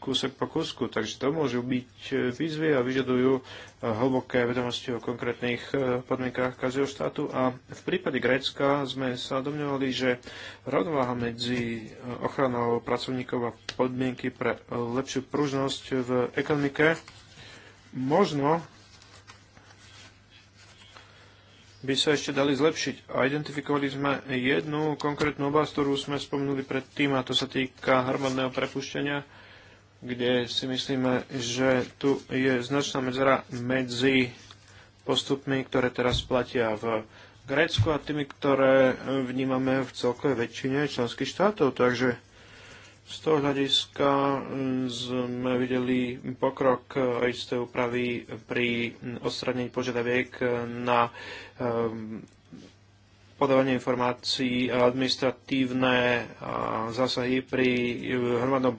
kúsok po kúsku, takže to môžu byť e, výzvy a vyžadujú e, hlboké vedomosti o konkrétnych e, podmienkách každého štátu. A v prípade Grécka sme sa domňovali, že rovnováha medzi ochranou pracovníkov a podmienky pre lepšiu pružnosť v ekonomike možno by sa ešte dali zlepšiť. A identifikovali sme jednu konkrétnu oblasť, ktorú sme spomenuli predtým, a to sa týka hromadného prepušťania kde si myslíme, že tu je značná medzera medzi postupmi, ktoré teraz platia v Grécku a tými, ktoré vnímame v celkovej väčšine členských štátov. Takže z toho hľadiska mm, sme videli pokrok aj z úpravy pri odstranení požiadaviek na ehm, podávanie informácií a administratívne zásahy pri e, hromadnom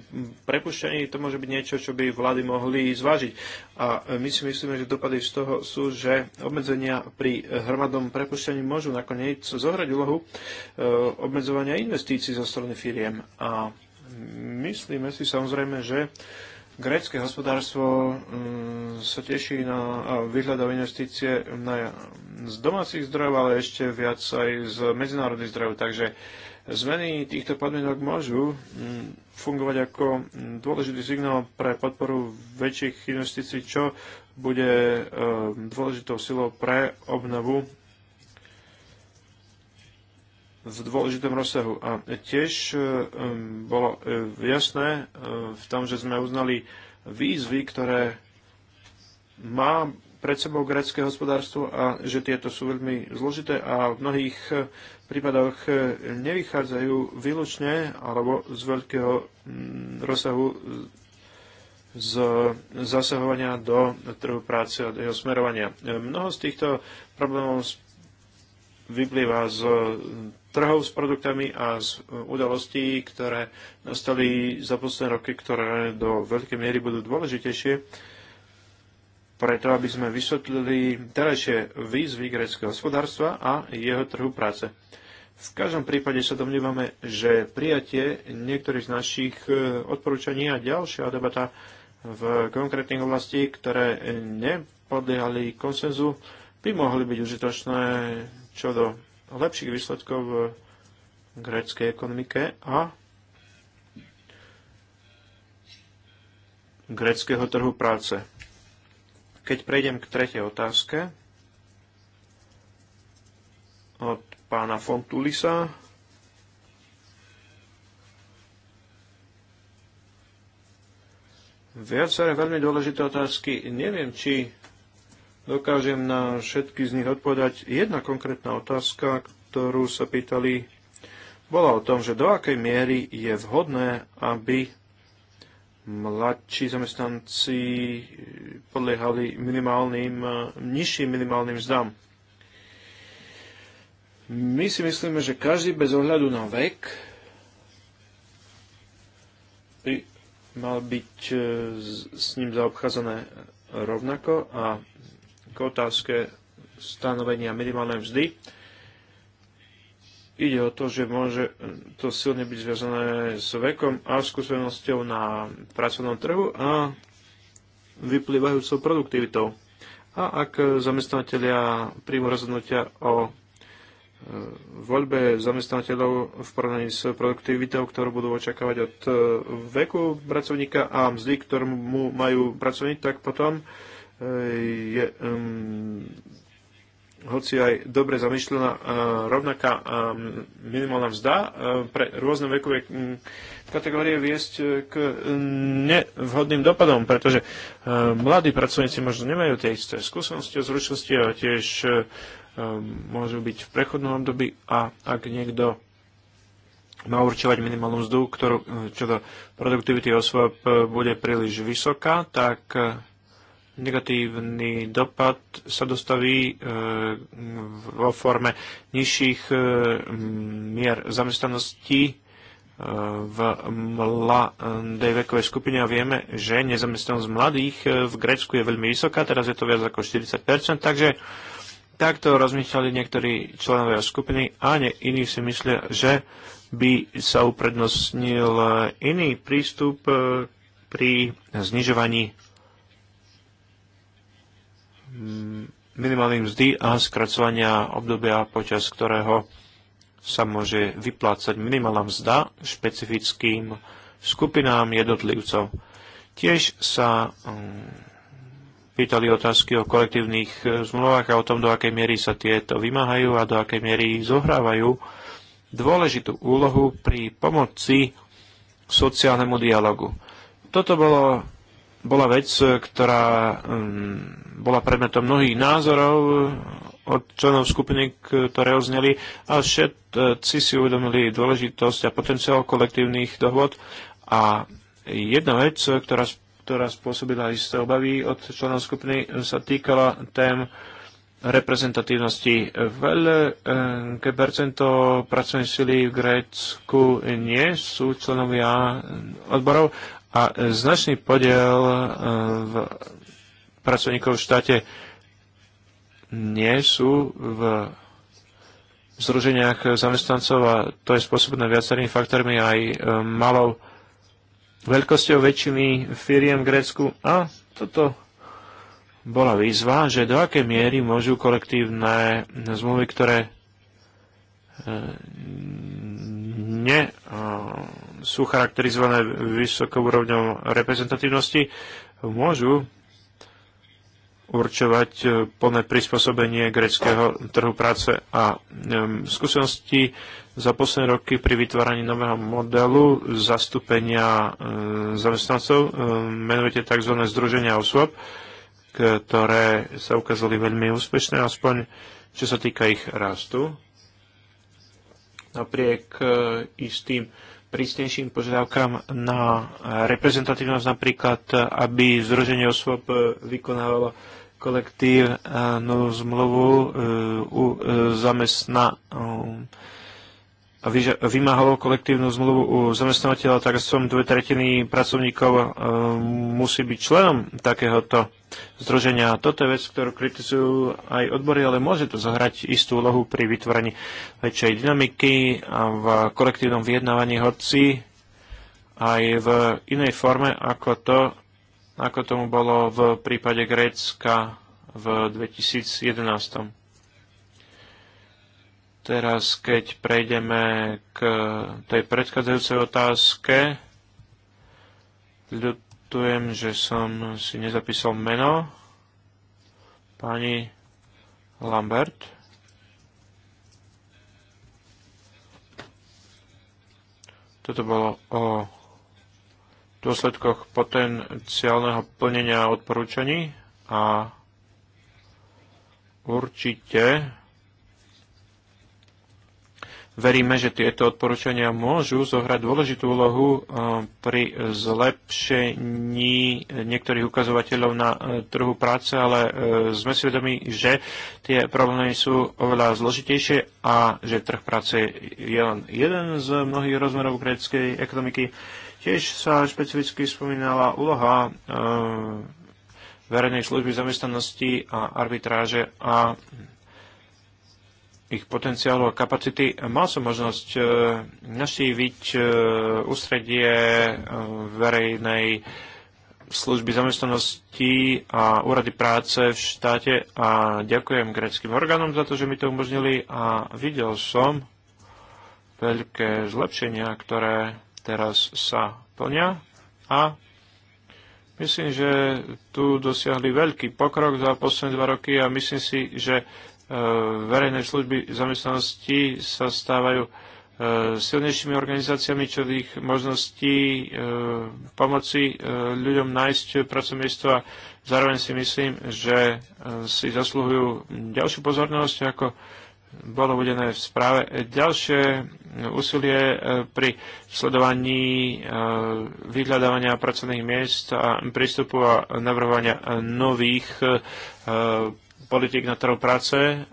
prepušťaní, to môže byť niečo, čo by vlády mohli zvážiť. A my si myslíme, že dopady z toho sú, že obmedzenia pri hromadnom prepušťaní môžu nakoniec zohrať úlohu e, obmedzovania investícií zo strany firiem. A myslíme si samozrejme, že Grécké hospodárstvo mm, sa teší na výhľadov investície na, z domácich zdrojov, ale ešte viac aj z medzinárodných zdrojov. Takže zmeny týchto podmienok môžu mm, fungovať ako mm, dôležitý signál pre podporu väčších investícií, čo bude e, dôležitou silou pre obnovu v dôležitom rozsahu. A tiež e, bolo e, jasné e, v tom, že sme uznali výzvy, ktoré má pred sebou grecké hospodárstvo a že tieto sú veľmi zložité a v mnohých prípadoch nevychádzajú výlučne alebo z veľkého rozsahu z zasahovania do trhu práce a do jeho smerovania. Mnoho z týchto problémov vyplýva z e, trhov s produktami a z e, udalostí, ktoré nastali za posledné roky, ktoré do veľkej miery budú dôležitejšie preto, aby sme vysvetlili terajšie výzvy greckého hospodárstva a jeho trhu práce. V každom prípade sa domnívame, že prijatie niektorých z našich e, odporúčaní a ďalšia debata v konkrétnych oblasti, ktoré nepodliehali konsenzu, by mohli byť užitočné čo do lepších výsledkov v gréckej ekonomike a gréckého trhu práce. Keď prejdem k tretej otázke od pána Fontulisa, viaceré veľmi dôležité otázky. Neviem, či dokážem na všetky z nich odpovedať. Jedna konkrétna otázka, ktorú sa pýtali, bola o tom, že do akej miery je vhodné, aby mladší zamestnanci podliehali minimálnym, nižším minimálnym vzdám. My si myslíme, že každý bez ohľadu na vek by mal byť e, s ním zaobchádzané rovnako a k otázke stanovenia minimálnej mzdy. Ide o to, že môže to silne byť zviazané s vekom a skúsenosťou na pracovnom trhu a vyplývajúcou produktivitou. A ak zamestnatelia príjmu rozhodnutia o e, voľbe zamestnateľov v porovnaní s produktivitou, ktorú budú očakávať od e, veku pracovníka a mzdy, ktorú mu majú pracovník, tak potom uh, je um, hoci aj dobre zamýšľaná uh, rovnaká um, minimálna vzda uh, pre rôzne vekové um, kategórie viesť uh, k nevhodným dopadom, pretože mladí pracovníci možno nemajú tie isté skúsenosti a zručnosti a tiež môžu byť v prechodnom období a ak niekto má určovať minimálnu mzdu, ktorú čo do produktivity osôb bude príliš vysoká, tak negatívny dopad sa dostaví e, vo forme nižších e, mier zamestnanosti e, v mladej vekovej skupine a vieme, že nezamestnanosť mladých v Grécku je veľmi vysoká, teraz je to viac ako 40%, takže takto rozmýšľali niektorí členovia skupiny a nie, iní si myslia, že by sa uprednostnil iný prístup pri znižovaní Mm, minimálnej mzdy a skracovania obdobia, počas ktorého sa môže vyplácať minimálna mzda špecifickým skupinám jednotlivcov. Tiež sa mm, pýtali otázky o kolektívnych e, zmluvách a o tom, do akej miery sa tieto vymáhajú a do akej miery zohrávajú dôležitú úlohu pri pomoci sociálnemu dialogu. Toto bolo bola vec, eh, ktorá mm, bola predmetom mnohých názorov eh, od členov skupiny, ktoré ozneli a všetci si uvedomili dôležitosť a potenciál kolektívnych dohod a jedna vec, eh, ktorá, ktorá spôsobila isté obavy od členov skupiny, sa týkala tém reprezentatívnosti. Veľké percento pracovnej sily v Grécku nie sú členovia odborov a e, značný podiel e, v pracovníkov v štáte nie sú v združeniach zamestnancov a to je spôsobené viacerými faktormi aj e, malou veľkosťou väčšiny firiem v Grécku. A toto bola výzva, že do akej miery môžu kolektívne zmluvy, ktoré ne sú charakterizované vysokou úrovňou reprezentatívnosti, môžu určovať e, plné prispôsobenie greckého trhu práce a e, skúsenosti za posledné roky pri vytváraní nového modelu zastúpenia e, zamestnancov, menujete tzv. združenia osôb, ktoré sa ukázali veľmi úspešné, aspoň čo sa týka ich rastu. Napriek istým prísnejším požiadavkám na reprezentatívnosť, napríklad, aby združenie osôb e, vykonávalo kolektívnu e, zmluvu e, u zamestnateľov vymáhalo kolektívnu zmluvu u zamestnávateľa, tak som dve tretiny pracovníkov e, musí byť členom takéhoto združenia. Toto je vec, ktorú kritizujú aj odbory, ale môže to zahrať istú úlohu pri vytvorení väčšej dynamiky a v kolektívnom vyjednávaní hoci aj v inej forme, ako, to, ako tomu bolo v prípade Grécka v 2011. Teraz, keď prejdeme k tej predchádzajúcej otázke, ľutujem, že som si nezapísal meno. Pani Lambert. Toto bolo o dôsledkoch potenciálneho plnenia odporúčaní a určite Veríme, že tieto odporúčania môžu zohrať dôležitú úlohu eh, pri zlepšení niektorých ukazovateľov na eh, trhu práce, ale eh, sme si vedomi, že tie problémy sú oveľa zložitejšie a že trh práce je len jeden z mnohých rozmerov gréckej ekonomiky. Tiež sa špecificky spomínala úloha verejnej služby zamestnanosti a arbitráže a ich potenciálu a kapacity. Mal som možnosť e, naštíviť e, ústredie e, verejnej služby zamestnanosti a úrady práce v štáte a ďakujem greckým orgánom za to, že mi to umožnili a videl som veľké zlepšenia, ktoré teraz sa plnia a myslím, že tu dosiahli veľký pokrok za posledné dva roky a myslím si, že Eh, verejné služby zamestnanosti sa stávajú eh, silnejšími organizáciami, čo v ich možností eh, pomoci ľuďom nájsť pracovné miesto a zároveň si myslím, že si zasluhujú ďalšiu pozornosť, ako bolo uvedené v správe. Ďalšie úsilie pri sledovaní vyhľadávania pracovných miest a prístupu a navrhovania nových politik na trhu práce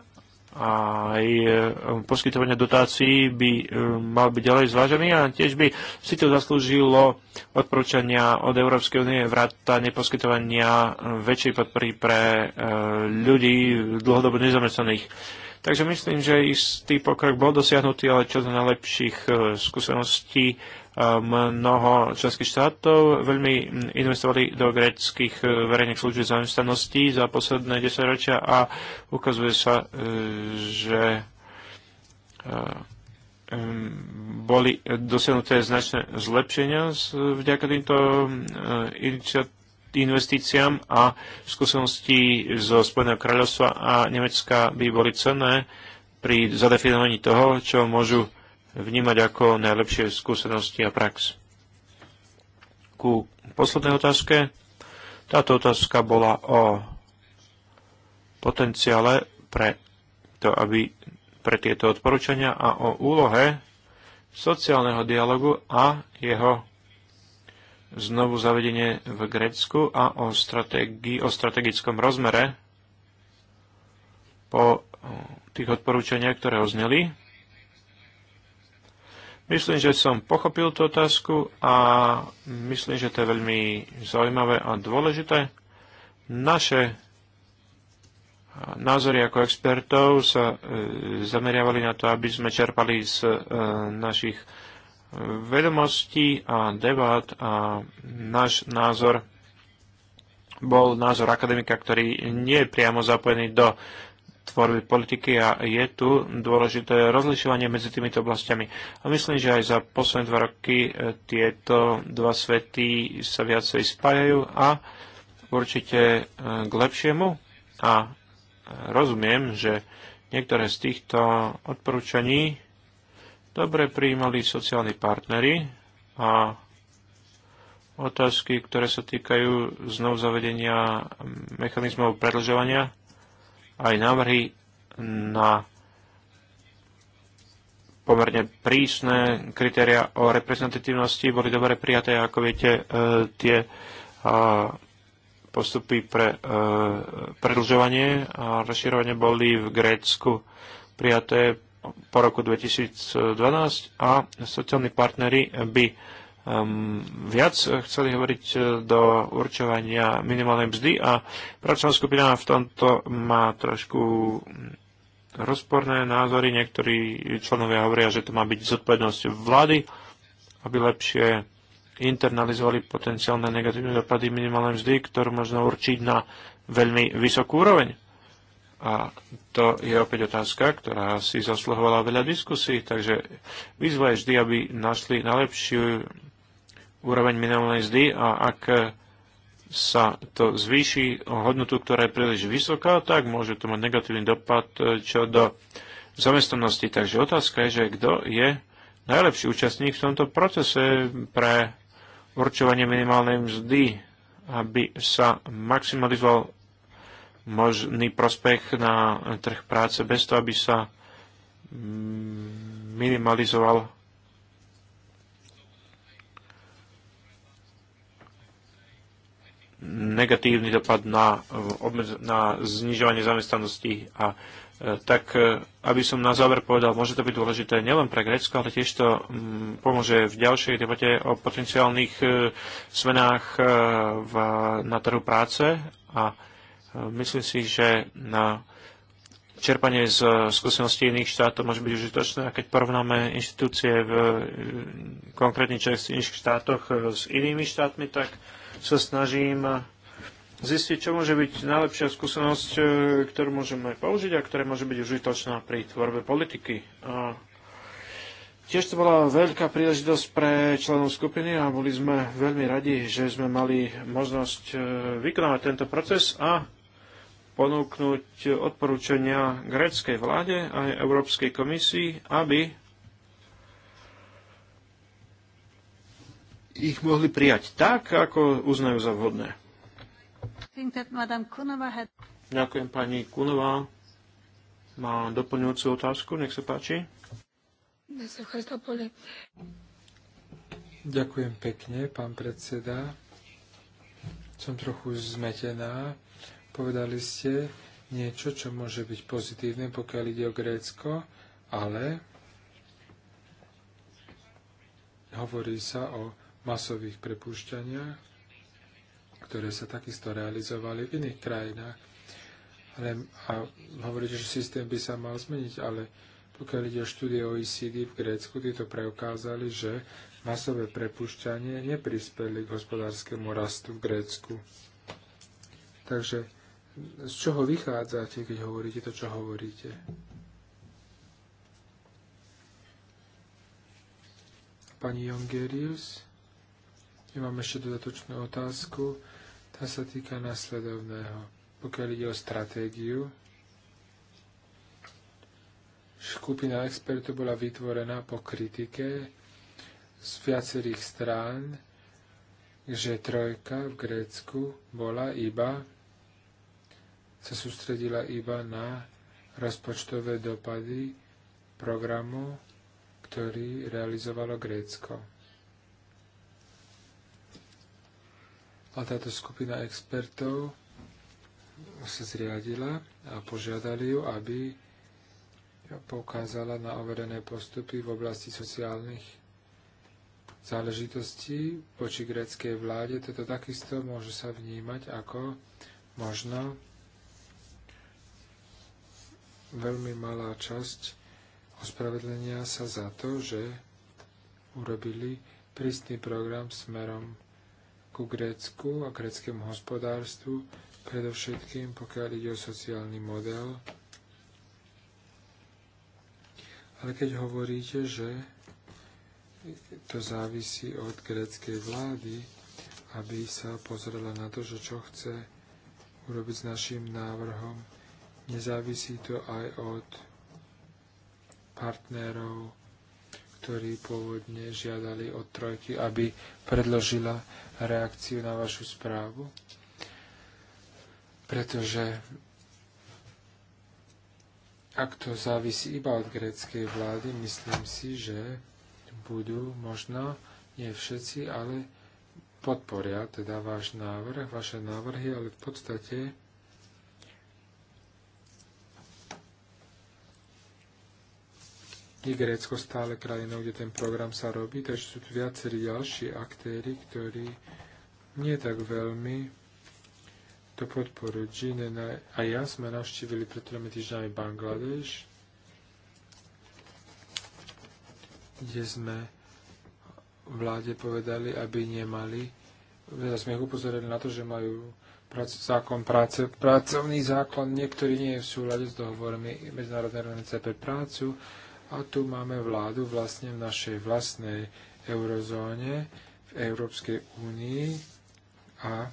a aj um, poskytovanie dotácií by um, mal byť ďalej zvážený a tiež by si to zaslúžilo odporúčania od Európskej únie vrata neposkytovania um, väčšej podpory pre uh, ľudí dlhodobo nezamestnaných. Takže myslím, že istý pokrok bol dosiahnutý, ale čo z najlepších uh, skúseností mnoho členských štátov veľmi investovali do greckých e, verejných služieb zamestnaností za posledné 10 ročia a ukazuje sa, e, že e, boli dosiahnuté značné zlepšenia vďaka týmto investíciám a skúsenosti zo Spojeného kráľovstva a Nemecka by boli cenné pri zadefinovaní toho, čo môžu vnímať ako najlepšie skúsenosti a prax. Ku poslednej otázke. Táto otázka bola o potenciále pre to, aby pre tieto odporúčania a o úlohe sociálneho dialogu a jeho znovu zavedenie v Grécku a o, strategii, o strategickom rozmere po tých odporúčaniach, ktoré ozneli Myslím, že som pochopil tú otázku a myslím, že to je veľmi zaujímavé a dôležité. Naše názory ako expertov sa e, zameriavali na to, aby sme čerpali z e, našich e, vedomostí a debat a náš názor bol názor akademika, ktorý nie je priamo zapojený do tvorby politiky a je tu dôležité rozlišovanie medzi týmito oblastiami. A myslím, že aj za posledné dva roky e, tieto dva svety sa viacej spájajú a určite e, k lepšiemu. A e, rozumiem, že niektoré z týchto odporúčaní dobre prijímali sociálni partnery a otázky, ktoré sa týkajú znovu zavedenia mechanizmov predlžovania aj návrhy na pomerne prísne kritéria o reprezentatívnosti boli dobre prijaté. Ako viete, e, tie e, postupy pre e, predlžovanie a rozširovanie boli v Grécku prijaté po roku 2012 a sociálni partnery by Ehm, viac eh, chceli hovoriť eh, do určovania minimálnej mzdy a pracovná skupina v tomto má trošku mm, rozporné názory. Niektorí členovia hovoria, že to má byť zodpovednosť vlády, aby lepšie internalizovali potenciálne negatívne dopady minimálnej mzdy, ktorú možno určiť na veľmi vysokú úroveň. A to je opäť otázka, ktorá si zasluhovala veľa diskusí, takže výzva je vždy, aby našli najlepšiu úroveň minimálnej mzdy a ak e, sa to zvýši o hodnotu, ktorá je príliš vysoká, tak môže to mať negatívny dopad e, čo do zamestnanosti. Takže otázka je, že kto je najlepší účastník v tomto procese pre určovanie minimálnej mzdy, aby sa maximalizoval možný prospech na trh práce bez toho, aby sa mm, minimalizoval negatívny dopad na, na znižovanie zamestnanosti a e, tak e, aby som na záver povedal, môže to byť dôležité nielen pre Grécko, ale tiež to pomôže v ďalšej debate o potenciálnych e, zmenách v, na trhu práce a myslím si, že na čerpanie z skúseností iných štátov môže byť užitočné a keď porovnáme inštitúcie v konkrétnych členských štátoch s inými štátmi, tak sa snažím zistiť, čo môže byť najlepšia skúsenosť, e, ktorú môžeme použiť a ktorá môže byť užitočná pri tvorbe politiky. A tiež to bola veľká príležitosť pre členov skupiny a boli sme veľmi radi, že sme mali možnosť e, vykonávať tento proces a ponúknuť odporúčania gréckej vláde aj Európskej komisii, aby ich mohli prijať tak, ako uznajú za vhodné. Ďakujem pani Kunová. Má doplňujúcu otázku, nech sa páči. Ďakujem pekne, pán predseda. Som trochu zmetená. Povedali ste niečo, čo môže byť pozitívne, pokiaľ ide o Grécko, ale hovorí sa o masových prepušťaniach, ktoré sa takisto realizovali v iných krajinách. Ale, a hovoríte, že systém by sa mal zmeniť, ale pokiaľ ide o štúdie OECD v Grécku, títo preukázali, že masové prepušťanie neprispeli k hospodárskému rastu v Grécku. Takže z čoho vychádzate, keď hovoríte to, čo hovoríte? Pani Jongerius? Ja mám ešte dodatočnú otázku. Tá sa týka následovného. Pokiaľ ide o stratégiu, skupina expertov bola vytvorená po kritike z viacerých strán, že trojka v Grécku bola iba, sa sústredila iba na rozpočtové dopady programu, ktorý realizovalo Grécko. A táto skupina expertov sa zriadila a požiadali ju, aby poukázala na overené postupy v oblasti sociálnych záležitostí voči gréckej vláde. Toto takisto môže sa vnímať ako možno veľmi malá časť ospravedlenia sa za to, že urobili prísny program smerom ku Grécku a gréckému hospodárstvu, predovšetkým pokiaľ ide o sociálny model. Ale keď hovoríte, že to závisí od gréckej vlády, aby sa pozrela na to, že čo chce urobiť s našim návrhom, nezávisí to aj od partnerov ktorí pôvodne žiadali od trojky, aby predložila reakciu na vašu správu, pretože ak to závisí iba od gréckej vlády, myslím si, že budú možno, nie všetci, ale podporia teda váš návrh, vaše návrhy, ale v podstate je Grécko stále krajinou, kde ten program sa robí, takže sú tu viacerí ďalší aktéry, ktorí nie tak veľmi to podporujú. a ja sme navštívili pred tromi týždňami Bangladeš, kde sme vláde povedali, aby nemali, teda sme ich upozorili na to, že majú zákon práce, pracovný zákon, niektorý nie je v súlade s dohovormi Medzinárodnej organizácie pre prácu, a tu máme vládu vlastne v našej vlastnej eurozóne, v Európskej únii a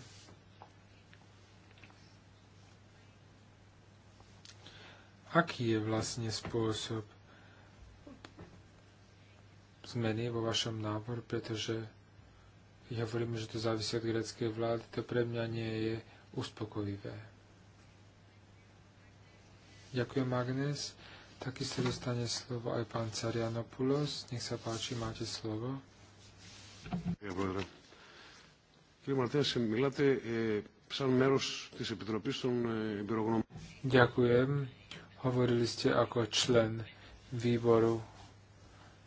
aký je vlastne spôsob zmeny vo vašom náboru, pretože ja hovorím, že to závisí od greckej vlády, to pre mňa nie je uspokojivé. Ďakujem, Agnes. Takisto dostane slovo aj pán Carianopoulos. Nech sa páči, máte slovo. E, e, Ďakujem. Hovorili ste ako člen výboru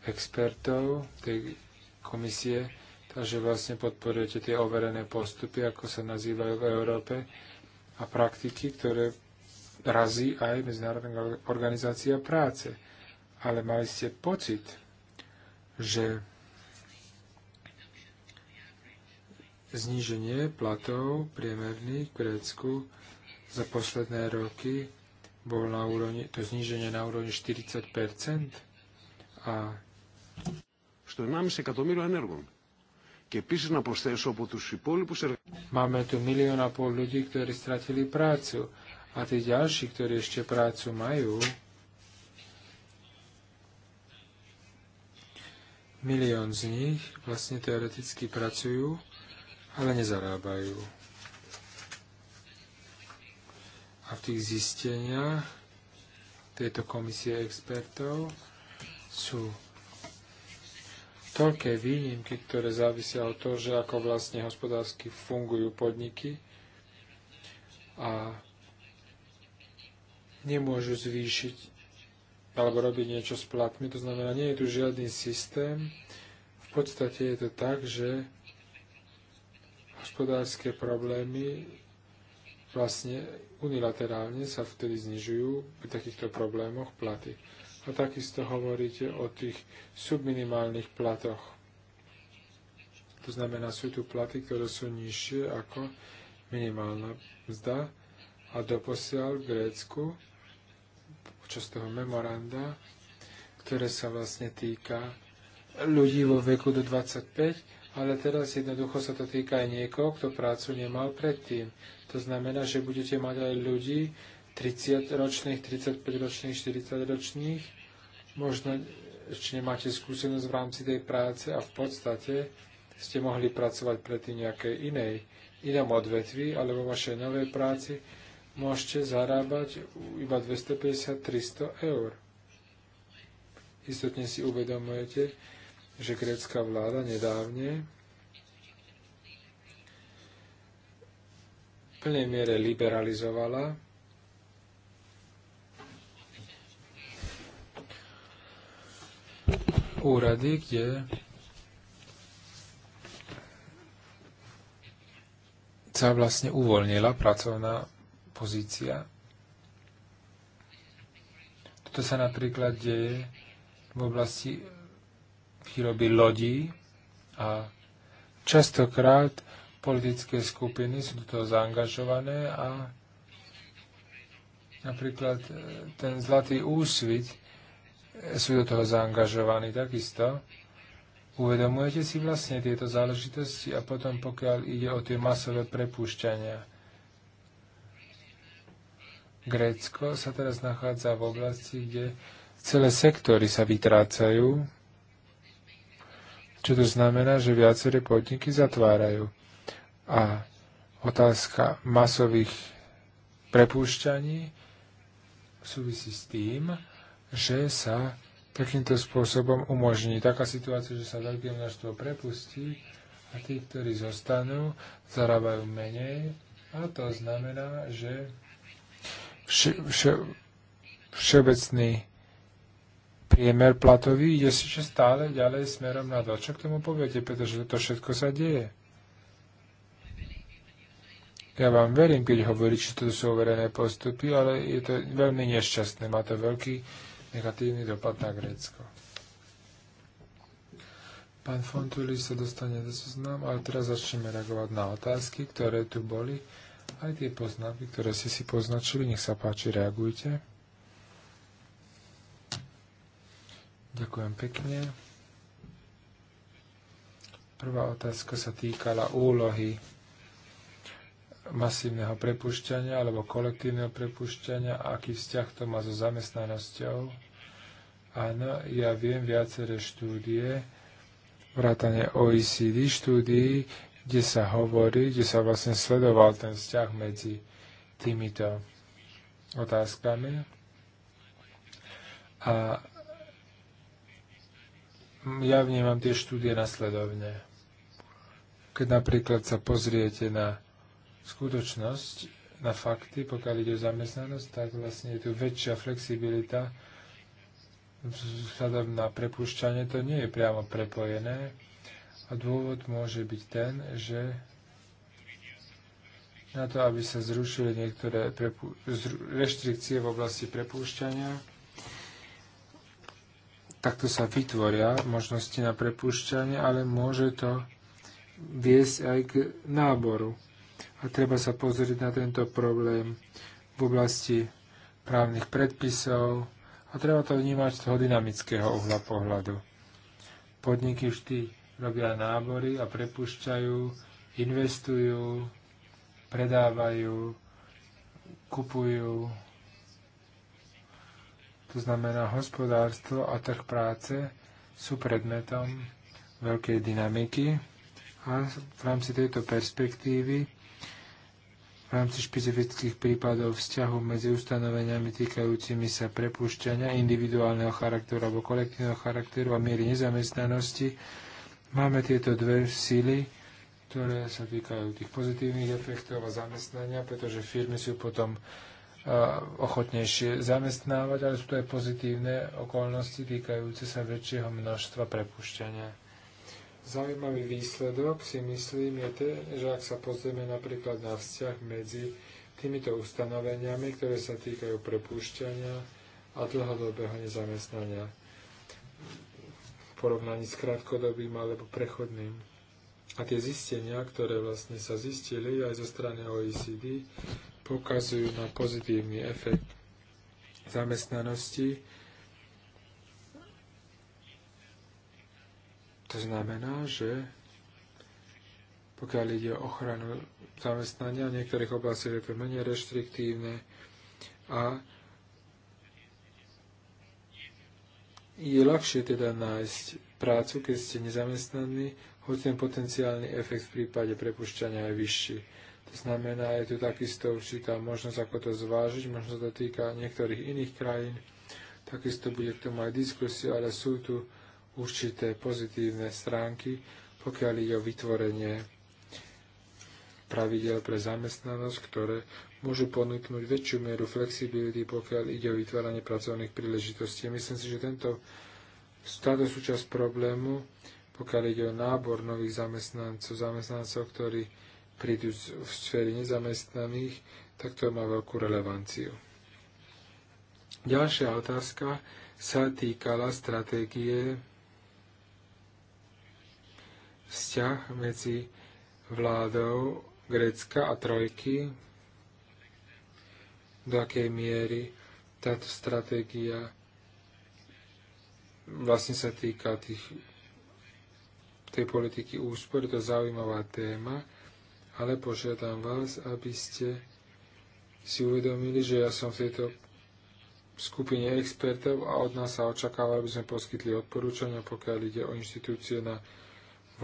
expertov tej komisie, takže vlastne podporujete tie overené postupy, ako sa nazývajú v Európe a praktiky, ktoré razí aj Medzinárodná organizácia práce. Ale mali ste pocit, že zníženie platov priemerných v Grécku za posledné roky bolo na úrovni, to zníženie na úrovni 40 a στο 1,5 εκατομμύριο ανέργων. Και να προσθέσω από Máme tu milión a pol ľudí, ktorí stratili prácu. A tí ďalší, ktorí ešte prácu majú, milión z nich vlastne teoreticky pracujú, ale nezarábajú. A v tých zisteniach tejto komisie expertov sú toľké výnimky, ktoré závisia od toho, že ako vlastne hospodársky fungujú podniky a nemôžu zvýšiť alebo robiť niečo s platmi. To znamená, nie je tu žiadny systém. V podstate je to tak, že hospodárske problémy vlastne unilaterálne sa vtedy znižujú pri takýchto problémoch platy. A takisto hovoríte o tých subminimálnych platoch. To znamená, sú tu platy, ktoré sú nižšie ako minimálna mzda. A doposiaľ v Grécku počas toho memoranda, ktoré sa vlastne týka ľudí vo veku do 25, ale teraz jednoducho sa to týka aj niekoho, kto prácu nemal predtým. To znamená, že budete mať aj ľudí 30-ročných, 35-ročných, 40-ročných, možno ešte nemáte skúsenosť v rámci tej práce a v podstate ste mohli pracovať predtým nejakej inej, inom odvetví, alebo vašej novej práci môžete zarábať iba 250-300 eur. Istotne si uvedomujete, že grécka vláda nedávne v plnej miere liberalizovala úrady, kde sa vlastne uvoľnila pracovná pozícia. Toto sa napríklad deje v oblasti výroby lodí a častokrát politické skupiny sú do toho zaangažované a napríklad e, ten zlatý úsvit e, sú do toho zaangažovaní takisto. Uvedomujete si vlastne tieto záležitosti a potom pokiaľ ide o tie masové prepúšťania, Grécko sa teraz nachádza v oblasti, kde celé sektory sa vytrácajú, čo to znamená, že viaceré podniky zatvárajú. A otázka masových prepúšťaní súvisí s tým, že sa takýmto spôsobom umožní taká situácia, že sa veľké množstvo prepustí a tí, ktorí zostanú, zarábajú menej a to znamená, že vše, vše, všeobecný priemer platový ide si ešte stále ďalej smerom na nadol. Čo k tomu poviete, pretože to všetko sa deje. Ja vám verím, keď hovorí, že to sú overené postupy, ale je to veľmi nešťastné. Má to veľký negatívny dopad na Grécko. Pán Fontulis sa dostane do zoznam, ale teraz začneme reagovať na otázky, ktoré tu boli aj tie poznámky, ktoré ste si poznačili, nech sa páči, reagujte. Ďakujem pekne. Prvá otázka sa týkala úlohy masívneho prepušťania alebo kolektívneho prepušťania, aký vzťah to má so zamestnanosťou. Áno, ja viem viaceré štúdie, vrátane OECD štúdií, kde sa hovorí, kde sa vlastne sledoval ten vzťah medzi týmito otázkami. A ja vnímam tie štúdie nasledovne. Keď napríklad sa pozriete na skutočnosť, na fakty, pokiaľ ide o zamestnanosť, tak vlastne je tu väčšia flexibilita vzhľadom na prepušťanie. To nie je priamo prepojené a dôvod môže byť ten, že na to, aby sa zrušili niektoré prepu- reštrikcie v oblasti prepúšťania, takto sa vytvoria možnosti na prepúšťanie, ale môže to viesť aj k náboru. A treba sa pozrieť na tento problém v oblasti právnych predpisov a treba to vnímať z toho dynamického uhla pohľadu. Podniky vždy robia nábory a prepušťajú, investujú, predávajú, kupujú. To znamená, hospodárstvo a trh práce sú predmetom veľkej dynamiky a v rámci tejto perspektívy v rámci špecifických prípadov vzťahu medzi ustanoveniami týkajúcimi sa prepušťania individuálneho charakteru alebo kolektívneho charakteru a miery nezamestnanosti Máme tieto dve síly, ktoré sa týkajú tých pozitívnych efektov a zamestnania, pretože firmy sú potom ochotnejšie zamestnávať, ale sú to aj pozitívne okolnosti týkajúce sa väčšieho množstva prepušťania. Zaujímavý výsledok si myslím je ten, že ak sa pozrieme napríklad na vzťah medzi týmito ustanoveniami, ktoré sa týkajú prepúšťania a dlhodobého nezamestnania porovnaní s krátkodobým alebo prechodným. A tie zistenia, ktoré vlastne sa zistili aj zo strany OECD, pokazujú na pozitívny efekt zamestnanosti. To znamená, že pokiaľ ide o ochranu zamestnania, v niektorých oblastiach je to menej reštriktívne a je ľahšie teda nájsť prácu, keď ste nezamestnaní, hoď ten potenciálny efekt v prípade prepušťania je vyšší. To znamená, je tu takisto určitá možnosť, ako to zvážiť, možno sa to týka niektorých iných krajín, takisto bude k tomu aj diskusia, ale sú tu určité pozitívne stránky, pokiaľ ide o vytvorenie pravidel pre zamestnanosť, ktoré môžu ponúknuť väčšiu mieru flexibility, pokiaľ ide o vytváranie pracovných príležitostí. Myslím si, že tento, táto súčasť problému, pokiaľ ide o nábor nových zamestnancov, zamestnancov, ktorí prídu v sféry nezamestnaných, tak to má veľkú relevanciu. Ďalšia otázka sa týkala stratégie vzťah medzi vládou Grécka a Trojky, do akej miery táto stratégia vlastne sa týka tých, tej politiky úspor, to je zaujímavá téma, ale požiadam vás, aby ste si uvedomili, že ja som v tejto skupine expertov a od nás sa očakáva, aby sme poskytli odporúčania, pokiaľ ide o inštitúcie na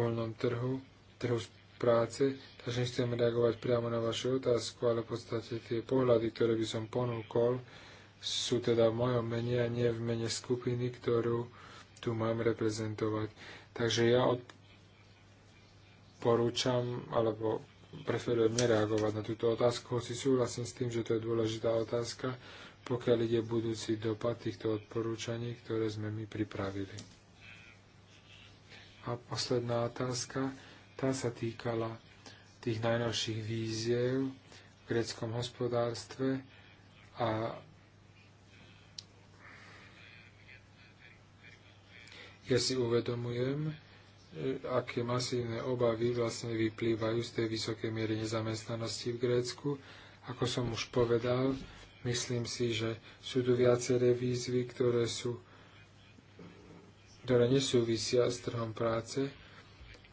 voľnom trhu, trhu s práce, takže nechcem reagovať priamo na vašu otázku, ale v podstate tie pohľady, ktoré by som ponúkol, sú teda v mojom mene a nie v mene skupiny, ktorú tu mám reprezentovať. Takže ja odporúčam, alebo preferujem nereagovať na túto otázku, hoci súhlasím s tým, že to je dôležitá otázka, pokiaľ ide budúci dopad týchto odporúčaní, ktoré sme my pripravili. A posledná otázka tá sa týkala tých najnovších víziev v greckom hospodárstve a ja si uvedomujem, e, aké masívne obavy vlastne vyplývajú z tej vysokej miery nezamestnanosti v Grécku. Ako som už povedal, myslím si, že sú tu viaceré výzvy, ktoré sú ktoré nesúvisia s trhom práce,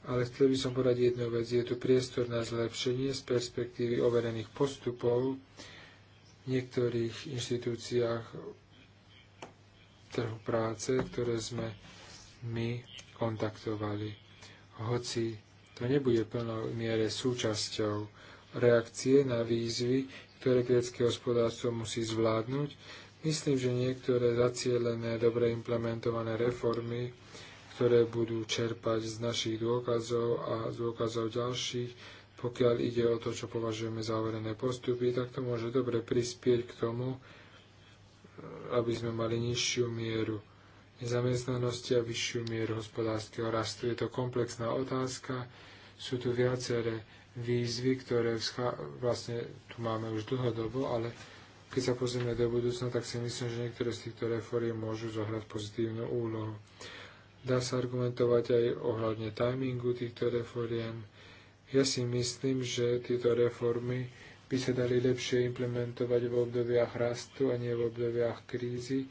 ale chcel by som povedať jednu vec. Je tu priestor na zlepšenie z perspektívy overených postupov v niektorých inštitúciách trhu práce, ktoré sme my kontaktovali. Hoci to nebude plnou miere súčasťou reakcie na výzvy, ktoré grécké hospodárstvo musí zvládnuť, myslím, že niektoré zacielené, dobre implementované reformy ktoré budú čerpať z našich dôkazov a z dôkazov ďalších. Pokiaľ ide o to, čo považujeme za overené postupy, tak to môže dobre prispieť k tomu, aby sme mali nižšiu mieru nezamestnanosti a vyššiu mieru hospodárskeho rastu. Je to komplexná otázka, sú tu viaceré výzvy, ktoré vlastne tu máme už dlhodobo, ale keď sa pozrieme do budúcna, tak si myslím, že niektoré z týchto reforiem môžu zohrať pozitívnu úlohu. Dá sa argumentovať aj ohľadne timingu týchto reforiem. Ja si myslím, že tieto reformy by sa dali lepšie implementovať v obdobiach rastu a nie v obdobiach krízy,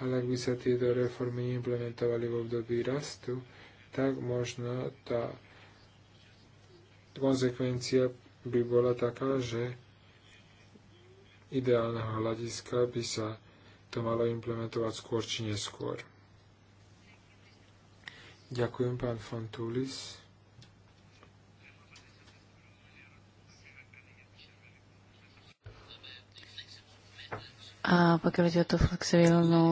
ale ak by sa tieto reformy implementovali v období rastu, tak možno tá konsekvencia by bola taká, že ideálneho hľadiska by sa to malo implementovať skôr či neskôr. Ďakujem, pán Fontulis. A pokiaľ ide o tú flexibilnú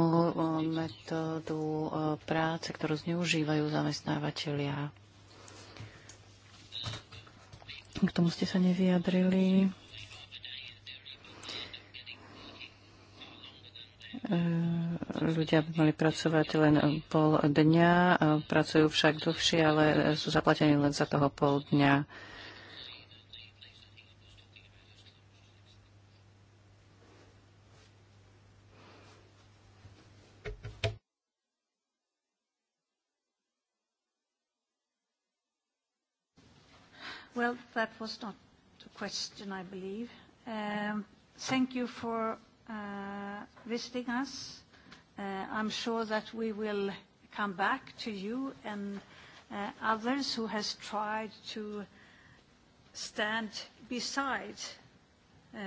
metódu práce, ktorú zneužívajú zamestnávateľia, k tomu ste sa nevyjadrili. E, ľudia by mali pracovať len pol dňa, e, pracujú však dlhšie, ale sú zaplatení len za toho pol dňa. Well, that was not the question, I believe. Um, thank you for uh, visiting us. Uh, I'm sure that we will come back to you and uh, others who has tried to stand beside uh, uh,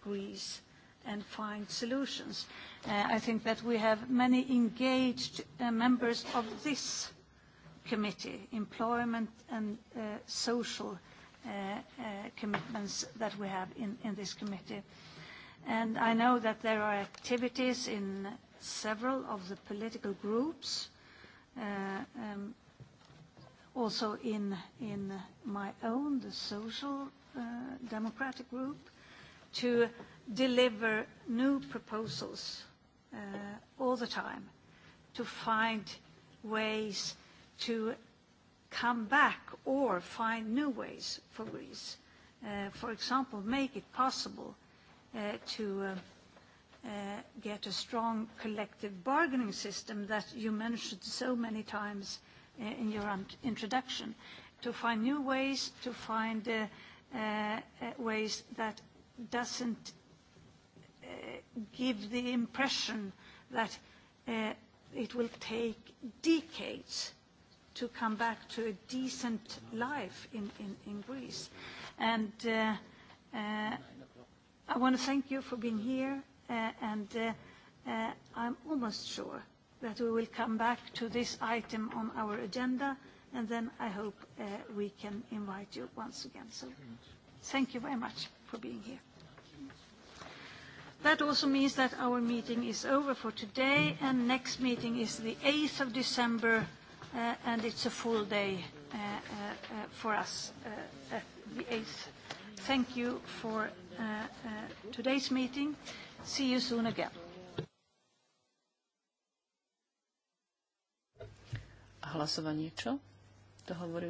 Greece and find solutions. Uh, I think that we have many engaged uh, members of this committee, employment and uh, social uh, uh, commitments that we have in, in this committee. Uh, And I know that there are activities in several of the political groups, uh, um, also in, in my own, the Social uh, Democratic group, to deliver new proposals uh, all the time to find ways to come back or find new ways for Greece. Uh, for example, make it possible uh, uh, to uh, uh, get a strong collective bargaining system that you mentioned so many times uh, in your um, introduction, to find new ways, to find uh, uh, uh, ways that doesn't uh, give the impression that uh, it will take decades to come back to a decent life in, in, in Greece. And uh, uh i want to thank you for being here, uh, and uh, uh, I'm almost sure that we will come back to this item on our agenda, and then I hope uh, we can invite you once again. So thank you very much for being here. That also means that our meeting is over for today, and next meeting is the 8th of December, uh, and it's a full day uh, uh, uh for us uh, at the 8th. Thank you for Uh, uh, today's meeting. See you soon again. Hlasovanie čo? To hovorili